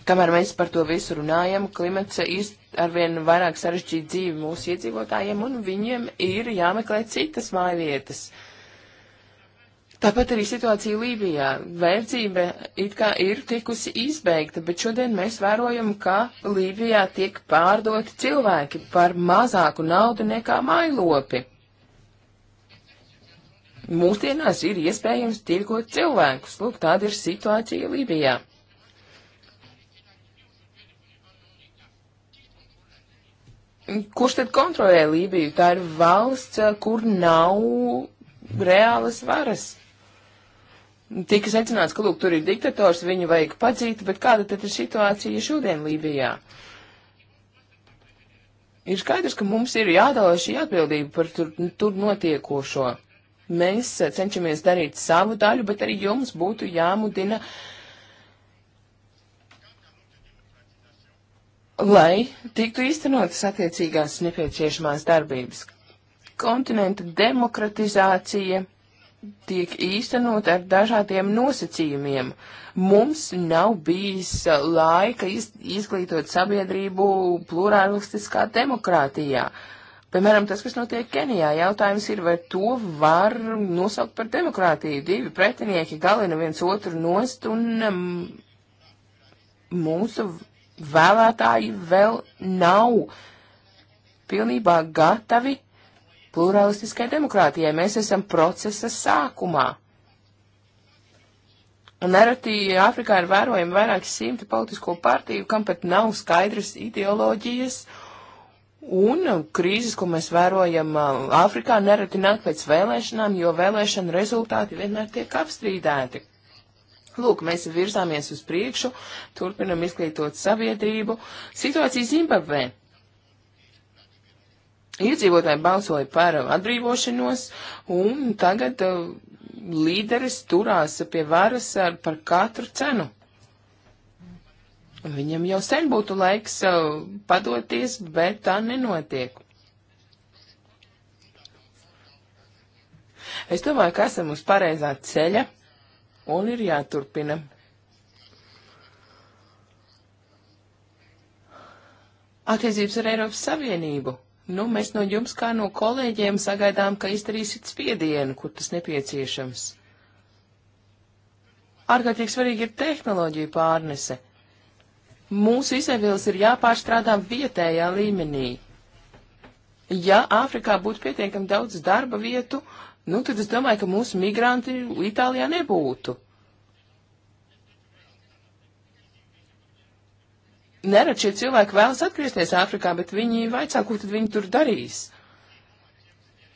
Kamēr mēs par to visu runājam, klimats arvien vairāk sarežģīja dzīvi mūsu iedzīvotājiem, un viņiem ir jāmeklē citas mājvietas. Tāpat arī situācija Lībijā. Verdzība it kā ir tikusi izbeigta, bet šodien mēs vērojam, ka Lībijā tiek pārdoti cilvēki par mazāku naudu nekā mailopi mūsdienās ir iespējams tirgot cilvēkus. Lūk, tāda ir situācija Lībijā. Kurš tad kontrolē Lībiju? Tā ir valsts, eh, kur nav reālas varas. Tika secināts, ka, lūk, tur ir diktators, viņu vajag padzīt, bet kāda tad ir situācija šodien Lībijā? Ir skaidrs, ka mums ir jādala šī atbildība par tur, tur notiekošo. Mēs eh, cenšamies darīt savu daļu, bet arī jums būtu jāmudina uh, lai tiktu īstenotas attiecīgās nepieciešamās darbības. Kontinenta demokratizācija tiek īstenot ar dažādiem nosacījumiem. Mums nav bijis laika iz, izglītot sabiedrību plurālistiskā demokrātijā. Piemēram, tas, kas notiek Kenijā, jautājums ir, vai to var nosaukt par demokrātiju. Divi pretinieki galina viens otru nost un um, mūsu vēlētāji vēl nav pilnībā gatavi pluralistiskai demokrātijai. Mēs esam procesa sākumā. Un nereti Āfrikā ir vērojami vairāki simti politisko partiju, kam pat nav skaidras ideoloģijas. Un krīzes, ko mēs vērojam Āfrikā, nereti nāk pēc vēlēšanām, jo vēlēšana rezultāti vienmēr tiek apstrīdēti. Lūk, mēs virzāmies uz priekšu, turpinam izglītot sabiedrību. Situācija Zimbabvē. Iedzīvotāji balsoja par atbrīvošanos, un tagad uh, līderis turās pie varas ar, par katru cenu. Viņam jau sen būtu laiks uh, padoties, bet tā nenotiek. Es domāju, ka esam uz pareizā ceļa un ir jāturpina. Attiecības ar Eiropas Savienību. Nu, mēs no jums, kā no kolēģiem, sagaidām, ka izdarīsiet spiedienu, kur tas nepieciešams. Ārkārtīgi svarīgi ir tehnoloģija pārnese. Mūsu izēvielas ir jāpārstrādā vietējā līmenī. Ja Āfrikā būtu pietiekami daudz darba vietu, uh, nu tad es domāju, ka mūsu migranti Itālijā nebūtu. Nerad šie cilvēki vēlas atgriezties Āfrikā, bet viņi vaicā, ko tad viņi tur darīs.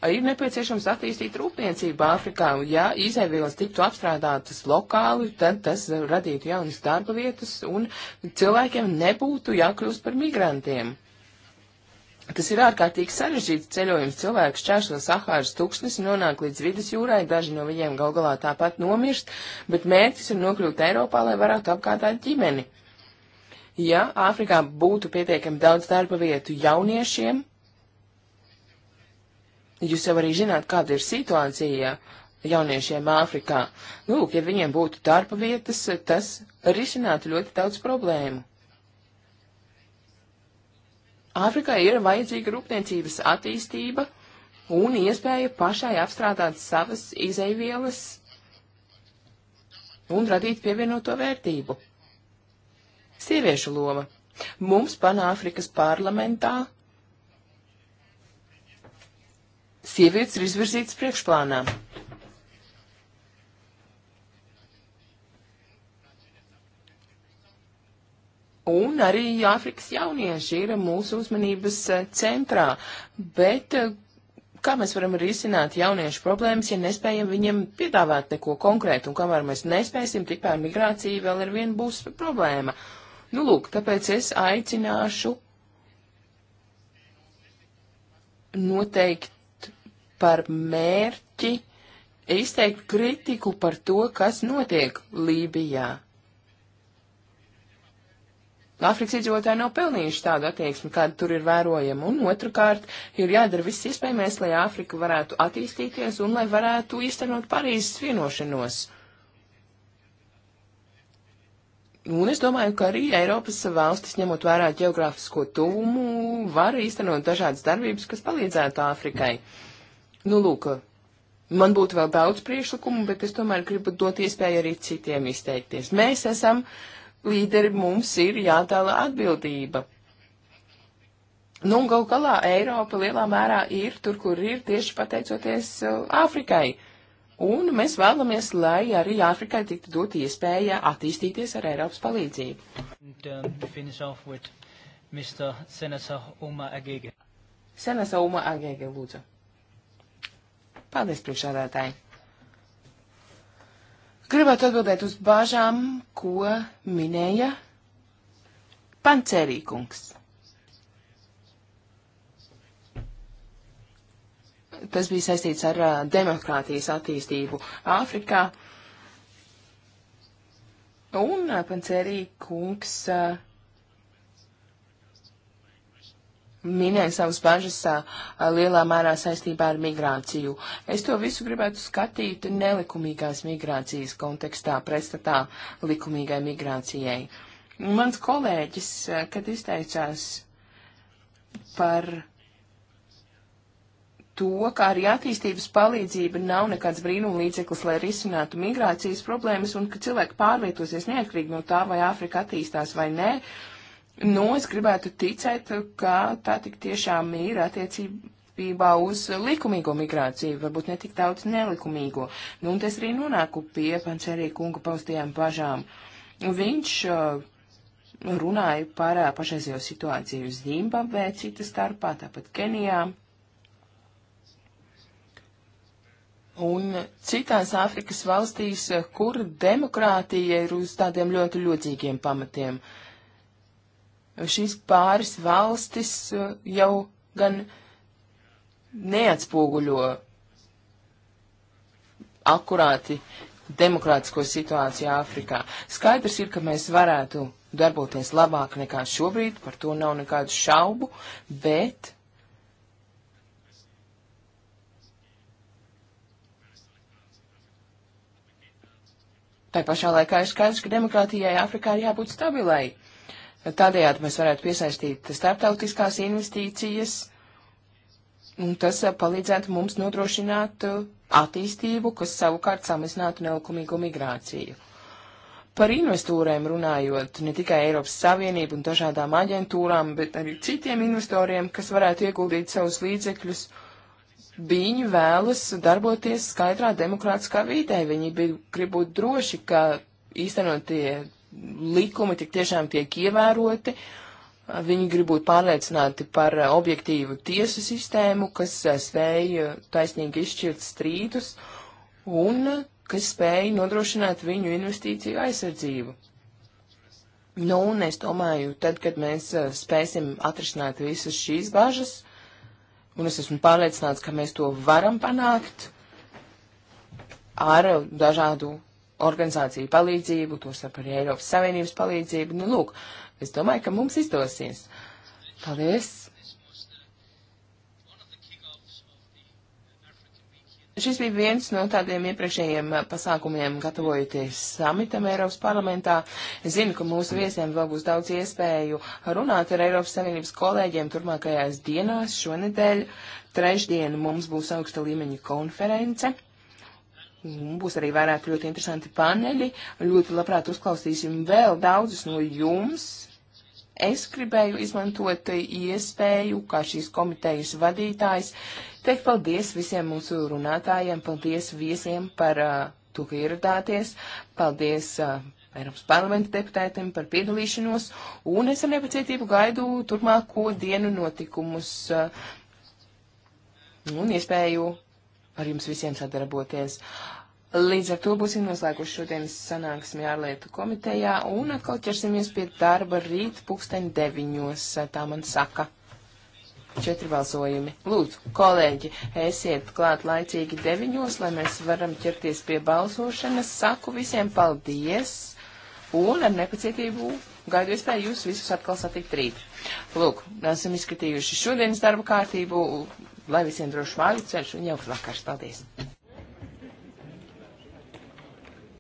Ir nepieciešams attīstīt rūpniecību Āfrikā, un ja izēvielas tiktu apstrādātas lokāli, tad tas radītu jaunas darba vietas, un cilvēkiem nebūtu jākļūst par migrantiem. Tas ir ārkārtīgi sarežģīts ceļojums. Cilvēks čērš no Sahāras tūkstnes un nonāk līdz vidus jūrai, daži no viņiem gal galā tāpat nomirst, bet mērķis ir nokļūt Eiropā, lai varētu apkārtāt ģimeni. Ja Āfrikā būtu pietiekami daudz darba vietu jauniešiem, jūs jau arī zināt, kāda ir situācija jauniešiem Āfrikā. Lūk, ja viņiem būtu darba vietas, tas risinātu ļoti daudz problēmu. Āfrikai ir vajadzīga rūpniecības attīstība un iespēja pašai apstrādāt savas izeivielas un radīt pievienoto vērtību. Sieviešu loma. Mums Panāfrikas parlamentā sievietes ir izvirzītas priekšplānā. Un arī Āfrikas jaunieši ir mūsu uzmanības eh, centrā. Bet eh, kā mēs varam risināt jauniešu problēmas, ja nespējam viņiem piedāvāt neko konkrētu, un kamēr mēs nespēsim, tikmēr migrācija vēl ar vienu būs problēma. Nu, lūk, tāpēc es aicināšu noteikt par mērķi, izteikt kritiku par to, kas notiek Lībijā. Āfrikas iedzīvotāji nav pelnījuši tādu attieksmi, kāda tur ir vērojama, un otrkārt ir jādara viss iespējamais, lai Āfrika varētu attīstīties un lai varētu īstenot Parīzes vienošanos. Un es domāju, ka arī Eiropas valstis, ņemot vērā geogrāfisko tuvumu, var īstenot dažādas darbības, kas palīdzētu Āfrikai. Nu, lūk, man būtu vēl daudz priešlikumu, bet es tomēr gribu dot iespēju arī citiem izteikties. Mēs esam uh, līderi mums ir jātēla atbildība. Nu, un gal galā Eiropa lielā mērā ir tur, kur ir tieši pateicoties uh, Āfrikai. Un mēs vēlamies, lai arī Āfrikai tiktu dot iespēja attīstīties ar Eiropas palīdzību. Um, Senasa Uma Agēge, lūdzu. Paldies, priekšādātāji! Gribētu atbildēt uz bāžām, ko minēja Pancerīkungs. Tas bija saistīts ar uh, demokrātijas attīstību Āfrikā. Un uh, Pancerīkungs. Uh, minēja savas bažas lielā mērā saistībā ar migrāciju. Es to visu gribētu skatīt nelikumīgās migrācijas kontekstā, pretstatā likumīgai migrācijai. Mans kolēģis, kad izteicās par to, ka arī attīstības palīdzība nav nekāds brīnum līdzeklis, lai risinātu migrācijas problēmas un ka cilvēki pārvietosies neatkarīgi no tā, vai Āfrika attīstās vai nē, uh, Nu, es gribētu ticēt, ka tā tik tiešām ir attiecībā uz likumīgo migrāciju, varbūt ne tik daudz nelikumīgo. Nu, un es arī nonāku pie Pancerī kunga paustajām bažām. Viņš uh, runāja par uh, pašreizējo situāciju Zimbabvē, cita starpā, tāpat Kenijā. Un citās Āfrikas valstīs, uh, kur demokrātija ir uz tādiem ļoti ļodzīgiem pamatiem. Uh, šīs pāris valstis uh, jau gan neatspoguļo akurāti demokrātisko situāciju Āfrikā. Skaidrs ir, ka mēs varētu darboties labāk nekā šobrīd, par to nav nekādu šaubu, bet Tā pašā laikā ir skaidrs, ka demokrātijai Āfrikā ir jābūt stabilai. Tādējādi mēs varētu piesaistīt starptautiskās investīcijas, un tas eh, palīdzētu mums nodrošināt eh, attīstību, kas savukārt samazinātu nelikumīgo migrāciju. Par investūriem runājot, ne tikai Eiropas Savienību un dažādām aģentūrām, bet arī citiem investoriem, kas varētu ieguldīt savus līdzekļus, viņi vēlas darboties skaidrā demokrātiskā vidē. Viņi grib būt droši, ka īstenotie likumi tik tiešām tiek ievēroti. Viņi grib būt pārliecināti par objektīvu tiesu sistēmu, kas spēj taisnīgi izšķirt strīdus un kas spēj nodrošināt viņu investīciju aizsardzību. Nu, un es domāju, tad, kad mēs uh, spēsim atrisināt visas šīs bažas, un es esmu pārliecināts, ka mēs to varam panākt ar dažādu organizāciju palīdzību, tostarp arī Eiropas Savienības palīdzību. Nu, lūk, es domāju, ka mums izdosies. Paldies! Šis bija viens no tādiem iepriekšējiem pasākumiem, gatavojoties samitam Eiropas parlamentā. Es zinu, ka mūsu viesiem vēl būs daudz iespēju runāt ar Eiropas Savienības kolēģiem turmākajās dienās šonedēļ. Trešdien mums būs augsta līmeņa konference. Būs arī vairāk ļoti interesanti paneļi. Ļoti labprāt uzklausīsim vēl daudzus no jums. Es gribēju izmantot iespēju, kā šīs komitejas vadītājs, teikt paldies visiem mūsu runātājiem, paldies viesiem par uh, to, ka ieradāties, paldies uh, Eiropas parlamenta deputātiem par piedalīšanos, un es ar nepacietību gaidu turpmāko dienu notikumus uh, un iespēju ar jums visiem sadarboties. Līdz ar to būsim noslēguši šodienas sanāksmi ārlietu komitejā un atkal ķersimies pie darba rīt pulksteni deviņos, tā man saka. Četri balsojumi. Lūdzu, kolēģi, esiet klāt laicīgi deviņos, lai mēs varam ķerties pie balsošanas. Saku visiem paldies un ar nepacietību gaidu iespēju jūs visus atkal satikt rīt. Lūk, esam izskatījuši šodienas darba kārtību lai visiem droši vāju ceļš un jauks vakars. Paldies!